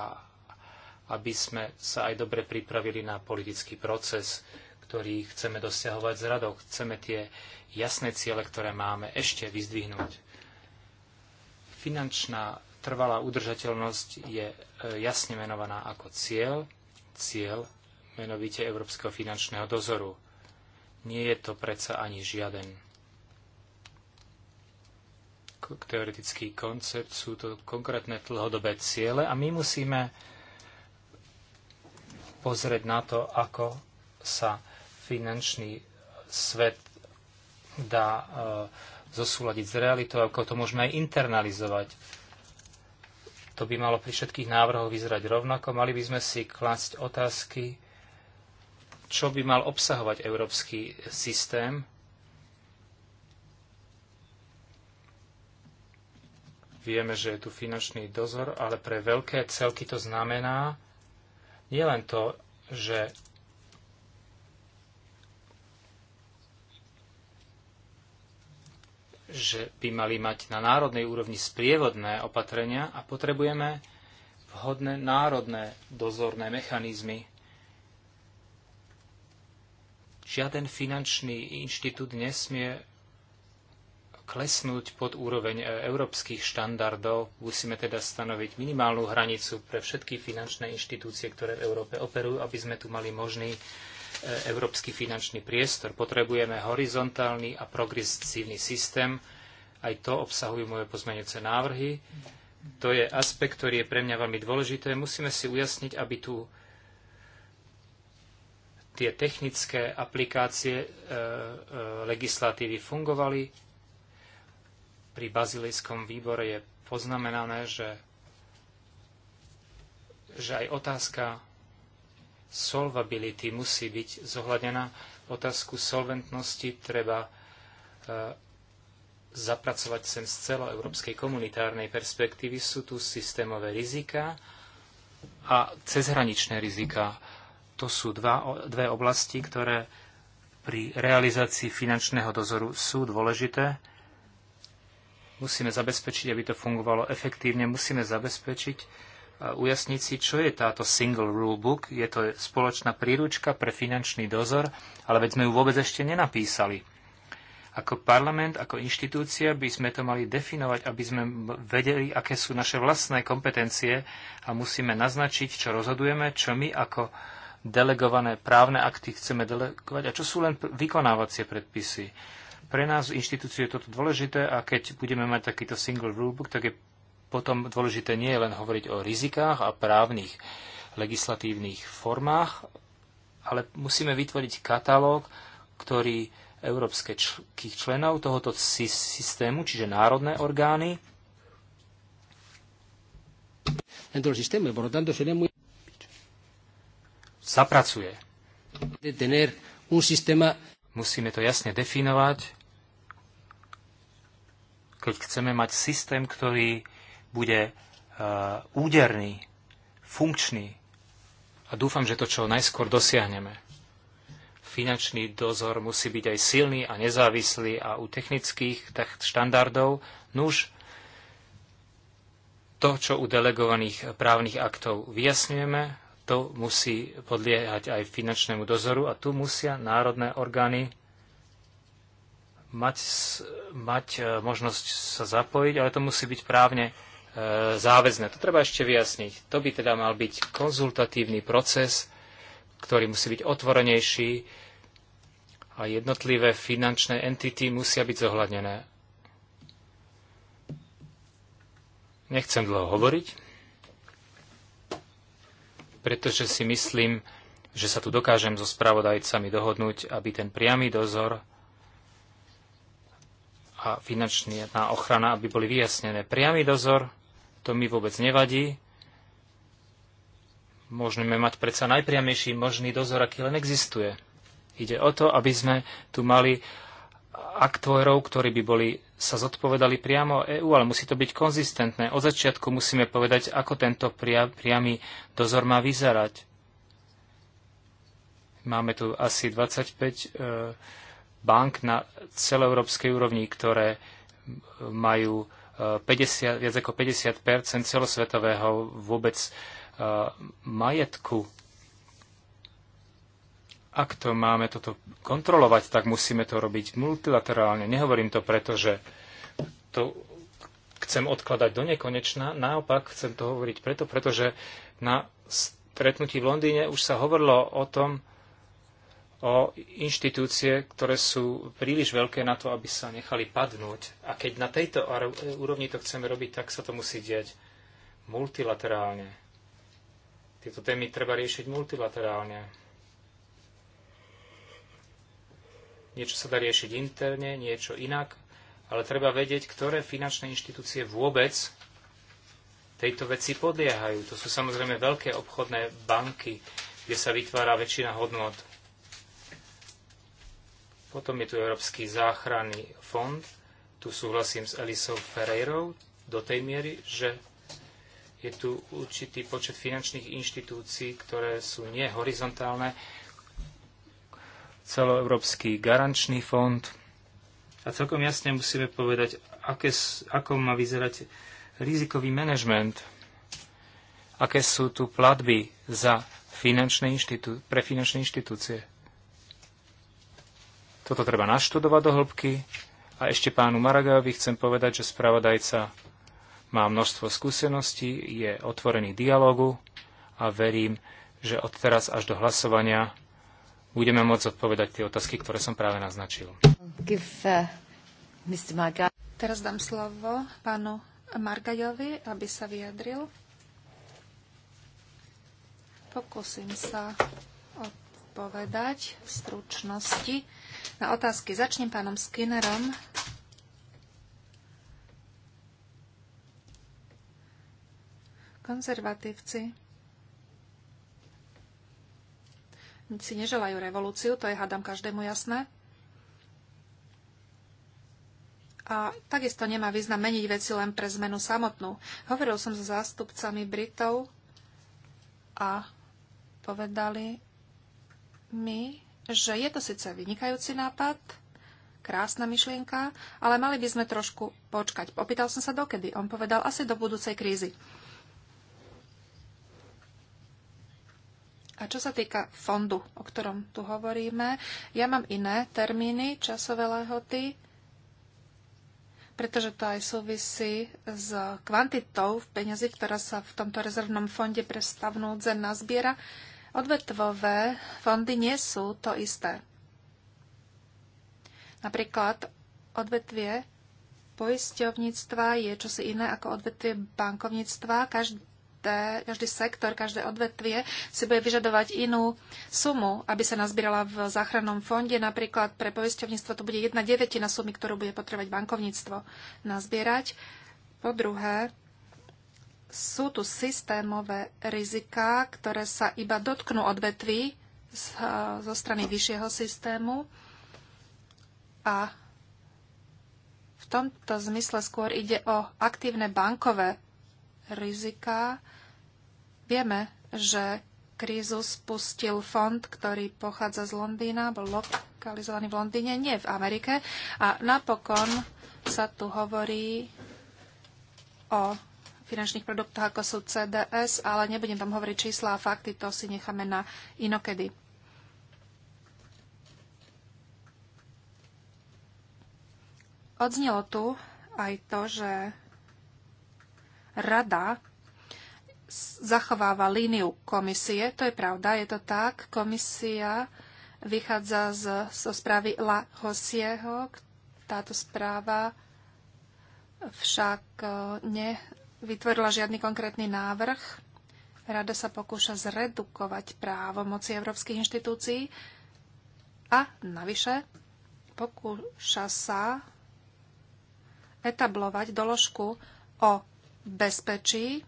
aby sme sa aj dobre pripravili na politický proces, ktorý chceme dosiahovať s radou. Chceme tie jasné ciele, ktoré máme, ešte vyzdvihnúť. Finančná trvalá udržateľnosť je e, jasne menovaná ako cieľ, cieľ menovite Európskeho finančného dozoru. Nie je to predsa ani žiaden teoretický koncept, sú to konkrétne dlhodobé ciele a my musíme pozrieť na to, ako sa finančný svet dá e, zosúľadiť s realitou, ako to môžeme aj internalizovať. To by malo pri všetkých návrhoch vyzerať rovnako. Mali by sme si klásť otázky, čo by mal obsahovať európsky systém. Vieme, že je tu finančný dozor, ale pre veľké celky to znamená nielen to, že že by mali mať na národnej úrovni sprievodné opatrenia a potrebujeme vhodné národné dozorné mechanizmy. Žiaden finančný inštitút nesmie klesnúť pod úroveň e, európskych štandardov. Musíme teda stanoviť minimálnu hranicu pre všetky finančné inštitúcie, ktoré v Európe operujú, aby sme tu mali možný E, európsky finančný priestor. Potrebujeme horizontálny a progresívny systém. Aj to obsahujú moje pozmeňujúce návrhy. To je aspekt, ktorý je pre mňa veľmi dôležité. Musíme si ujasniť, aby tu tie technické aplikácie e, e, legislatívy fungovali. Pri bazilejskom výbore je poznamenané, že, že aj otázka solvability musí byť zohľadená. Otázku solventnosti treba e, zapracovať sem z celoeurópskej komunitárnej perspektívy. Sú tu systémové rizika a cezhraničné rizika. To sú dva, dve oblasti, ktoré pri realizácii finančného dozoru sú dôležité. Musíme zabezpečiť, aby to fungovalo efektívne. Musíme zabezpečiť, ujasniť si, čo je táto Single Rule Book. Je to spoločná príručka pre finančný dozor, ale veď sme ju vôbec ešte nenapísali. Ako parlament, ako inštitúcia by sme to mali definovať, aby sme vedeli, aké sú naše vlastné kompetencie a musíme naznačiť, čo rozhodujeme, čo my ako delegované právne akty chceme delegovať a čo sú len vykonávacie predpisy. Pre nás v inštitúciu je toto dôležité a keď budeme mať takýto single rulebook, tak je potom dôležité nie je len hovoriť o rizikách a právnych legislatívnych formách, ale musíme vytvoriť katalóg, ktorý európskych členov tohoto systému, čiže národné orgány, zapracuje. Musíme to jasne definovať, keď chceme mať systém, ktorý bude eh, úderný, funkčný a dúfam, že to čo najskôr dosiahneme. Finančný dozor musí byť aj silný a nezávislý a u technických tak štandardov nuž to, čo u delegovaných právnych aktov vyjasňujeme, to musí podliehať aj finančnému dozoru a tu musia národné orgány mať, mať eh, možnosť sa zapojiť, ale to musí byť právne E, záväzné. To treba ešte vyjasniť. To by teda mal byť konzultatívny proces, ktorý musí byť otvorenejší a jednotlivé finančné entity musia byť zohľadnené. Nechcem dlho hovoriť, pretože si myslím, že sa tu dokážem so spravodajcami dohodnúť, aby ten priamy dozor a finančná ochrana, aby boli vyjasnené. Priamy dozor to mi vôbec nevadí. Môžeme mať predsa najpriamejší možný dozor, aký len existuje. Ide o to, aby sme tu mali aktorov, ktorí by boli, sa zodpovedali priamo EÚ, ale musí to byť konzistentné. Od začiatku musíme povedať, ako tento pria, priamy dozor má vyzerať. Máme tu asi 25 e, bank na celoeurópskej úrovni, ktoré majú 50, viac ako 50 celosvetového vôbec eh, majetku. Ak to máme toto kontrolovať, tak musíme to robiť multilaterálne. Nehovorím to preto, že to chcem odkladať do nekonečna. Naopak chcem to hovoriť preto, pretože na stretnutí v Londýne už sa hovorilo o tom, o inštitúcie, ktoré sú príliš veľké na to, aby sa nechali padnúť. A keď na tejto úrovni to chceme robiť, tak sa to musí diať multilaterálne. Tieto témy treba riešiť multilaterálne. Niečo sa dá riešiť interne, niečo inak, ale treba vedieť, ktoré finančné inštitúcie vôbec tejto veci podliehajú. To sú samozrejme veľké obchodné banky, kde sa vytvára väčšina hodnot potom je tu Európsky záchranný fond. Tu súhlasím s Elisou Ferreirou do tej miery, že je tu určitý počet finančných inštitúcií, ktoré sú nehorizontálne. Celoeurópsky garančný fond. A celkom jasne musíme povedať, aké, ako má vyzerať rizikový manažment, aké sú tu platby za finančné inštitú- pre finančné inštitúcie. Toto treba naštudovať do hĺbky. A ešte pánu Maragajovi chcem povedať, že spravodajca má množstvo skúseností, je otvorený dialogu a verím, že od teraz až do hlasovania budeme môcť odpovedať tie otázky, ktoré som práve naznačil. Give, uh, Teraz dám slovo pánu Margajovi, aby sa vyjadril. Pokúsim sa odpovedať v stručnosti na otázky. Začnem pánom Skinnerom. Konzervatívci si neželajú revolúciu, to je hádam každému jasné. A takisto nemá význam meniť veci len pre zmenu samotnú. Hovoril som s zástupcami Britov a povedali mi, že je to síce vynikajúci nápad, krásna myšlienka, ale mali by sme trošku počkať. Opýtal som sa dokedy. On povedal asi do budúcej krízy. A čo sa týka fondu, o ktorom tu hovoríme, ja mám iné termíny, časové lehoty, pretože to aj súvisí s kvantitou v peňazí, ktorá sa v tomto rezervnom fonde pre stavnú nazbiera. Odvetvové fondy nie sú to isté. Napríklad odvetvie poisťovníctva je čosi iné ako odvetvie bankovníctva. Každé, každý sektor, každé odvetvie si bude vyžadovať inú sumu, aby sa nazbierala v záchrannom fonde. Napríklad pre poisťovníctvo to bude jedna devetina sumy, ktorú bude potrebovať bankovníctvo nazbierať. Po druhé, sú tu systémové riziká, ktoré sa iba dotknú odvetví zo strany vyššieho systému a v tomto zmysle skôr ide o aktívne bankové riziká. Vieme, že krízu spustil fond, ktorý pochádza z Londýna, bol lokalizovaný v Londýne, nie v Amerike. A napokon sa tu hovorí o finančných produktoch, ako sú CDS, ale nebudem tam hovoriť čísla a fakty, to si necháme na inokedy. Odznelo tu aj to, že rada zachováva líniu komisie. To je pravda, je to tak. Komisia vychádza z, zo správy La Hosieho. Táto správa však eh, ne vytvorila žiadny konkrétny návrh. Rada sa pokúša zredukovať právo moci európskych inštitúcií a navyše pokúša sa etablovať doložku o bezpečí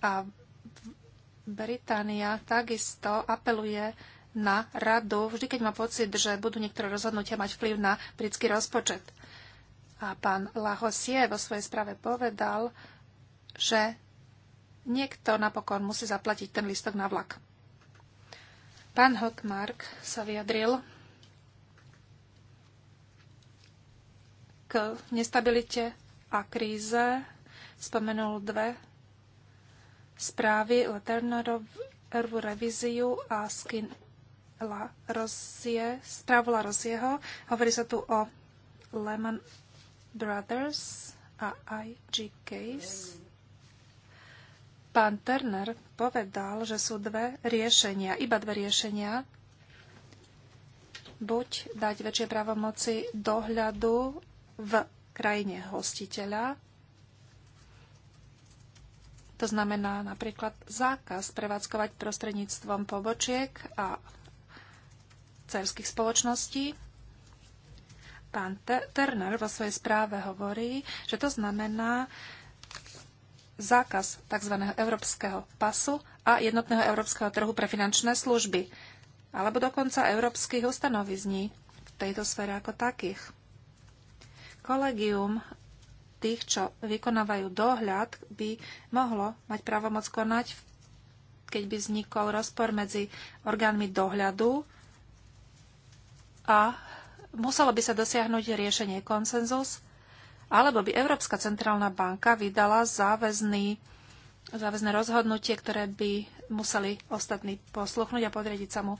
a Británia takisto apeluje na radu, vždy keď má pocit, že budú niektoré rozhodnutia mať vplyv na britský rozpočet. A pán Lahosie vo svojej správe povedal, že niekto napokon musí zaplatiť ten listok na vlak. Pán Hotmark sa vyjadril k nestabilite a kríze. Spomenul dve správy Leternerovú revíziu a Skin La Rozie, správu La Rozieho. Hovorí sa tu o Lehman Brothers a IG Case, pán Turner povedal, že sú dve riešenia, iba dve riešenia. Buď dať väčšie právomoci dohľadu v krajine hostiteľa, to znamená napríklad zákaz prevádzkovať prostredníctvom pobočiek a cerských spoločností, Pán Turner vo svojej správe hovorí, že to znamená zákaz tzv. európskeho pasu a jednotného európskeho trhu pre finančné služby, alebo dokonca európskych ustanovizní v tejto sfére ako takých. Kolegium tých, čo vykonávajú dohľad, by mohlo mať právomoc konať, keď by vznikol rozpor medzi orgánmi dohľadu a muselo by sa dosiahnuť riešenie konsenzus, alebo by Európska centrálna banka vydala záväzný, záväzné rozhodnutie, ktoré by museli ostatní posluchnúť a podriediť sa mu.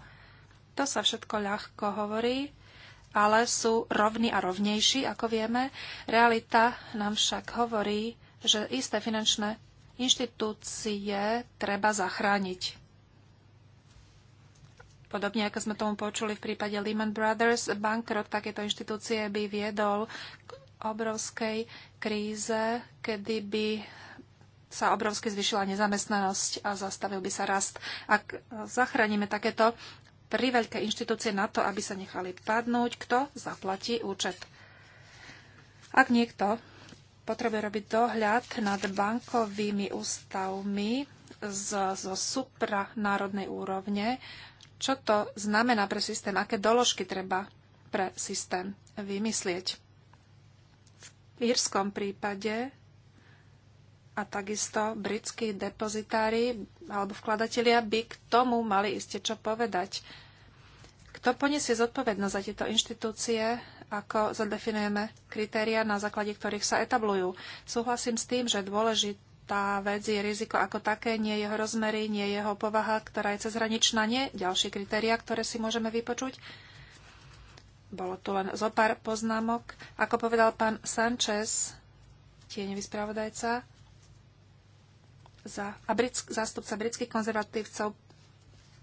To sa všetko ľahko hovorí, ale sú rovní a rovnejší, ako vieme. Realita nám však hovorí, že isté finančné inštitúcie treba zachrániť. Podobne ako sme tomu počuli v prípade Lehman Brothers, bankrot takéto inštitúcie by viedol k obrovskej kríze, kedy by sa obrovsky zvyšila nezamestnanosť a zastavil by sa rast. Ak zachránime takéto priveľké inštitúcie na to, aby sa nechali padnúť, kto zaplatí účet. Ak niekto potrebuje robiť dohľad nad bankovými ústavmi zo supranárodnej úrovne, čo to znamená pre systém, aké doložky treba pre systém vymyslieť. V írskom prípade a takisto britskí depozitári alebo vkladatelia by k tomu mali iste čo povedať. Kto poniesie zodpovednosť za tieto inštitúcie, ako zadefinujeme kritéria, na základe ktorých sa etablujú? Súhlasím s tým, že dôležité tá vec je riziko ako také, nie jeho rozmery, nie jeho povaha, ktorá je cezhraničná, nie ďalšie kritéria, ktoré si môžeme vypočuť. Bolo tu len zo pár poznámok. Ako povedal pán Sanchez, tieňový spravodajca, za, a britsk, zástupca britských konzervatívcov,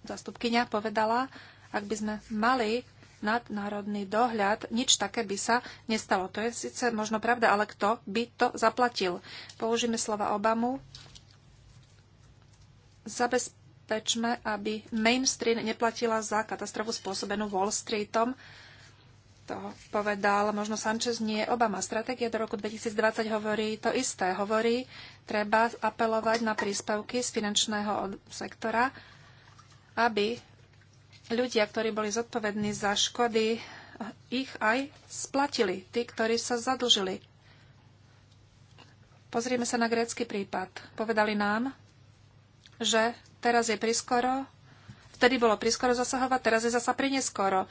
zástupkynia povedala, ak by sme mali nadnárodný dohľad, nič také by sa nestalo. To je síce možno pravda, ale kto by to zaplatil? Použijeme slova Obamu. Zabezpečme, aby Main Street neplatila za katastrofu spôsobenú Wall Streetom. To povedal možno Sanchez, nie Obama. Stratégia do roku 2020 hovorí to isté. Hovorí, treba apelovať na príspevky z finančného sektora, aby ľudia, ktorí boli zodpovední za škody, ich aj splatili, tí, ktorí sa zadlžili. Pozrieme sa na grécky prípad. Povedali nám, že teraz je priskoro, vtedy bolo priskoro zasahovať, teraz je zasa prineskoro.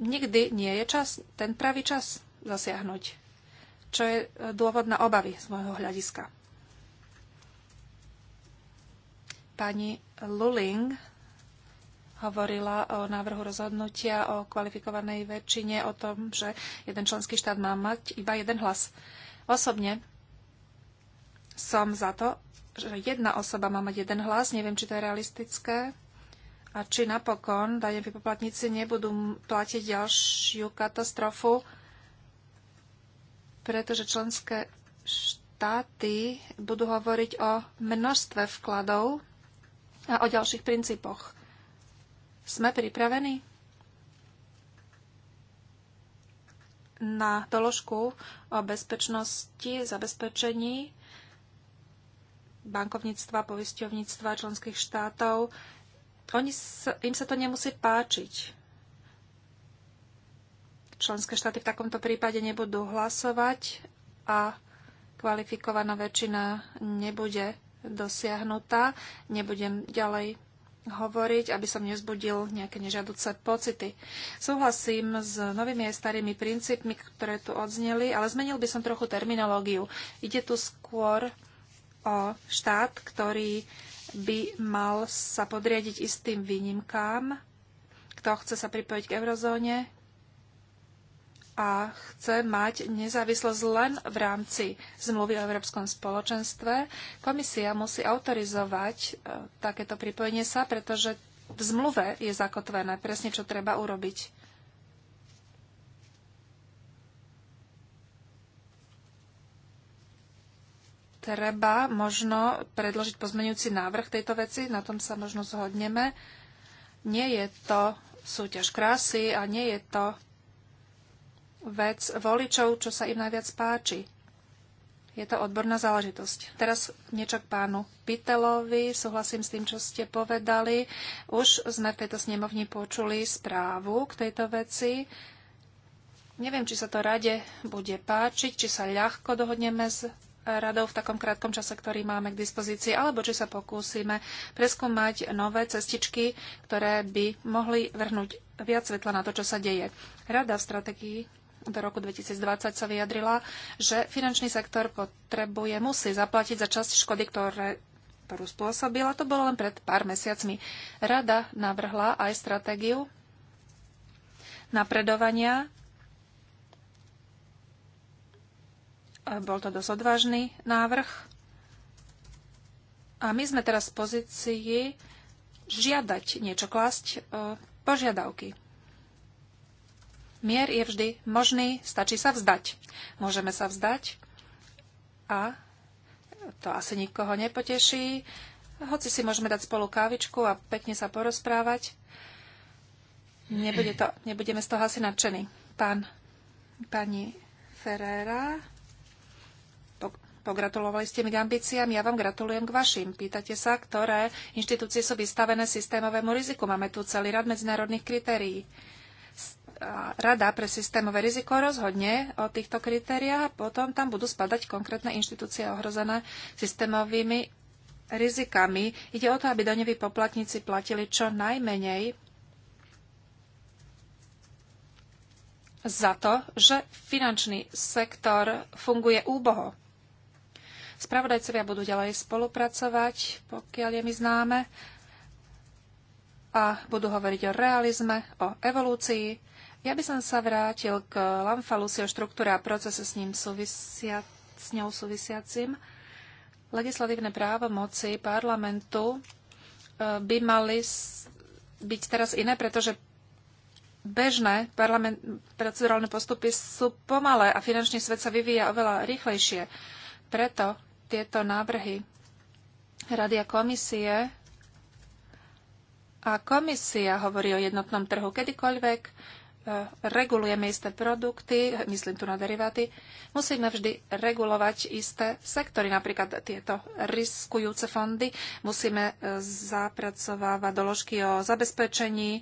Nikdy nie je čas, ten pravý čas zasiahnuť, čo je e, dôvod na obavy z môjho hľadiska. Pani Luling hovorila o návrhu rozhodnutia o kvalifikovanej väčšine, o tom, že jeden členský štát má mať iba jeden hlas. Osobne som za to, že jedna osoba má mať jeden hlas. Neviem, či to je realistické a či napokon daňoví poplatníci nebudú platiť ďalšiu katastrofu, pretože členské štáty budú hovoriť o množstve vkladov a o ďalších princípoch. Sme pripravení na doložku o bezpečnosti, zabezpečení bankovníctva, povisťovníctva členských štátov. Oni sa, im sa to nemusí páčiť. Členské štáty v takomto prípade nebudú hlasovať a kvalifikovaná väčšina nebude dosiahnutá. Nebudem ďalej hovoriť, aby som nezbudil nejaké nežaduce pocity. Súhlasím s novými aj starými princípmi, ktoré tu odzneli, ale zmenil by som trochu terminológiu. Ide tu skôr o štát, ktorý by mal sa podriadiť istým výnimkám, kto chce sa pripojiť k eurozóne, a chce mať nezávislosť len v rámci zmluvy o Európskom spoločenstve. Komisia musí autorizovať e, takéto pripojenie sa, pretože v zmluve je zakotvené presne, čo treba urobiť. Treba možno predložiť pozmenujúci návrh tejto veci, na tom sa možno zhodneme. Nie je to súťaž krásy a nie je to vec voličov, čo sa im najviac páči. Je to odborná záležitosť. Teraz niečo k pánu Pitelovi. Súhlasím s tým, čo ste povedali. Už sme v tejto snemovni počuli správu k tejto veci. Neviem, či sa to rade bude páčiť, či sa ľahko dohodneme s radou v takom krátkom čase, ktorý máme k dispozícii, alebo či sa pokúsime preskúmať nové cestičky, ktoré by mohli vrhnúť viac svetla na to, čo sa deje. Rada v stratégii do roku 2020 sa vyjadrila, že finančný sektor potrebuje, musí zaplatiť za časť škody, ktoré, ktorú spôsobila. To bolo len pred pár mesiacmi. Rada navrhla aj stratégiu napredovania. Bol to dosť odvážny návrh. A my sme teraz v pozícii žiadať niečo, klásť e, požiadavky. Mier je vždy možný, stačí sa vzdať. Môžeme sa vzdať a to asi nikoho nepoteší. Hoci si môžeme dať spolu kávičku a pekne sa porozprávať, Nebude to, nebudeme z toho asi nadšení. Pán, pani Ferrera, pogratulovali ste mi k ambíciám, ja vám gratulujem k vašim. Pýtate sa, ktoré inštitúcie sú vystavené systémovému riziku. Máme tu celý rad medzinárodných kritérií. Rada pre systémové riziko rozhodne o týchto kritériách a potom tam budú spadať konkrétne inštitúcie ohrozené systémovými rizikami. Ide o to, aby daňoví poplatníci platili čo najmenej za to, že finančný sektor funguje úboho. Spravodajcovia budú ďalej spolupracovať, pokiaľ je mi známe, a budú hovoriť o realizme, o evolúcii ja by som sa vrátil k Lamfalusi štruktúra a procese s, ním súvisia, s ňou súvisiacim. Legislatívne právomoci parlamentu e, by mali byť teraz iné, pretože bežné parlament, procedurálne postupy sú pomalé a finančný svet sa vyvíja oveľa rýchlejšie. Preto tieto návrhy Rady a komisie a komisia hovorí o jednotnom trhu kedykoľvek, E, regulujeme isté produkty, myslím tu na deriváty, musíme vždy regulovať isté sektory, napríklad tieto riskujúce fondy. Musíme e, zapracovávať doložky o zabezpečení,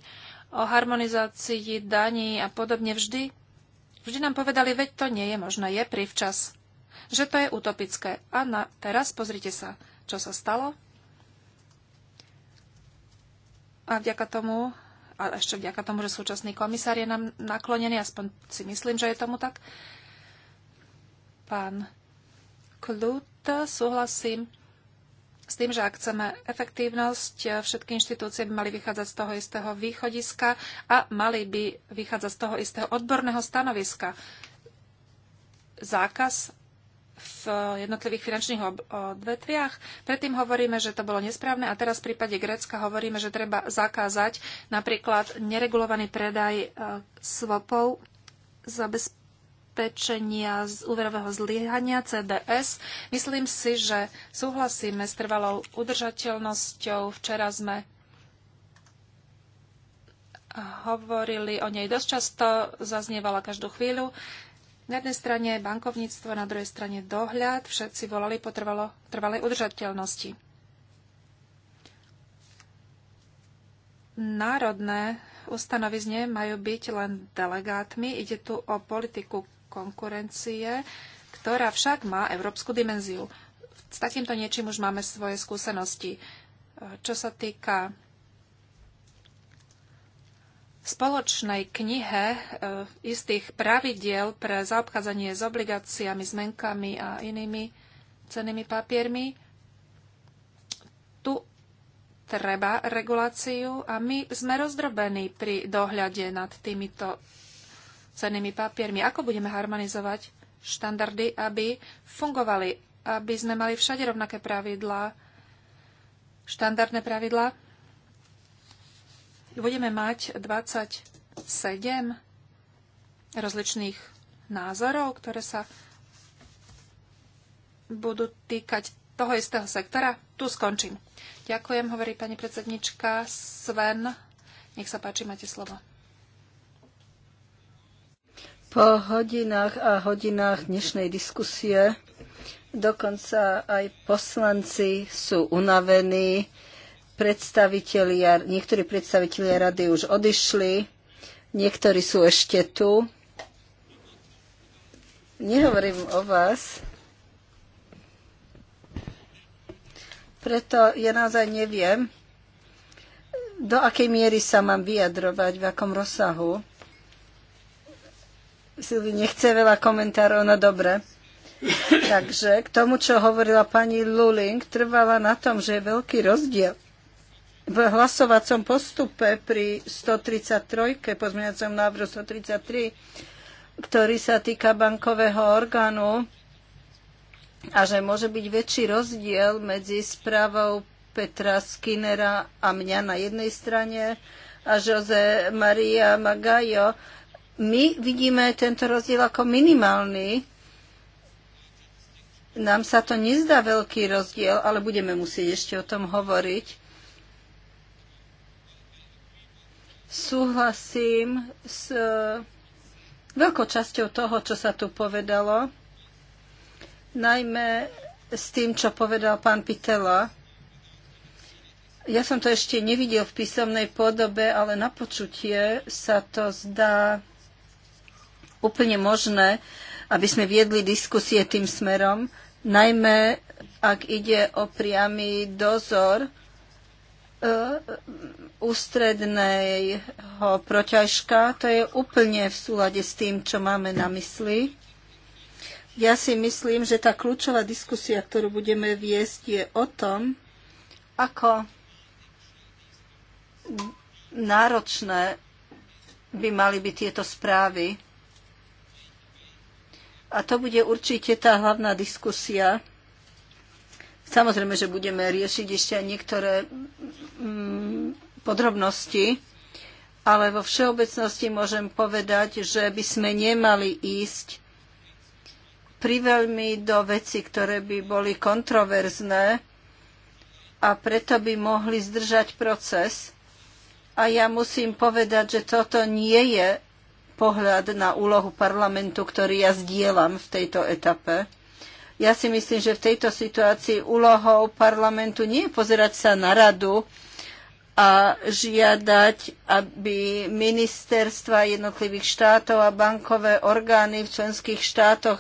o harmonizácii daní a podobne vždy. Vždy nám povedali, veď to nie je možné, je privčas, že to je utopické. A na, teraz pozrite sa, čo sa stalo. A vďaka tomu a ešte vďaka tomu, že súčasný komisár je nám naklonený, aspoň si myslím, že je tomu tak. Pán Klut, súhlasím s tým, že ak chceme efektívnosť, všetky inštitúcie by mali vychádzať z toho istého východiska a mali by vychádzať z toho istého odborného stanoviska. Zákaz v jednotlivých finančných odvetviach. Predtým hovoríme, že to bolo nesprávne a teraz v prípade Grécka hovoríme, že treba zakázať napríklad neregulovaný predaj e, svopov zabezpečenia z úverového zlyhania CDS. Myslím si, že súhlasíme s trvalou udržateľnosťou. Včera sme hovorili o nej dosť často, zaznievala každú chvíľu. Na jednej strane bankovníctvo, na druhej strane dohľad. Všetci volali po trvalo, trvalej udržateľnosti. Národné ustanovizne majú byť len delegátmi. Ide tu o politiku konkurencie, ktorá však má európsku dimenziu. S takýmto niečím už máme svoje skúsenosti. Čo sa týka spoločnej knihe eh, istých pravidiel pre zaobchádzanie s obligáciami, zmenkami a inými cenými papiermi. Tu treba reguláciu a my sme rozdrobení pri dohľade nad týmito cenými papiermi. Ako budeme harmonizovať štandardy, aby fungovali, aby sme mali všade rovnaké pravidlá, štandardné pravidlá? budeme mať 27 rozličných názorov, ktoré sa budú týkať toho istého sektora. Tu skončím. Ďakujem, hovorí pani predsednička Sven. Nech sa páči, máte slovo. Po hodinách a hodinách dnešnej diskusie dokonca aj poslanci sú unavení, predstavitelia, niektorí predstavitelia rady už odišli, niektorí sú ešte tu. Nehovorím o vás. Preto ja naozaj neviem, do akej miery sa mám vyjadrovať, v akom rozsahu. Silvi nechce veľa komentárov, no dobre. Takže k tomu, čo hovorila pani Luling, trvala na tom, že je veľký rozdiel v hlasovacom postupe pri 133, pozmeňacom návrhu 133, ktorý sa týka bankového orgánu a že môže byť väčší rozdiel medzi správou Petra Skinnera a mňa na jednej strane a Jose Maria Magajo. My vidíme tento rozdiel ako minimálny. Nám sa to nezdá veľký rozdiel, ale budeme musieť ešte o tom hovoriť súhlasím s e, veľkou časťou toho, čo sa tu povedalo, najmä s tým, čo povedal pán Pitela. Ja som to ešte nevidel v písomnej podobe, ale na počutie sa to zdá úplne možné, aby sme viedli diskusie tým smerom, najmä ak ide o priamy dozor E, ústredného proťažka. To je úplne v súlade s tým, čo máme na mysli. Ja si myslím, že tá kľúčová diskusia, ktorú budeme viesť, je o tom, ako náročné by mali byť tieto správy. A to bude určite tá hlavná diskusia, Samozrejme, že budeme riešiť ešte aj niektoré mm, podrobnosti, ale vo všeobecnosti môžem povedať, že by sme nemali ísť priveľmi do veci, ktoré by boli kontroverzné a preto by mohli zdržať proces. A ja musím povedať, že toto nie je pohľad na úlohu parlamentu, ktorý ja zdieľam v tejto etape. Ja si myslím, že v tejto situácii úlohou parlamentu nie je pozerať sa na radu a žiadať, aby ministerstva jednotlivých štátov a bankové orgány v členských štátoch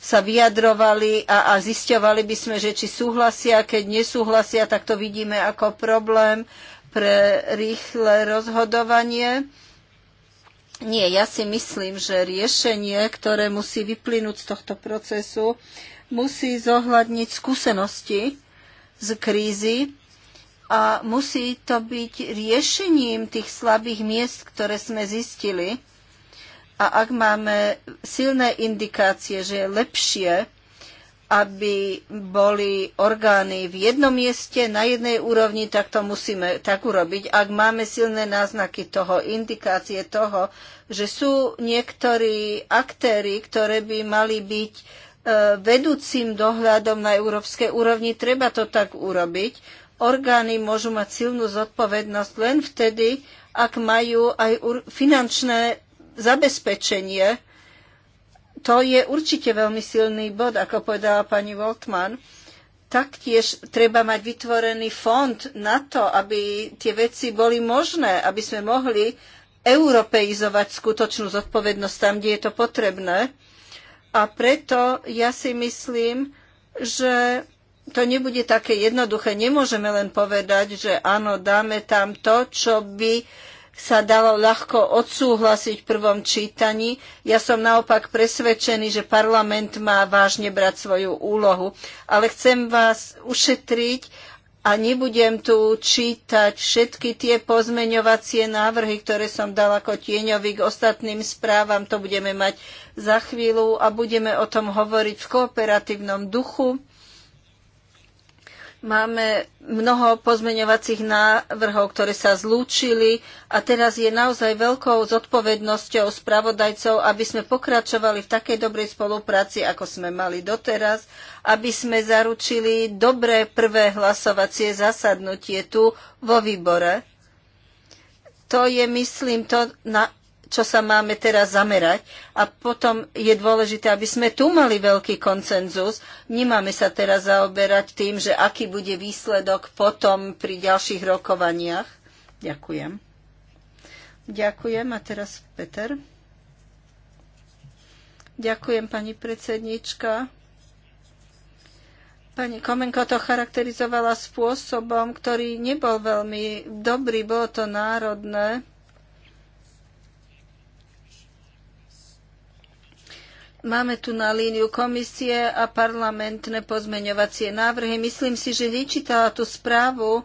sa vyjadrovali a, a zisťovali by sme, že či súhlasia, keď nesúhlasia, tak to vidíme ako problém pre rýchle rozhodovanie. Nie, ja si myslím, že riešenie, ktoré musí vyplynúť z tohto procesu, musí zohľadniť skúsenosti z krízy a musí to byť riešením tých slabých miest, ktoré sme zistili. A ak máme silné indikácie, že je lepšie, aby boli orgány v jednom mieste, na jednej úrovni, tak to musíme tak urobiť. Ak máme silné náznaky toho, indikácie toho, že sú niektorí aktéry, ktoré by mali byť vedúcim dohľadom na európskej úrovni, treba to tak urobiť. Orgány môžu mať silnú zodpovednosť len vtedy, ak majú aj finančné zabezpečenie. To je určite veľmi silný bod, ako povedala pani Voltman. Taktiež treba mať vytvorený fond na to, aby tie veci boli možné, aby sme mohli europeizovať skutočnú zodpovednosť tam, kde je to potrebné a preto ja si myslím, že to nebude také jednoduché. Nemôžeme len povedať, že áno, dáme tam to, čo by sa dalo ľahko odsúhlasiť v prvom čítaní. Ja som naopak presvedčený, že parlament má vážne brať svoju úlohu. Ale chcem vás ušetriť a nebudem tu čítať všetky tie pozmeňovacie návrhy, ktoré som dal ako tieňový k ostatným správam. To budeme mať za chvíľu a budeme o tom hovoriť v kooperatívnom duchu. Máme mnoho pozmeňovacích návrhov, ktoré sa zlúčili a teraz je naozaj veľkou zodpovednosťou spravodajcov, aby sme pokračovali v takej dobrej spolupráci, ako sme mali doteraz, aby sme zaručili dobré prvé hlasovacie zasadnutie tu vo výbore. To je, myslím, to, na, čo sa máme teraz zamerať. A potom je dôležité, aby sme tu mali veľký koncenzus. Nemáme sa teraz zaoberať tým, že aký bude výsledok potom pri ďalších rokovaniach. Ďakujem. Ďakujem. A teraz Peter. Ďakujem, pani predsednička. Pani Komenko to charakterizovala spôsobom, ktorý nebol veľmi dobrý, bolo to národné. Máme tu na líniu komisie a parlamentné pozmeňovacie návrhy. Myslím si, že nečítala tú správu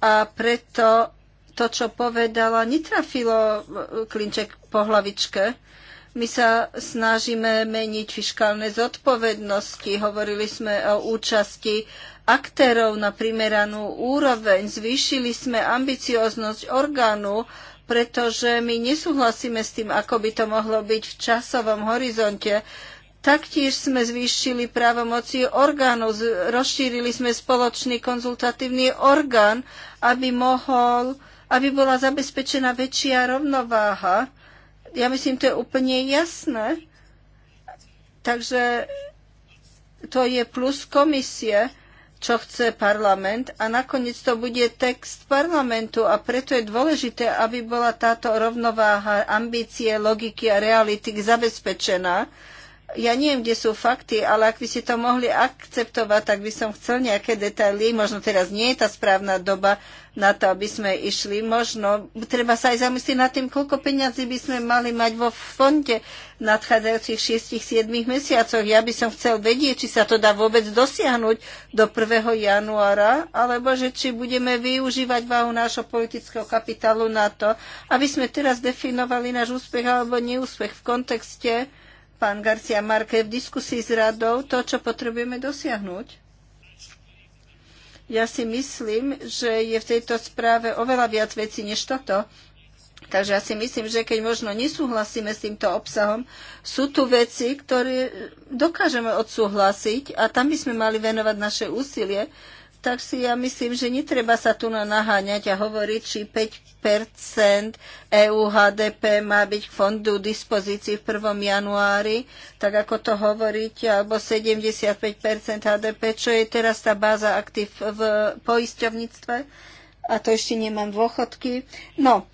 a preto to, čo povedala, netrafilo e, klinček po hlavičke. My sa snažíme meniť fiskálne zodpovednosti. Hovorili sme o účasti aktérov na primeranú úroveň. Zvýšili sme ambicioznosť orgánu pretože my nesúhlasíme s tým, ako by to mohlo byť v časovom horizonte. Taktiež sme zvýšili právomoci orgánu, rozšírili sme spoločný konzultatívny orgán, aby mohol, aby bola zabezpečená väčšia rovnováha. Ja myslím, to je úplne jasné. Takže to je plus komisie čo chce parlament a nakoniec to bude text parlamentu a preto je dôležité, aby bola táto rovnováha ambície, logiky a reality zabezpečená ja neviem, kde sú fakty, ale ak by ste to mohli akceptovať, tak by som chcel nejaké detaily. Možno teraz nie je tá správna doba na to, aby sme išli. Možno treba sa aj zamyslieť nad tým, koľko peňazí by sme mali mať vo fonde v nadchádzajúcich 6-7 mesiacoch. Ja by som chcel vedieť, či sa to dá vôbec dosiahnuť do 1. januára, alebo že či budeme využívať váhu nášho politického kapitálu na to, aby sme teraz definovali náš úspech alebo neúspech v kontexte pán Garcia Marke, v diskusii s radou to, čo potrebujeme dosiahnuť? Ja si myslím, že je v tejto správe oveľa viac vecí než toto. Takže ja si myslím, že keď možno nesúhlasíme s týmto obsahom, sú tu veci, ktoré dokážeme odsúhlasiť a tam by sme mali venovať naše úsilie, tak si ja myslím, že netreba sa tu naháňať a hovoriť, či 5% EU HDP má byť k fondu dispozícii v 1. januári, tak ako to hovoríte, alebo 75% HDP, čo je teraz tá báza aktív v poisťovníctve. A to ešte nemám dôchodky. No,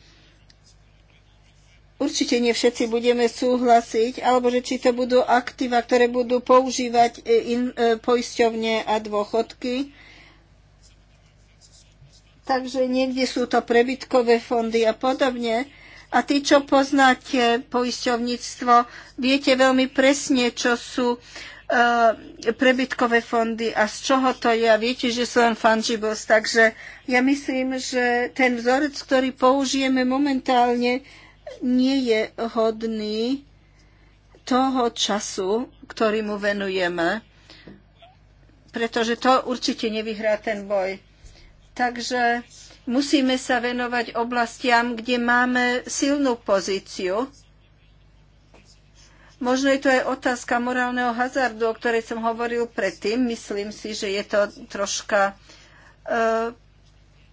určite nie všetci budeme súhlasiť, alebo že či to budú aktíva, ktoré budú používať e, in, e, poisťovne a dôchodky takže niekde sú to prebytkové fondy a podobne. A tí, čo poznáte poisťovníctvo, viete veľmi presne, čo sú e, prebytkové fondy a z čoho to je. A viete, že sú len fungibles. Takže ja myslím, že ten vzorec, ktorý použijeme momentálne, nie je hodný toho času, ktorý mu venujeme, pretože to určite nevyhrá ten boj. Takže musíme sa venovať oblastiam, kde máme silnú pozíciu. Možno je to aj otázka morálneho hazardu, o ktorej som hovoril predtým. Myslím si, že je to troška e,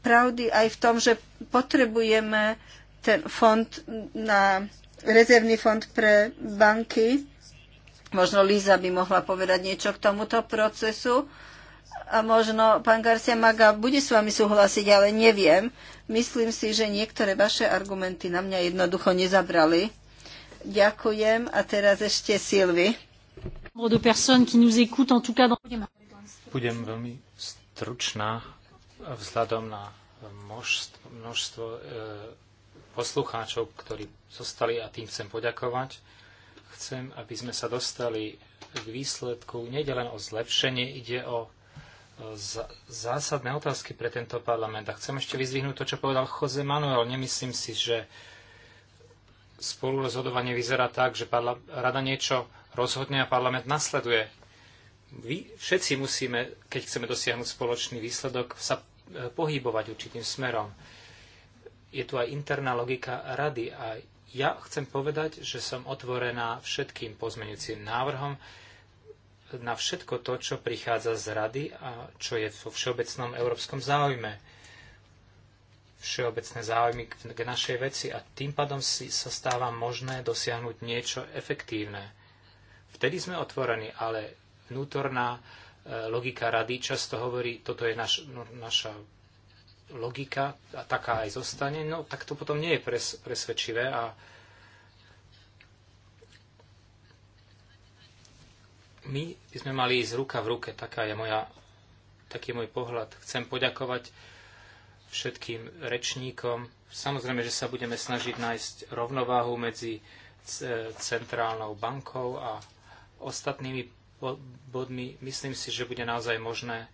pravdy aj v tom, že potrebujeme ten fond na rezervný fond pre banky. Možno Líza by mohla povedať niečo k tomuto procesu. E, a možno pán Garcia Maga bude s vami súhlasiť, ale neviem. Myslím si, že niektoré vaše argumenty na mňa jednoducho nezabrali. Ďakujem a teraz ešte Silvi. Budem veľmi stručná vzhľadom na množstvo, množstvo e, poslucháčov, ktorí zostali a tým chcem poďakovať. Chcem, aby sme sa dostali k výsledku. Nede len o zlepšenie, ide o zásadné otázky pre tento parlament. A chcem ešte vyzvihnúť to, čo povedal Jose Manuel. Nemyslím si, že spolurozhodovanie vyzerá tak, že rada niečo rozhodne a parlament nasleduje. Vy, všetci musíme, keď chceme dosiahnuť spoločný výsledok, sa e, pohybovať určitým smerom. Je tu aj interná logika rady a ja chcem povedať, že som otvorená všetkým pozmenujúcim návrhom, na všetko to, čo prichádza z rady a čo je vo všeobecnom európskom záujme. Všeobecné záujmy k našej veci a tým pádom si sa stáva možné dosiahnuť niečo efektívne. Vtedy sme otvorení, ale vnútorná e, logika rady často hovorí, toto je naš, no, naša logika a taká aj zostane, no tak to potom nie je pres, presvedčivé a my by sme mali ísť ruka v ruke, taká je moja, taký je môj pohľad. Chcem poďakovať všetkým rečníkom. Samozrejme, že sa budeme snažiť nájsť rovnováhu medzi e, centrálnou bankou a ostatnými bodmi. Myslím si, že bude naozaj možné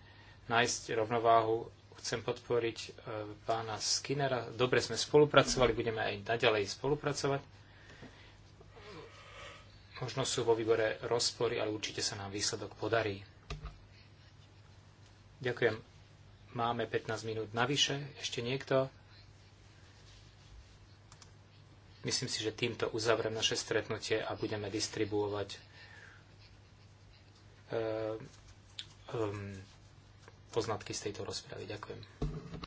nájsť rovnováhu. Chcem podporiť e, pána Skinnera. Dobre sme spolupracovali, budeme aj naďalej spolupracovať. Možno sú vo výbore rozpory, ale určite sa nám výsledok podarí. Ďakujem. Máme 15 minút navyše. Ešte niekto? Myslím si, že týmto uzavrem naše stretnutie a budeme distribuovať e, e, poznatky z tejto rozpravy. Ďakujem.